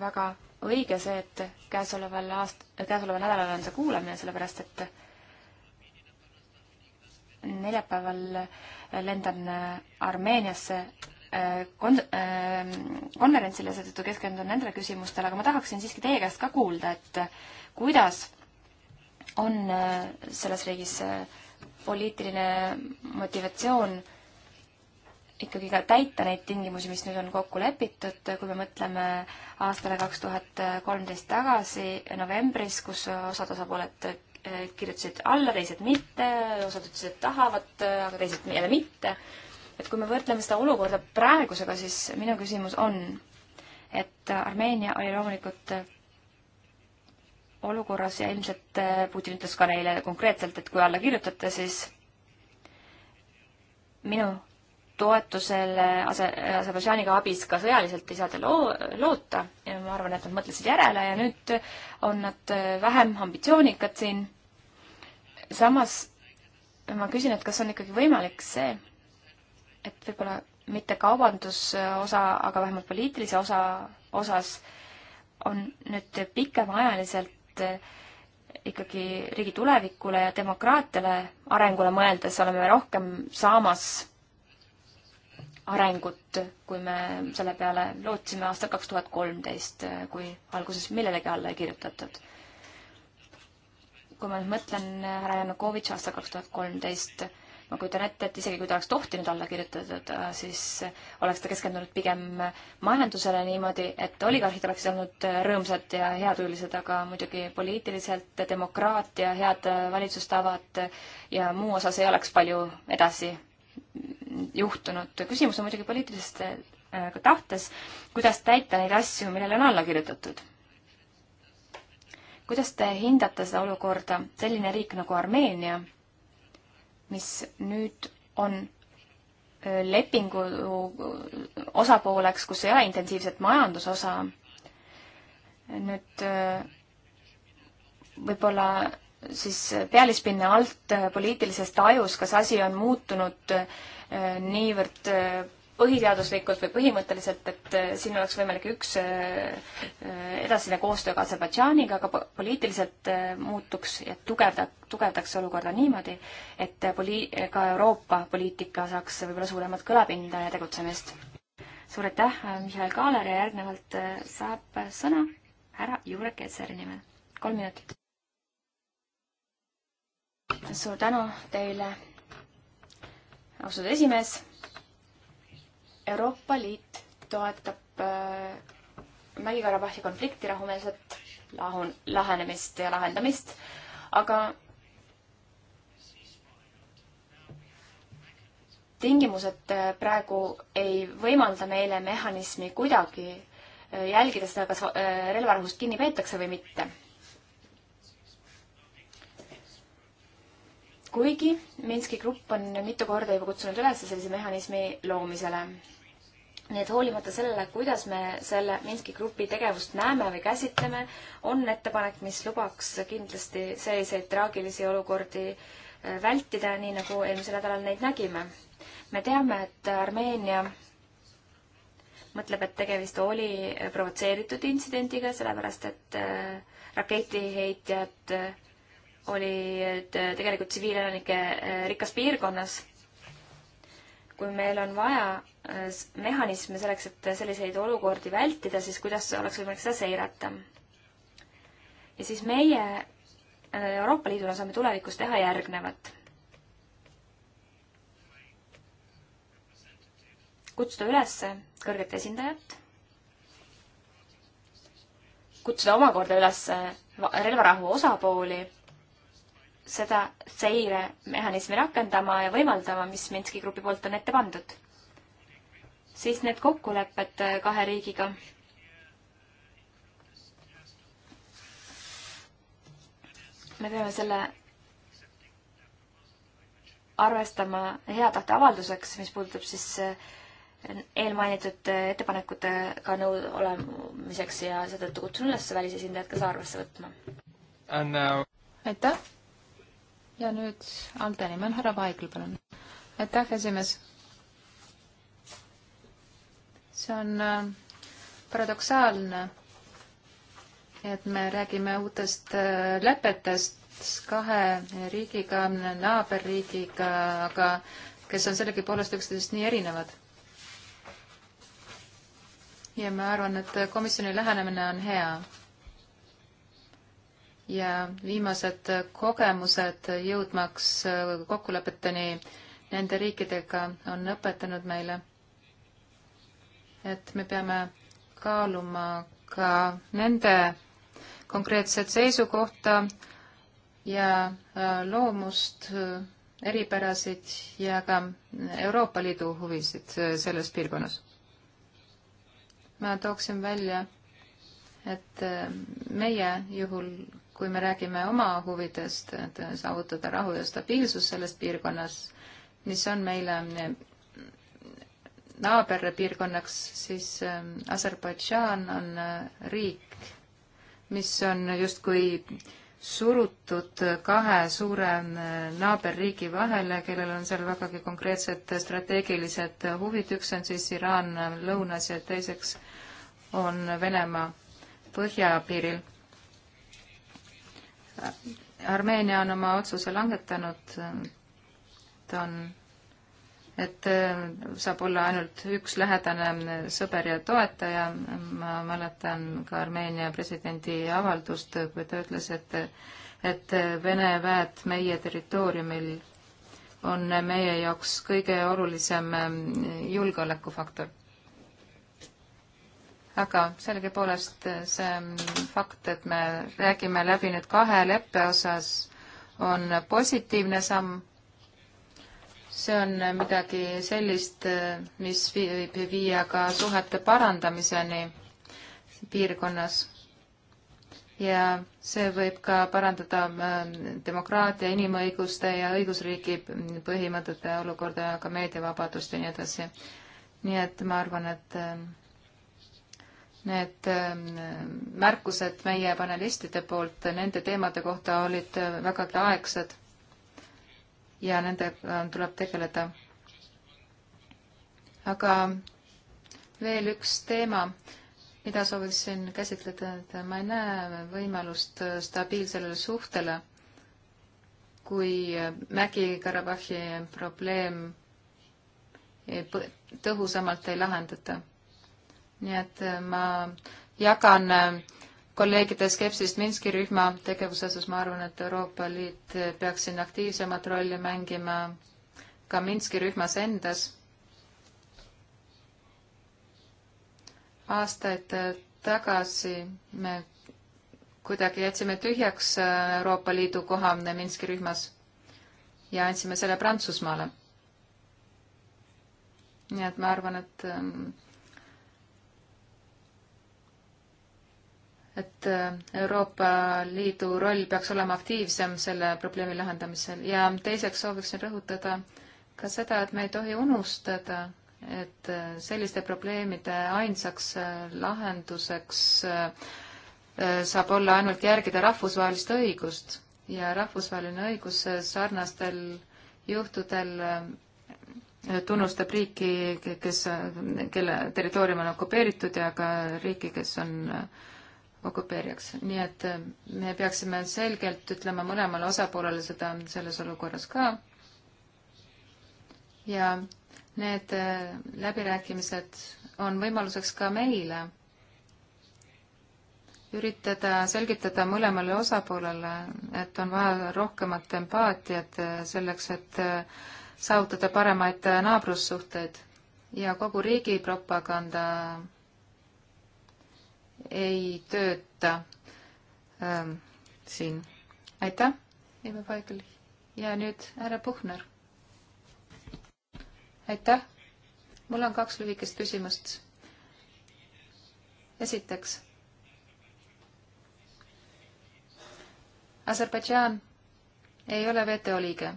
väga õige see, et käesoleval aast-, käesoleval nädalal on see kuulamine, sellepärast et neljapäeval lendan äh, Armeeniasse äh, kon-, konverentsile, seetõttu keskendun nendele küsimustele, aga ma tahaksin siiski teie käest ka kuulda, et kuidas on äh, selles riigis äh, poliitiline motivatsioon ikkagi ka täita neid tingimusi, mis nüüd on kokku lepitud, kui me mõtleme aastale kaks tuhat kolmteist tagasi novembris, kus osad osapooled äh, kirjutasid alla, teised mitte, osad ütlesid, et tahavad, aga teised jälle mitte. et kui me võrdleme seda olukorda praegusega, siis minu küsimus on, et Armeenia oli loomulikult olukorras ja ilmselt äh, Putin ütles ka neile konkreetselt, et kui alla kirjutate, siis minu toetusele äh, ase-, äh, Aserbaidžaaniga abis ka sõjaliselt ei saa te loo-, loota ja ma arvan, et nad mõtlesid järele ja nüüd on nad vähem ambitsioonikad siin. samas ma küsin, et kas on ikkagi võimalik see, et võib-olla mitte kaubandusosa, aga vähemalt poliitilise osa, osas on nüüd pikemaajaliselt ikkagi riigi tulevikule ja demokraatiale arengule mõeldes oleme rohkem saamas arengut, kui me selle peale lootsime aastal kaks tuhat kolmteist, kui alguses millelegi alla ei kirjutatud. kui ma nüüd mõtlen härra Janukovitš aasta kaks tuhat kolmteist, ma kujutan ette, et isegi kui ta oleks tohtinud alla kirjutatud, äh, siis oleks ta keskendunud pigem majandusele niimoodi, et oligarhid oleksid olnud äh, rõõmsad ja heatujulised, aga muidugi poliitiliselt demokraatia, head äh, valitsustavad ja muu osas ei oleks palju edasi juhtunud. küsimus on muidugi poliitilisest ka tahtes, kuidas täita neid asju, millele on alla kirjutatud kuidas te hindate seda olukorda, selline riik nagu Armeenia, mis nüüd on lepingu osapooleks, kus ei ole intensiivset majandusosa. nüüd võib-olla siis pealispinna alt poliitilises tajus, kas asi on muutunud niivõrd põhiseaduslikult või põhimõtteliselt, et äh, siin oleks võimalik üks äh, äh, edasine koostöö ka Aserbaidžaaniga, aga poliitiliselt muutuks ja tugevda, tugevdaks olukorda niimoodi, et poli-, ka Euroopa poliitika saaks võib-olla suuremat kõlapinda ja tegutsemist. suur aitäh, Mihhail Kaaler ja järgnevalt saab sõna härra Jurek Etseri nimel. kolm minutit. suur tänu teile, austatud esimees Euroopa Liit toetab äh, Mägi-Karabahhi konflikti rahumeelset lahun-, lahenemist ja lahendamist, aga tingimused äh, praegu ei võimalda meile mehhanismi kuidagi äh, jälgida seda, kas relvarahust kinni peetakse või mitte. kuigi Minski grupp on mitu korda juba kutsunud üles sellise mehhanismi loomisele nii et hoolimata sellele, kuidas me selle Minski grupi tegevust näeme või käsitleme, on ettepanek, mis lubaks kindlasti selliseid traagilisi olukordi äh, vältida, nii nagu eelmisel nädalal neid nägime. me teame, et Armeenia mõtleb, et tegemist oli äh, provotseeritud intsidendiga, sellepärast et äh, raketiheitjad olid tegelikult tsiviilelanike rikas piirkonnas. kui meil on vaja mehhanisme selleks, et selliseid olukordi vältida, siis kuidas oleks võimalik seda seirata? ja siis meie äh, Euroopa Liiduna saame tulevikus teha järgnevat. kutsuda üles kõrget esindajat, kutsuda omakorda üles relvarahu osapooli seda seiremehhanismi rakendama ja võimaldama, mis Minski grupi poolt on ette pandud siis need kokkulepped äh, kahe riigiga me peame selle arvestama hea tahte avalduseks, mis puudutab siis äh, eelmainitud äh, ettepanekutega nõu olemiseks ja seetõttu kutsun üles välisesindajad ka seda arvesse võtma. Now... aitäh! ja nüüd Alde nimel härra Vaigel, palun. aitäh, esimees! see on äh, paradoksaalne, et me räägime uutest äh, lepetest kahe riigiga, naaberriigiga, aga kes on sellegipoolest üksteisest nii erinevad. ja ma arvan, et komisjoni lähenemine on hea ja viimased kogemused jõudmaks äh, kokkulepeteni nende riikidega on õpetanud meile, et me peame kaaluma ka nende konkreetset seisukohta ja äh, loomust, äh, eripärasid ja ka Euroopa Liidu huvisid äh, selles piirkonnas. ma tooksin välja, et meie juhul, kui me räägime oma huvidest, et saavutada rahu ja stabiilsus selles piirkonnas, mis on meile naaberpiirkonnaks, siis ähm, Aserbaidžaan on äh, riik, mis on justkui surutud kahe suure äh, naaberriigi vahele, kellel on seal vägagi konkreetsed strateegilised huvid, üks on siis Iraan lõunas ja teiseks on Venemaa põhjapiiril. Armeenia on oma otsuse langetanud, ta on et äh, saab olla ainult üks lähedane äh, sõber ja toetaja. ma mäletan ka Armeenia presidendi avaldust, kui ta ütles, et, et Vene väed meie territooriumil on meie jaoks kõige olulisem äh, julgeolekufaktor. aga sellegipoolest see mm, fakt, et me räägime läbi nüüd kahe leppe osas, on positiivne samm see on midagi sellist, mis viib viia ka suhete parandamiseni piirkonnas. ja see võib ka parandada ähm, demokraatia, inimõiguste ja õigusriigi põhimõtete olukorda, ka meediavabadust ja nii edasi. nii et ma arvan, et ähm, need ähm, märkused meie panelistide poolt nende teemade kohta olid äh, vägagi aegsad ja nendega tuleb tegeleda. aga veel üks teema, mida sooviksin käsitleda, et ma ei näe võimalust stabiilsele suhtele, kui Mägi-Karabahhi probleem tõhusamalt ei lahendata. nii et ma jagan kolleegide skepsist Minski rühma tegevuse osas, ma arvan, et Euroopa Liit peaks siin aktiivsemat rolli mängima ka Minski rühmas endas. aastaid tagasi me kuidagi jätsime tühjaks Euroopa Liidu koha Minski rühmas ja andsime selle Prantsusmaale. nii et ma arvan, et ähm, et äh, Euroopa Liidu roll peaks olema aktiivsem selle probleemi lahendamisel ja teiseks sooviksin rõhutada ka seda, et me ei tohi unustada, et äh, selliste probleemide ainsaks äh, lahenduseks saab olla ainult järgida rahvusvahelist õigust ja rahvusvaheline õigus sarnastel juhtudel tunnustab riiki, kes, kelle territoorium on okupeeritud ja ka riiki, kes on äh, okupeerijaks. nii et äh, me peaksime selgelt ütlema mõlemale osapoolele seda selles olukorras ka. ja need äh, läbirääkimised on võimaluseks ka meile üritada selgitada mõlemale osapoolele, et on vaja rohkemat empaatiat äh, selleks, et saavutada paremaid naabrussuhteid ja kogu riigi propaganda ei tööta ähm, siin. aitäh, Eva Paigel. ja nüüd härra Puhner. aitäh. mul on kaks lühikest küsimust. esiteks. Aserbaidžaan ei ole WTO liige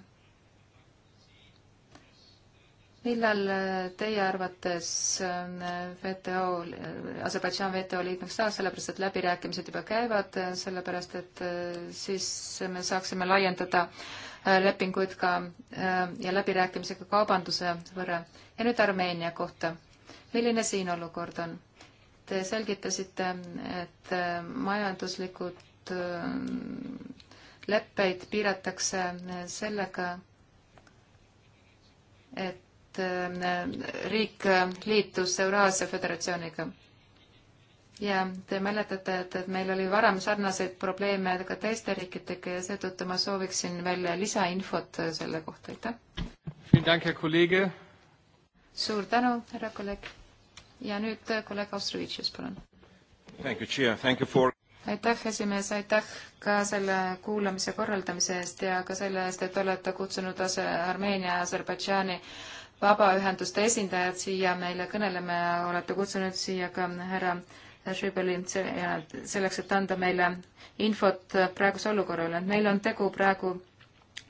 millal äh, teie arvates äh, WTO, äh, Aserbaidžaan WTO liikmeks saab, sellepärast et läbirääkimised juba käivad, sellepärast et siis me saaksime laiendada lepinguid ka ja läbirääkimisega kaubanduse võrra. ja nüüd Armeenia kohta. milline siin olukord on? Te selgitasite, et majanduslikud leppeid piiratakse sellega, et Äh, riik äh, liitus Euraasia Föderatsiooniga. ja te mäletate, et, et meil oli varem sarnaseid probleeme ka teiste riikidega ja seetõttu ma sooviksin veel lisainfot selle kohta, aitäh. suur tänu, härra kolleeg. ja nüüd äh, kolleeg Austrovitšius, palun. For... aitäh, esimees, aitäh ka selle kuulamise korraldamise eest ja ka selle eest, et olete kutsunud Ase-, Armeenia, Aserbaidžaani äh, vabaühenduste esindajad siia meile kõnelema ja olete kutsunud siia ka härra Schübeli ja selleks, et anda meile infot praeguse olukorra üle, et meil on tegu praegu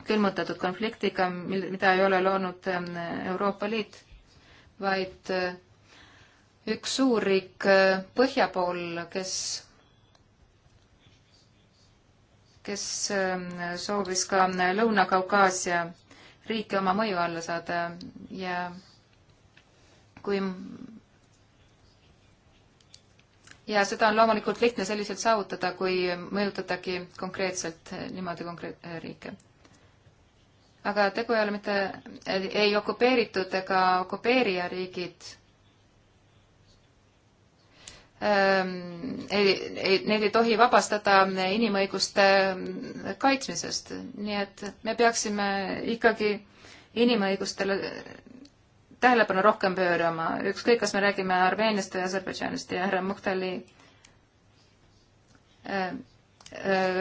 külmutatud konfliktiga, mil, mida ei ole loonud ähm, Euroopa Liit, vaid äh, üks suurriik äh, põhja pool, kes, kes ähm, soovis ka Lõuna-Kaukaasia riike oma mõju alla saada ja kui ja seda on loomulikult lihtne selliselt saavutada, kui mõjutadagi konkreetselt niimoodi konkreet-, eh, riike. aga tegu ei ole mitte, ei okupeeritud ega okupeerija riigid Ehm, ei, ei, neid ei tohi vabastada inimõiguste ehm, kaitsmisest. nii et me peaksime ikkagi inimõigustele ehm, tähelepanu rohkem pöörama, ükskõik, kas me räägime Armeeniast või Aserbaidžaanist ja härra Muhtali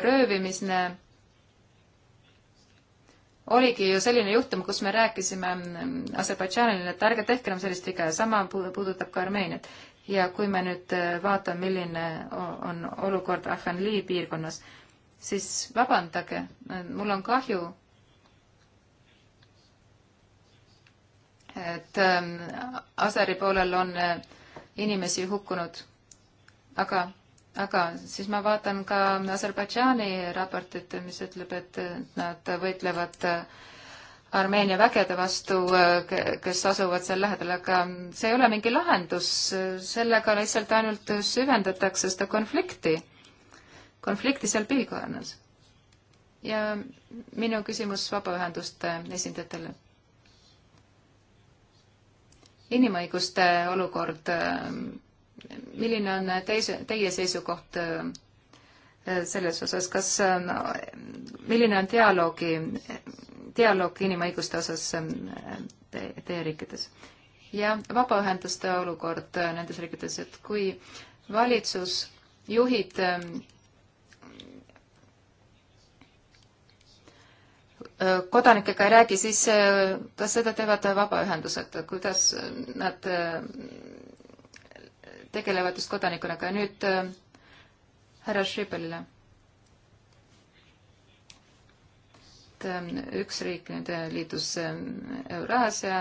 röövimisne oligi ju selline juhtum, kus me rääkisime Aserbaidžaanile, et ärge tehke enam sellist viga ja sama puudutab ka Armeeniat ja kui me nüüd äh, vaatame, milline on olukord Ahvenli piirkonnas, siis vabandage, äh, mul on kahju, et ähm, Aseri poolel on äh, inimesi hukkunud, aga, aga siis ma vaatan ka Aserbaidžaani raportit, mis ütleb, et nad võitlevad äh, Armeenia vägede vastu, kes asuvad seal lähedal, aga see ei ole mingi lahendus, sellega lihtsalt ainult süvendatakse seda konflikti, konflikti seal piirkonnas. ja minu küsimus vabaühenduste esindajatele. inimõiguste olukord, milline on teise, teie seisukoht selles osas, kas no,, ähm, milline on dialoogi, dialoog inimõiguste osas ähm, te, teie riikides? ja vabaühenduste olukord äh, nendes riikides, et kui valitsusjuhid ähm, äh, kodanikega ei räägi, siis äh, kas seda teevad vabaühendused, kuidas nad tegelevad just kodanikuna, aga nüüd härra Schübelile. et ähm, üks riik nüüd äh, liitus ähm, Euraasia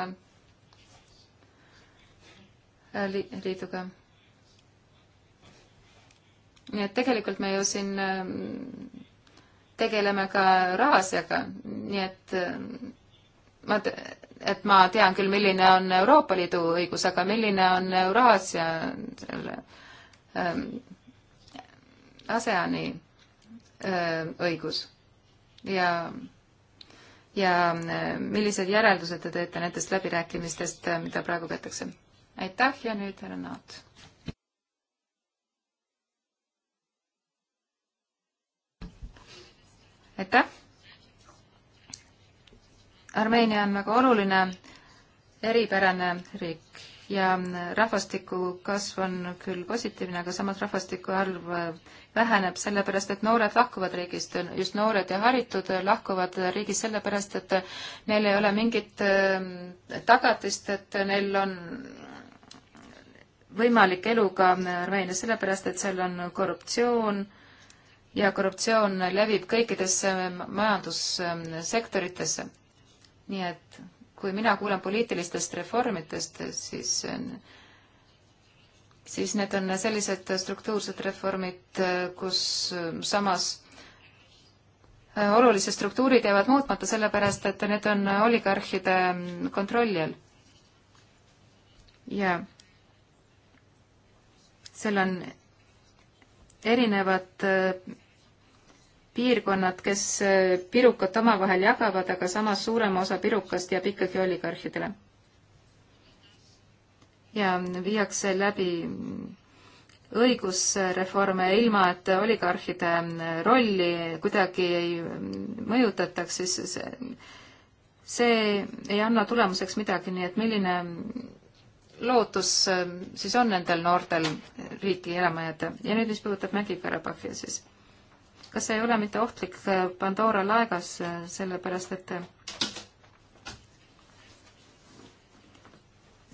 äh, liiduga. nii et tegelikult me ju siin ähm, tegeleme ka Euroasiaga, nii et ma, et ma tean küll, milline on Euroopa Liidu õigus, aga milline on Euraasia selle ähm, ASEAN-i õigus ja, ja millised järeldused te teete nendest läbirääkimistest, mida praegu peetakse? aitäh ja nüüd härra Naat. aitäh! Armeenia on väga oluline eripärane riik ja rahvastiku kasv on küll positiivne, aga samas rahvastiku arv äh, väheneb, sellepärast et noored lahkuvad riigist, just noored ja haritud lahkuvad riigist sellepärast, et neil ei ole mingit äh, tagatist, et neil on võimalik elu ka Armeenias, sellepärast et seal on korruptsioon ja korruptsioon levib kõikidesse majandussektoritesse. nii et kui mina kuulen poliitilistest reformidest, siis, siis need on sellised struktuursed reformid, kus mm, samas äh, olulised struktuurid jäävad muutmata, sellepärast et need on oligarhide mm, kontrolli all. ja seal on erinevad äh, piirkonnad, kes eh, pirukat omavahel jagavad, aga samas suurem osa pirukast jääb ikkagi oligarhidele. ja viiakse läbi õigusreforme, ilma et oligarhide eh, rolli kuidagi ei mm, mõjutataks, siis see, see ei anna tulemuseks midagi, nii et milline mm, lootus eh, siis on nendel noortel riiki elama jääda. ja nüüd, mis puudutab Mägi-Karabahhi, siis kas see ei ole mitte ohtlik äh, Pandora laegas, äh, sellepärast et äh,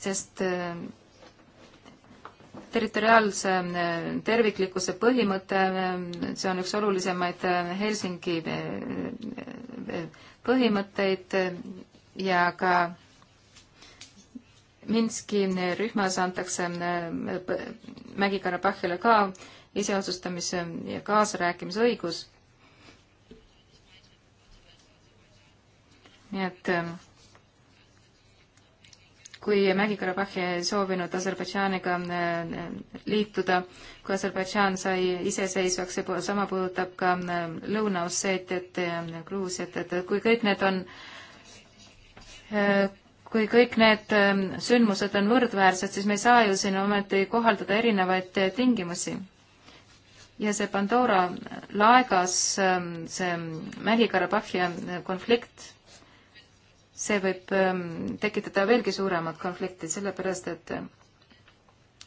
sest territoriaalse terviklikkuse põhimõte, see on üks olulisemaid Helsingi põhimõtteid ja ka Minski rühmas antakse Mägi-Karabahhile ka iseotsustamise ja kaasarääkimisõigus. nii et ähm, kui Mägi-Karabahhi ei soovinud Aserbaidžaaniga ähm, liituda, kui Aserbaidžaan sai iseseisvaks ja sama puudutab ka ähm, Lõuna-Osseetiat ja Gruusiat, et kui kõik need on, äh, kui kõik need sündmused on võrdväärsed, siis me ei saa ju siin ometi kohaldada erinevaid äh, tingimusi ja see Pandora laegas, ähm, see Mägi-Karabahhi ähm, konflikt, see võib ähm, tekitada veelgi suuremat konflikti, sellepärast et äh,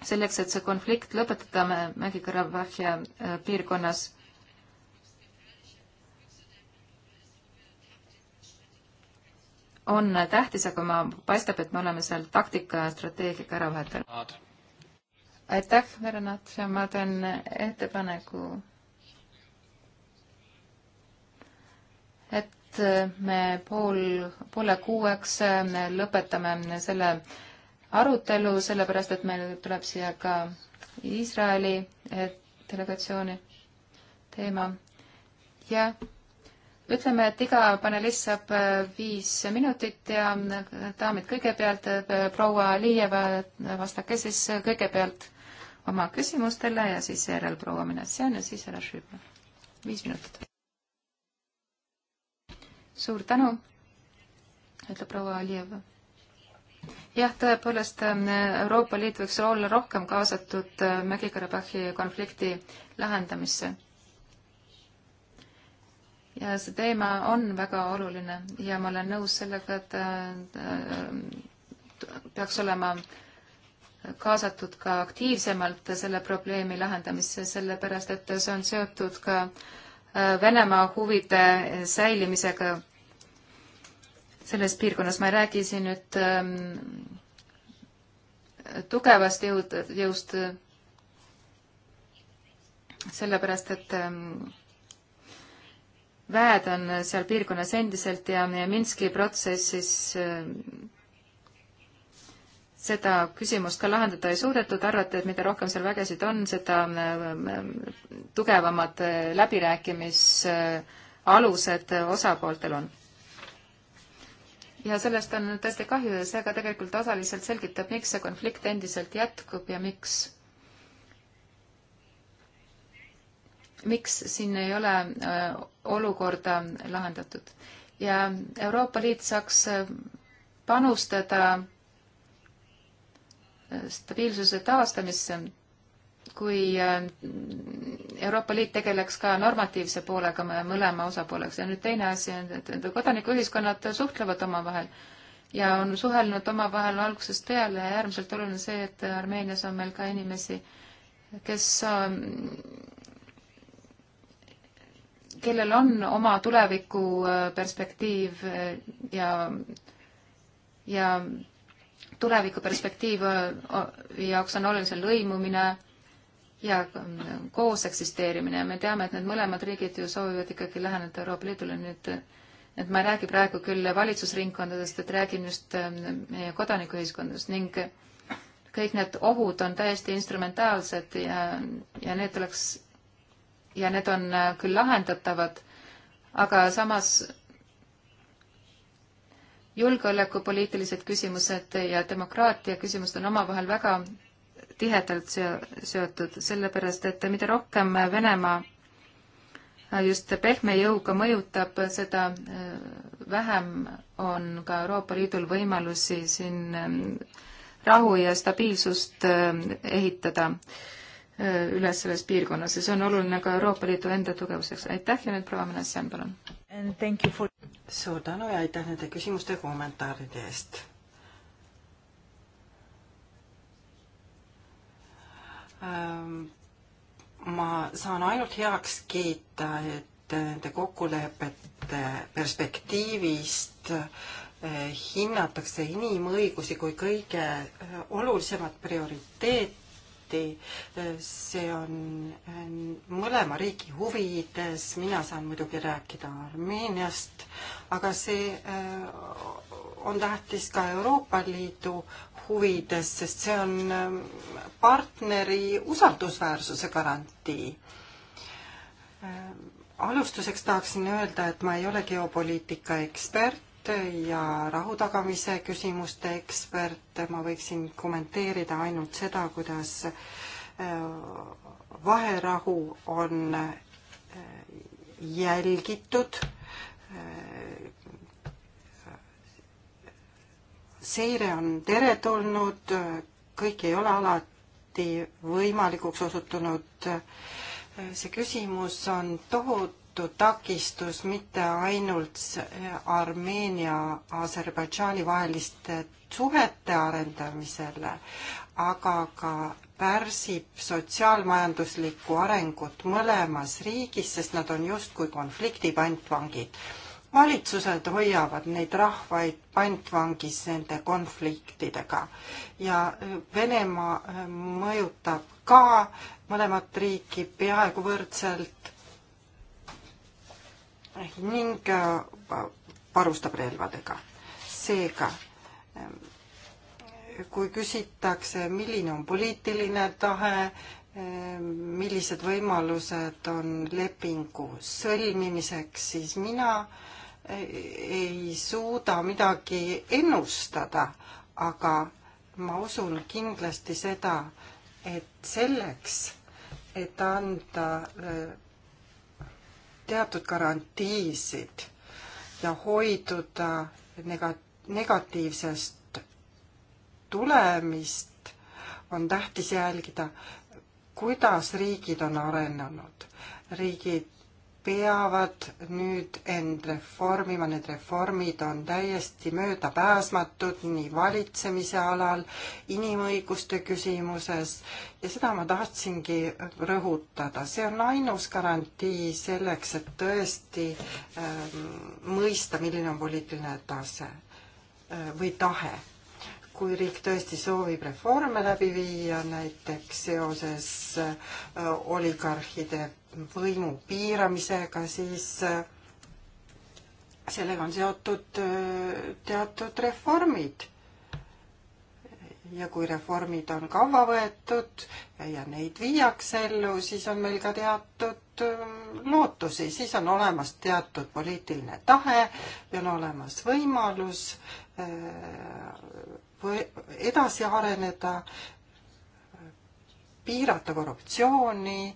selleks, et see konflikt lõpetada Mägi-Karabahhi äh, piirkonnas, on tähtis, aga ma, paistab, et me oleme seal taktika ja strateegiaga ära vahetanud aitäh, Renat, ma teen ettepaneku, et me pool, poole kuueks lõpetame selle arutelu, sellepärast et meil tuleb siia ka Iisraeli eh, delegatsiooni teema ja ütleme, et iga panelist saab eh, viis minutit ja eh, daamid kõigepealt, proua Liieva, vastake siis kõigepealt oma küsimustele ja siis seejärel proua Minasjan ja siis härra Šüübel. viis minutit. suur tänu, ütleb proua Alijeva. jah, tõepoolest ähm, Euroopa Liit võiks olla rohkem kaasatud äh, Mägi-Karabahhi konflikti lahendamisse ja see teema on väga oluline ja ma olen nõus sellega, et äh, äh, peaks olema äh, kaasatud ka aktiivsemalt selle probleemi lahendamisse, sellepärast et see on seotud ka äh, Venemaa huvide säilimisega selles piirkonnas. ma ei räägi siin nüüd ähm, tugevast jõud, jõust, sellepärast et ähm, väed on seal piirkonnas endiselt ja, ja Minski protsessis ähm, seda küsimust ka lahendada ei suudetud, arvati, et mida rohkem seal vägesid on, seda äh, tugevamad äh, läbirääkimisalused äh, osapooltel on. ja sellest on tõesti kahju ja see ka tegelikult osaliselt selgitab, miks see konflikt endiselt jätkub ja miks miks siin ei ole olukorda lahendatud. ja Euroopa Liit saaks panustada stabiilsuse taastamisse, kui äh, Euroopa Liit tegeleks ka normatiivse poolega mõlema osapooleks ja nüüd teine asi on, et kodanikuühiskonnad suhtlevad omavahel ja on suhelnud omavahel algusest peale ja äärmiselt oluline see, et Armeenias on meil ka inimesi, kes, äh, kellel on oma tulevikuperspektiiv äh, ja, ja tulevikuperspektiivi jaoks on olulisel lõimumine ja koos eksisteerimine ja me teame, et need mõlemad riigid ju soovivad ikkagi läheneda Euroopa Liidule, nüüd et ma ei räägi praegu küll valitsusringkondadest, et räägin just ähm, meie kodanikuühiskondadest ning kõik need ohud on täiesti instrumentaalsed ja, ja need tuleks ja need on äh, küll lahendatavad, aga samas julgeolekupoliitilised küsimused ja demokraatia küsimused on omavahel väga tihedalt seotud, sellepärast et mida rohkem Venemaa just pehme jõuga mõjutab, seda äh, vähem on ka Euroopa Liidul võimalusi siin äh, rahu ja stabiilsust äh, ehitada üles selles piirkonnas ja see on oluline ka Euroopa Liidu enda tugevuseks. aitäh ja nüüd proua Mänasjan, palun! For... suur tänu ja aitäh nende küsimuste ja kommentaaride eest. Ähm, ma saan ainult heaks kiita, et nende kokkulepete perspektiivist eh, hinnatakse inimõigusi kui kõige eh, olulisemat prioriteeti samuti. see on äh, mõlema riigi huvides, mina saan muidugi rääkida Armeeniast, aga see äh, on tähtis ka Euroopa Liidu huvides, sest see on äh, partneri usaldusväärsuse garantii alustuseks tahaksin öelda, et ma ei ole geopoliitika ekspert, ja rahu tagamise küsimuste ekspert, ma võiksin kommenteerida ainult seda, kuidas äh, vaherahu on äh, jälgitud. Äh, seire on teretulnud, kõik ei ole alati võimalikuks osutunud. see küsimus on tohutu tohutu takistus mitte ainult Armeenia, Aserbaidžaani vaheliste suhete arendamisele, aga ka pärsib sotsiaalmajanduslikku arengut mõlemas riigis, sest nad on justkui konflikti pantvangid. valitsused hoiavad neid rahvaid pantvangis nende konfliktidega ja Venemaa mõjutab ka mõlemat riiki peaaegu võrdselt ning äh, varustab relvadega. seega ähm, kui küsitakse, milline on poliitiline tahe, ähm, millised võimalused on lepingu sõlmimiseks, siis mina äh, ei suuda midagi ennustada, aga ma usun kindlasti seda, et selleks, et anda äh, teatud garantiisid ja hoiduda nega-, negatiivsest tulemist, on tähtis jälgida, kuidas riigid on arenenud. riigid peavad nüüd end reformima, need reformid on täiesti möödapääsmatud nii valitsemise alal, inimõiguste küsimuses ja seda ma tahtsingi rõhutada. see on ainus garantii selleks, et tõesti ähm, mõista, milline on poliitiline tase äh, või tahe kui riik tõesti soovib reforme läbi viia, näiteks seoses äh, oligarhide võimu piiramisega, siis äh, sellega on seotud äh, teatud reformid. ja kui reformid on kava võetud ja neid viiakse ellu, siis on meil ka teatud lootusi, siis on olemas teatud poliitiline tahe ja on olemas võimalus edasi areneda, piirata korruptsiooni,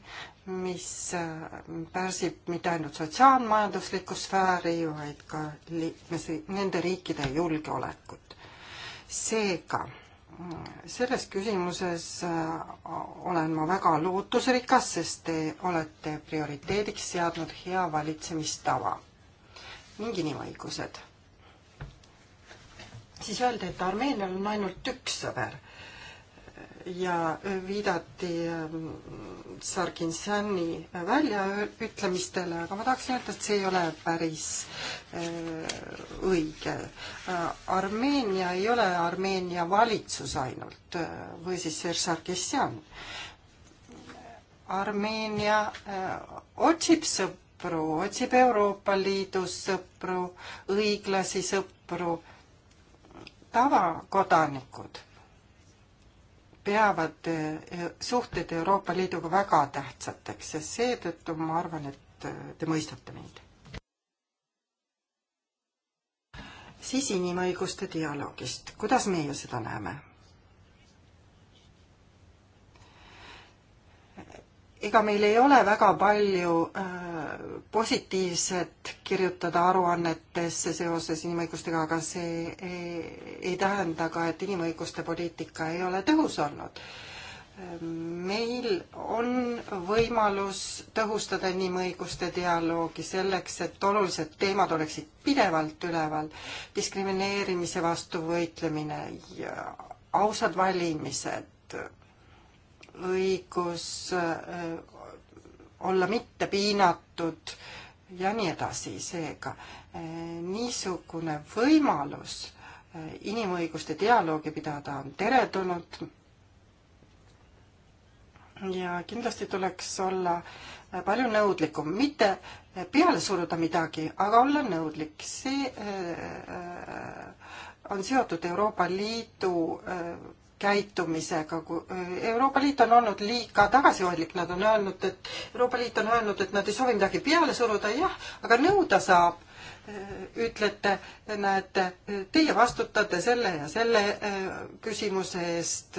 mis pärsib mitte ainult sotsiaalmajanduslikku sfääri, vaid ka liikmesi, nende riikide julgeolekut. seega selles küsimuses äh, olen ma väga lootusrikas, sest te olete prioriteediks seadnud hea valitsemistava ning inimõigused siis öeldi, et Armeenial on ainult üks sõber ja viidati ähm, Sarginsani väljaütlemistele, aga ma tahaksin öelda, et see ei ole päris äh, õige. Äh, Armeenia ei ole Armeenia valitsus ainult äh, või siis Sargissan. Armeenia otsib sõpru, otsib Euroopa Liidu sõpru, õiglasi sõpru tavakodanikud peavad eh, suhted Euroopa Liiduga väga tähtsateks ja seetõttu ma arvan, et eh, te mõistate mind. siis inimõiguste dialoogist, kuidas meie seda näeme? ega meil ei ole väga palju äh, positiivset kirjutada aruannetesse seoses inimõigustega, aga see ei, ei tähenda ka, et inimõiguste poliitika ei ole tõhus olnud meil on võimalus tõhustada inimõiguste dialoogi selleks, et olulised teemad oleksid pidevalt üleval. diskrimineerimise vastu võitlemine ja ausad valimised õigus äh, olla mitte piinatud ja nii edasi, seega äh, niisugune võimalus äh, inimõiguste dialoogi pidada on teretulnud. ja kindlasti tuleks olla palju nõudlikum, mitte peale suruda midagi, aga olla nõudlik, see on seotud Euroopa Liidu käitumisega, Euroopa Liit on olnud liiga tagasihoidlik, nad on öelnud, et Euroopa Liit on öelnud, et nad ei soovi midagi peale suruda, jah, aga nõuda saab. ütlete, näete, teie vastutate selle ja selle küsimuse eest,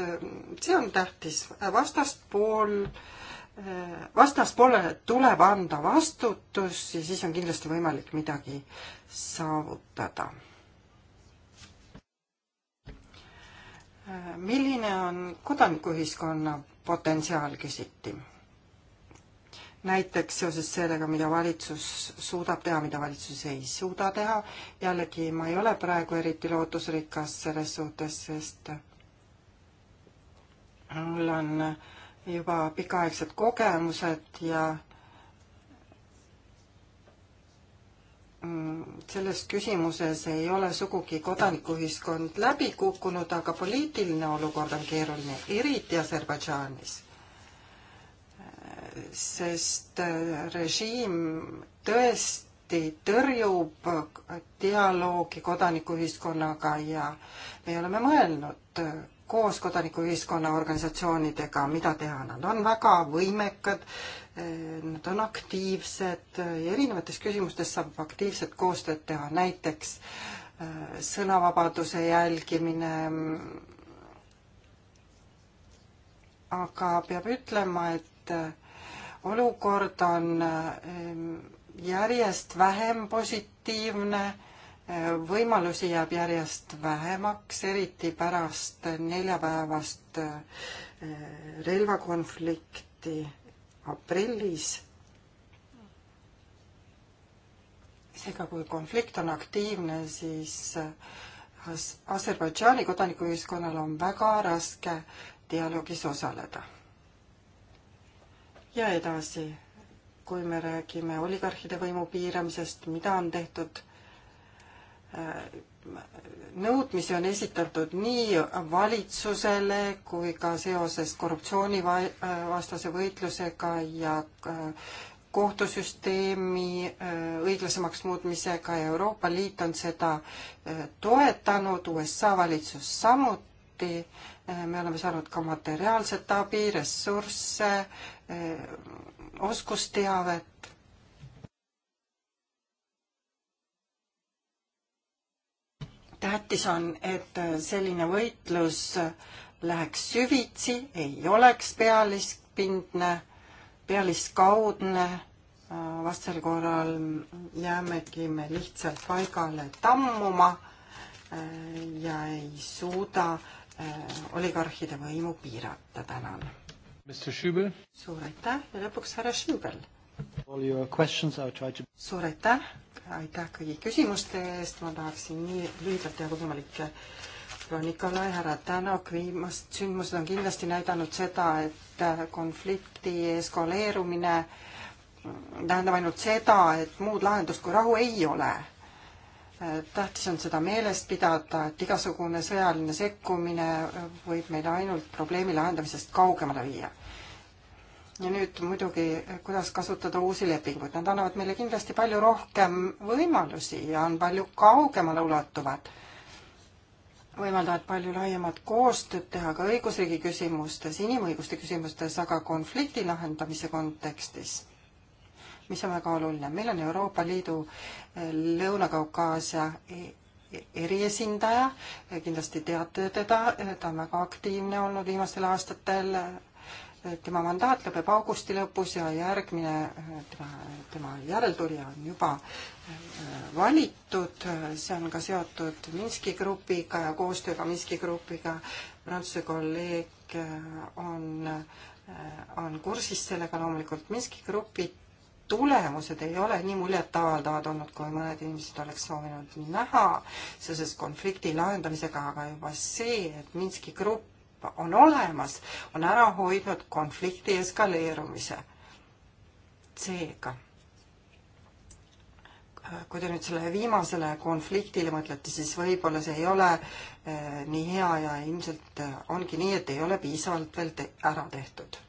see on tähtis, vastaspool vastaspoolele tuleb anda vastutus ja siis on kindlasti võimalik midagi saavutada milline on kodanikuühiskonna potentsiaal, küsiti. näiteks seoses sellega, mida valitsus suudab teha, mida valitsus ei suuda teha. jällegi, ma ei ole praegu eriti lootusrikas selles suhtes, sest mul on juba pikaaegsed kogemused ja selles küsimuses ei ole sugugi kodanikuühiskond läbi kukkunud, aga poliitiline olukord on keeruline, eriti Aserbaidžaanis. sest äh, režiim tõesti tõrjub dialoogi kodanikuühiskonnaga ja me oleme mõelnud äh, koos kodanikuühiskonna organisatsioonidega, mida teha, nad on väga võimekad, nad on aktiivsed ja erinevates küsimustes saab aktiivset koostööd teha, näiteks äh, sõnavabaduse jälgimine. aga peab ütlema, et äh, olukord on äh, järjest vähem positiivne, võimalusi jääb järjest vähemaks, eriti pärast neljapäevast relvakonflikti aprillis. seega, kui konflikt on aktiivne, siis äh, Aserbaidžaani kodanikuühiskonnal on väga raske dialoogis osaleda. ja edasi, kui me räägime oligarhide võimu piiramisest, mida on tehtud äh, nõudmisi on esitatud nii valitsusele kui ka seoses korruptsioonivastase võitlusega ja kohtusüsteemi äh, õiglasemaks muutmisega ja Euroopa Liit on seda äh, toetanud, USA valitsus samuti. Äh, me oleme saanud ka materiaalset abi, ressursse, oskusteavet tähtis on, et äh, selline võitlus äh, läheks süvitsi, ei oleks pealispindne, pealiskaudne, äh, vastasel korral jäämegi me lihtsalt paigale tammuma ja ei suuda oligarhide võimu piirata. tänan. suur aitäh ja lõpuks härra Schübel To... suur aitäh, aitäh kõigi küsimuste eest, ma tahaksin nii lühidalt teha nagu kui võimalik. Äh, Nikolai härra Tänok, viimased sündmused on kindlasti näidanud seda, et äh, konflikti eskaleerumine äh, tähendab ainult seda, et muud lahendust kui rahu ei ole tähtis on seda meeles pidada, et igasugune sõjaline sekkumine võib meid ainult probleemi lahendamisest kaugemale viia ja nüüd muidugi, kuidas kasutada uusi lepinguid, nad annavad meile kindlasti palju rohkem võimalusi ja on palju kaugemale ulatuvad. võimaldavad palju laiemat koostööd teha ka õigusriigi küsimustes, inimõiguste küsimustes, aga konflikti lahendamise kontekstis, mis on väga oluline. meil on Euroopa Liidu eh, Lõuna-Kaukaasia e-, e-, eriesindaja, kindlasti teate teda, ta on väga aktiivne olnud viimastel aastatel tema mandaat lõpeb augusti lõpus ja järgmine tema, tema järeltulija on juba äh, valitud, see on ka seotud Minski grupiga ja koostööga Minski grupiga. Prantsuse kolleeg äh, on, äh, on kursis sellega loomulikult. Minski grupi tulemused ei ole nii muljetavaldavad olnud, kui mõned inimesed oleks soovinud näha seoses konflikti lahendamisega, aga juba see, et Minski grupp on olemas, on ära hoidnud konflikti eskaleerumise. seega, kui te nüüd sellele viimasele konfliktile mõtlete, siis võib-olla see ei ole eh, nii hea ja ilmselt eh, ongi nii, et ei ole piisavalt veel te ära tehtud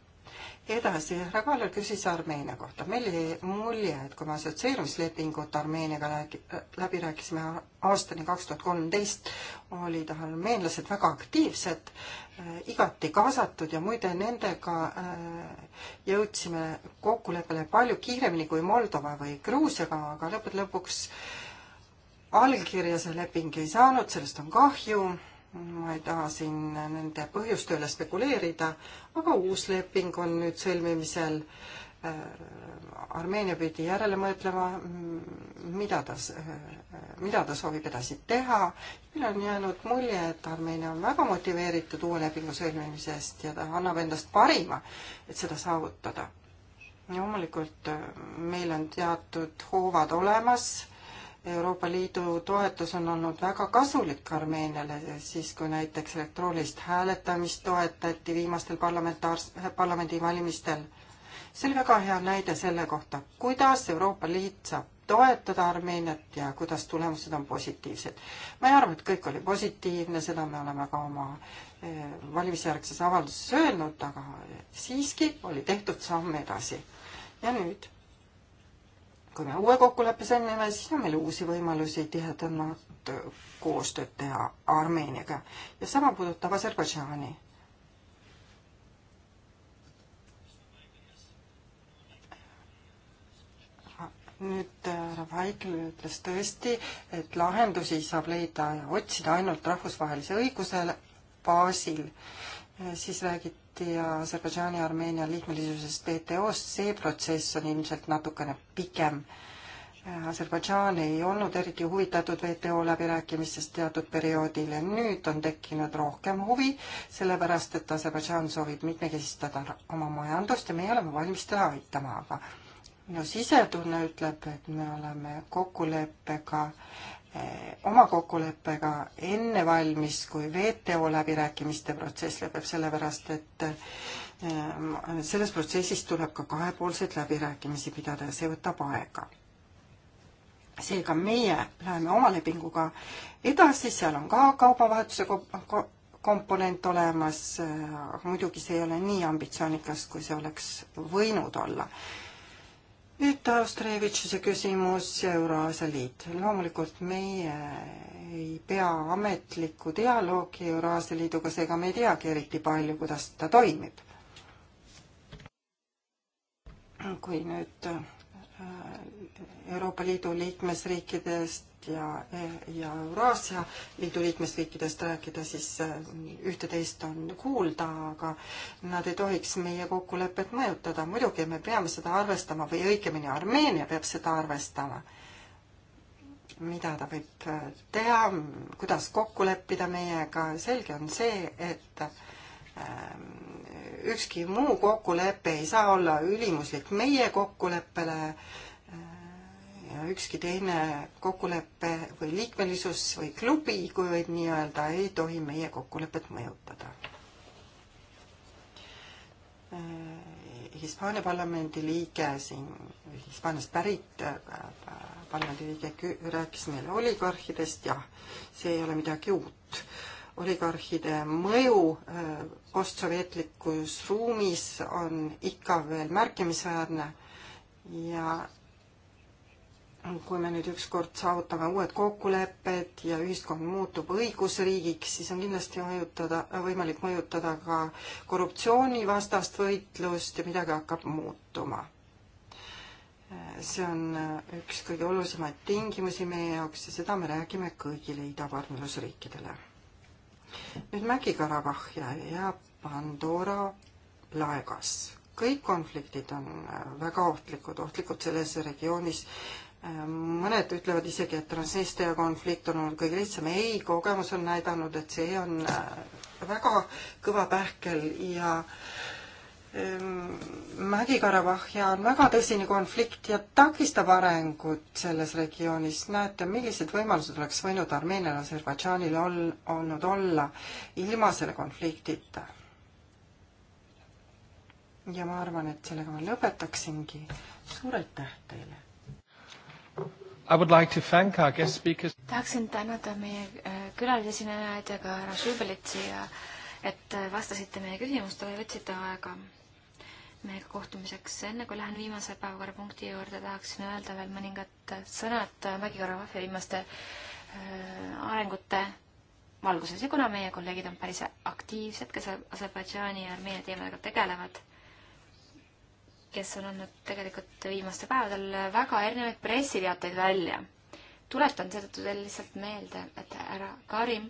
edasi, härra Kaaler küsis Armeenia kohta. meil jäi mulje, et kui me assotsieerumislepingut Armeeniaga läbi rääkisime aastani kaks tuhat kolmteist, olid armeenlased väga aktiivsed Äh, igati kaasatud ja muide nendega äh, jõudsime kokkuleppele palju kiiremini kui Moldova või Gruusiaga, aga lõppude lõpuks allkirja see leping ei saanud, sellest on kahju. ma ei taha siin nende põhjuste üle spekuleerida, aga uus leping on nüüd sõlmimisel äh, Äh, Armeenia pidi järele mõtlema, mida ta, äh, äh, mida ta soovib edasi teha. meil on jäänud mulje, et Armeenia on väga motiveeritud uue lepingu sõlmimisest ja ta annab endast parima, et seda saavutada. loomulikult meil on teatud hoovad olemas Euroopa Liidu toetus on olnud väga kasulik Armeeniale, siis kui näiteks elektroonilist hääletamist toetati viimastel parlamentaars-, parlamendivalimistel see oli väga hea näide selle kohta, kuidas Euroopa Liit saab toetada Armeeniat ja kuidas tulemused on positiivsed. ma ei arva, et kõik oli positiivne, seda me oleme ka oma eh, valimisjärgses avalduses öelnud, aga siiski oli tehtud samm edasi. ja nüüd, kui me uue kokkuleppe sõlmime, siis on meil uusi võimalusi tihedamat eh, koostööd teha Armeeniaga ja sama puudutab Aserbaidžaani nüüd äh, härra Vaigel ütles tõesti, et lahendusi saab leida ja otsida ainult rahvusvahelise õiguse baasil. Äh, siis räägiti Aserbaidžaani ja Armeenia liikmelisusest WTO-st, see protsess on ilmselt natukene pikem. Äh, Aserbaidžaan ei olnud eriti huvitatud WTO läbirääkimistest teatud perioodil ja nüüd on tekkinud rohkem huvi, sellepärast et Aserbaidžaan soovib mitmekesistada oma majandust ja meie oleme valmis teda aitama, aga minu sisetunne ütleb, et me oleme kokkuleppega, eh, oma kokkuleppega enne valmis, kui WTO läbirääkimiste protsess lõpeb, sellepärast et eh, selles protsessis tuleb ka kahepoolseid läbirääkimisi pidada ja see võtab aega. seega meie läheme oma lepinguga edasi, seal on ka kaubavahetuse komponent olemas, eh, aga muidugi see ei ole nii ambitsioonikas, kui see oleks võinud olla nüüd Austrevitšuse küsimus Euraasia Liit. loomulikult meie ei pea ametlikku dialoogi Euraasia Liiduga, seega me ei teagi eriti palju, kuidas ta toimib. kui nüüd äh, Euroopa Liidu liikmesriikidest ja, ja Euraasia Liidu liikmesriikidest rääkida, siis äh, ühte-teist on kuulda, aga nad ei tohiks meie kokkulepet mõjutada. muidugi me peame seda arvestama või õigemini Armeenia peab seda arvestama mida ta võib äh, teha, kuidas kokku leppida meiega, selge on see, et äh, ükski muu kokkulepe ei saa olla ülimuslik meie kokkuleppele, ükski teine kokkulepe või liikmelisus või klubi, kui võib nii öelda, ei tohi meie kokkulepet mõjutada. Äh, Hispaania parlamendi liige siin, Hispaaniast pärit äh, parlamendi liige rääkis meile oligarhidest, jah, see ei ole midagi uut. oligarhide mõju äh, postsovetlikus ruumis on ikka veel märkimisväärne ja kui me nüüd ükskord saavutame uued kokkulepped ja ühiskond muutub õigusriigiks, siis on kindlasti mõjutada, võimalik mõjutada ka korruptsioonivastast võitlust ja midagi hakkab muutuma. see on üks kõige olulisemaid tingimusi meie jaoks ja seda me räägime kõigile idapartnerlusriikidele. nüüd Mägi-Karabahh ja, ja Pandora laegas kõik konfliktid on väga ohtlikud, ohtlikud selles regioonis mõned ütlevad isegi, et transnistria konflikt on olnud kõige lihtsam. ei, kogemus on näidanud, et see on äh, väga kõva pähkel ja ähm, Mägi-Karabahhia on väga tõsine konflikt ja takistab arengut selles regioonis. näete, millised võimalused oleks võinud Armeenial, Aserbaidžaanil ol-, olnud olla ilma selle konfliktita. ja ma arvan, et sellega ma lõpetaksingi. suur aitäh teile! Like tahaksin tänada meie äh, külalisesinejaid ja ka härra Šüübelit siia, et äh, vastasite meie küsimustele ja võtsite aega meiega kohtumiseks. enne kui lähen viimase päevakorrapunkti juurde, tahaksin öelda veel mõningad sõnad vägikorramaffia viimaste äh, arengute valguses ja kuna meie kolleegid on päris aktiivsed, kes Aserbaidžaani ja Armeenia teemadega tegelevad kes on andnud tegelikult viimastel päevadel väga erinevaid pressiteateid välja. tuletan seetõttu teile lihtsalt meelde, et härra Karim,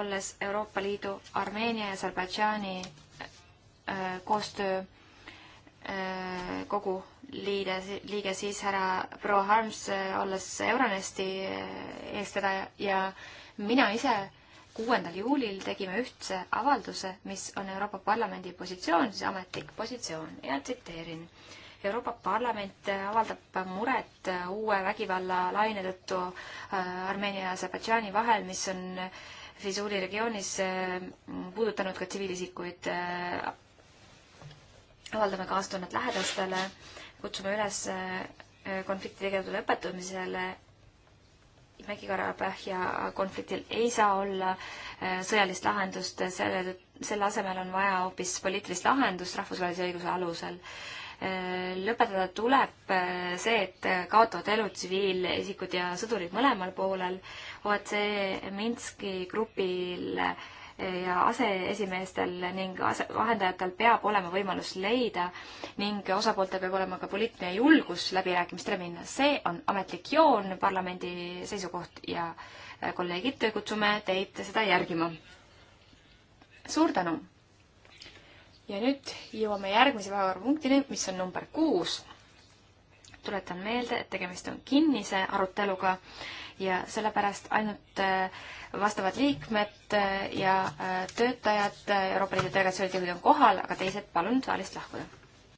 olles Euroopa Liidu Armeenia ja Aserbaidžaani äh, äh, koostöö äh, kogu liide, liige siis härra proua Harms, olles Euronesti eestvedaja ja mina ise kuuendal juulil tegime ühtse avalduse, mis on Euroopa Parlamendi positsioon, siis ametlik positsioon ja tsiteerin. Euroopa Parlament avaldab muret uue vägivallalaine tõttu äh, Armeenia ja Aserbaidžaani vahel, mis on Fisuli regioonis äh, puudutanud ka tsiviilisikuid. Äh, avaldame kaastunnet lähedastele, kutsume üles konflikti tegevuse lõpetamisele Mägi-Karabahhi konfliktil ei saa olla äh, sõjalist lahendust, selle, selle asemel on vaja hoopis poliitilist lahendust rahvusvahelise õiguse alusel. Äh, lõpetada tuleb äh, see, et kaotavad elu tsiviilisikud ja sõdurid mõlemal poolel. OEC Minski grupil äh, ja aseesimeestel ning ase-, vahendajatel peab olema võimalus leida ning osapooltel peab olema ka poliitiline julgus läbirääkimistele minna. see on ametlik joon, parlamendi seisukoht ja äh, kolleegid, kutsume teid seda järgima. suur tänu! ja nüüd jõuame järgmise päevakorrapunktini, mis on number kuus. tuletan meelde, et tegemist on kinnise aruteluga ja sellepärast ainult äh, vastavad liikmed äh, ja äh, töötajad Euroopa Liidu delegatsioonide juhid on kohal, aga teised palun saalist lahkuda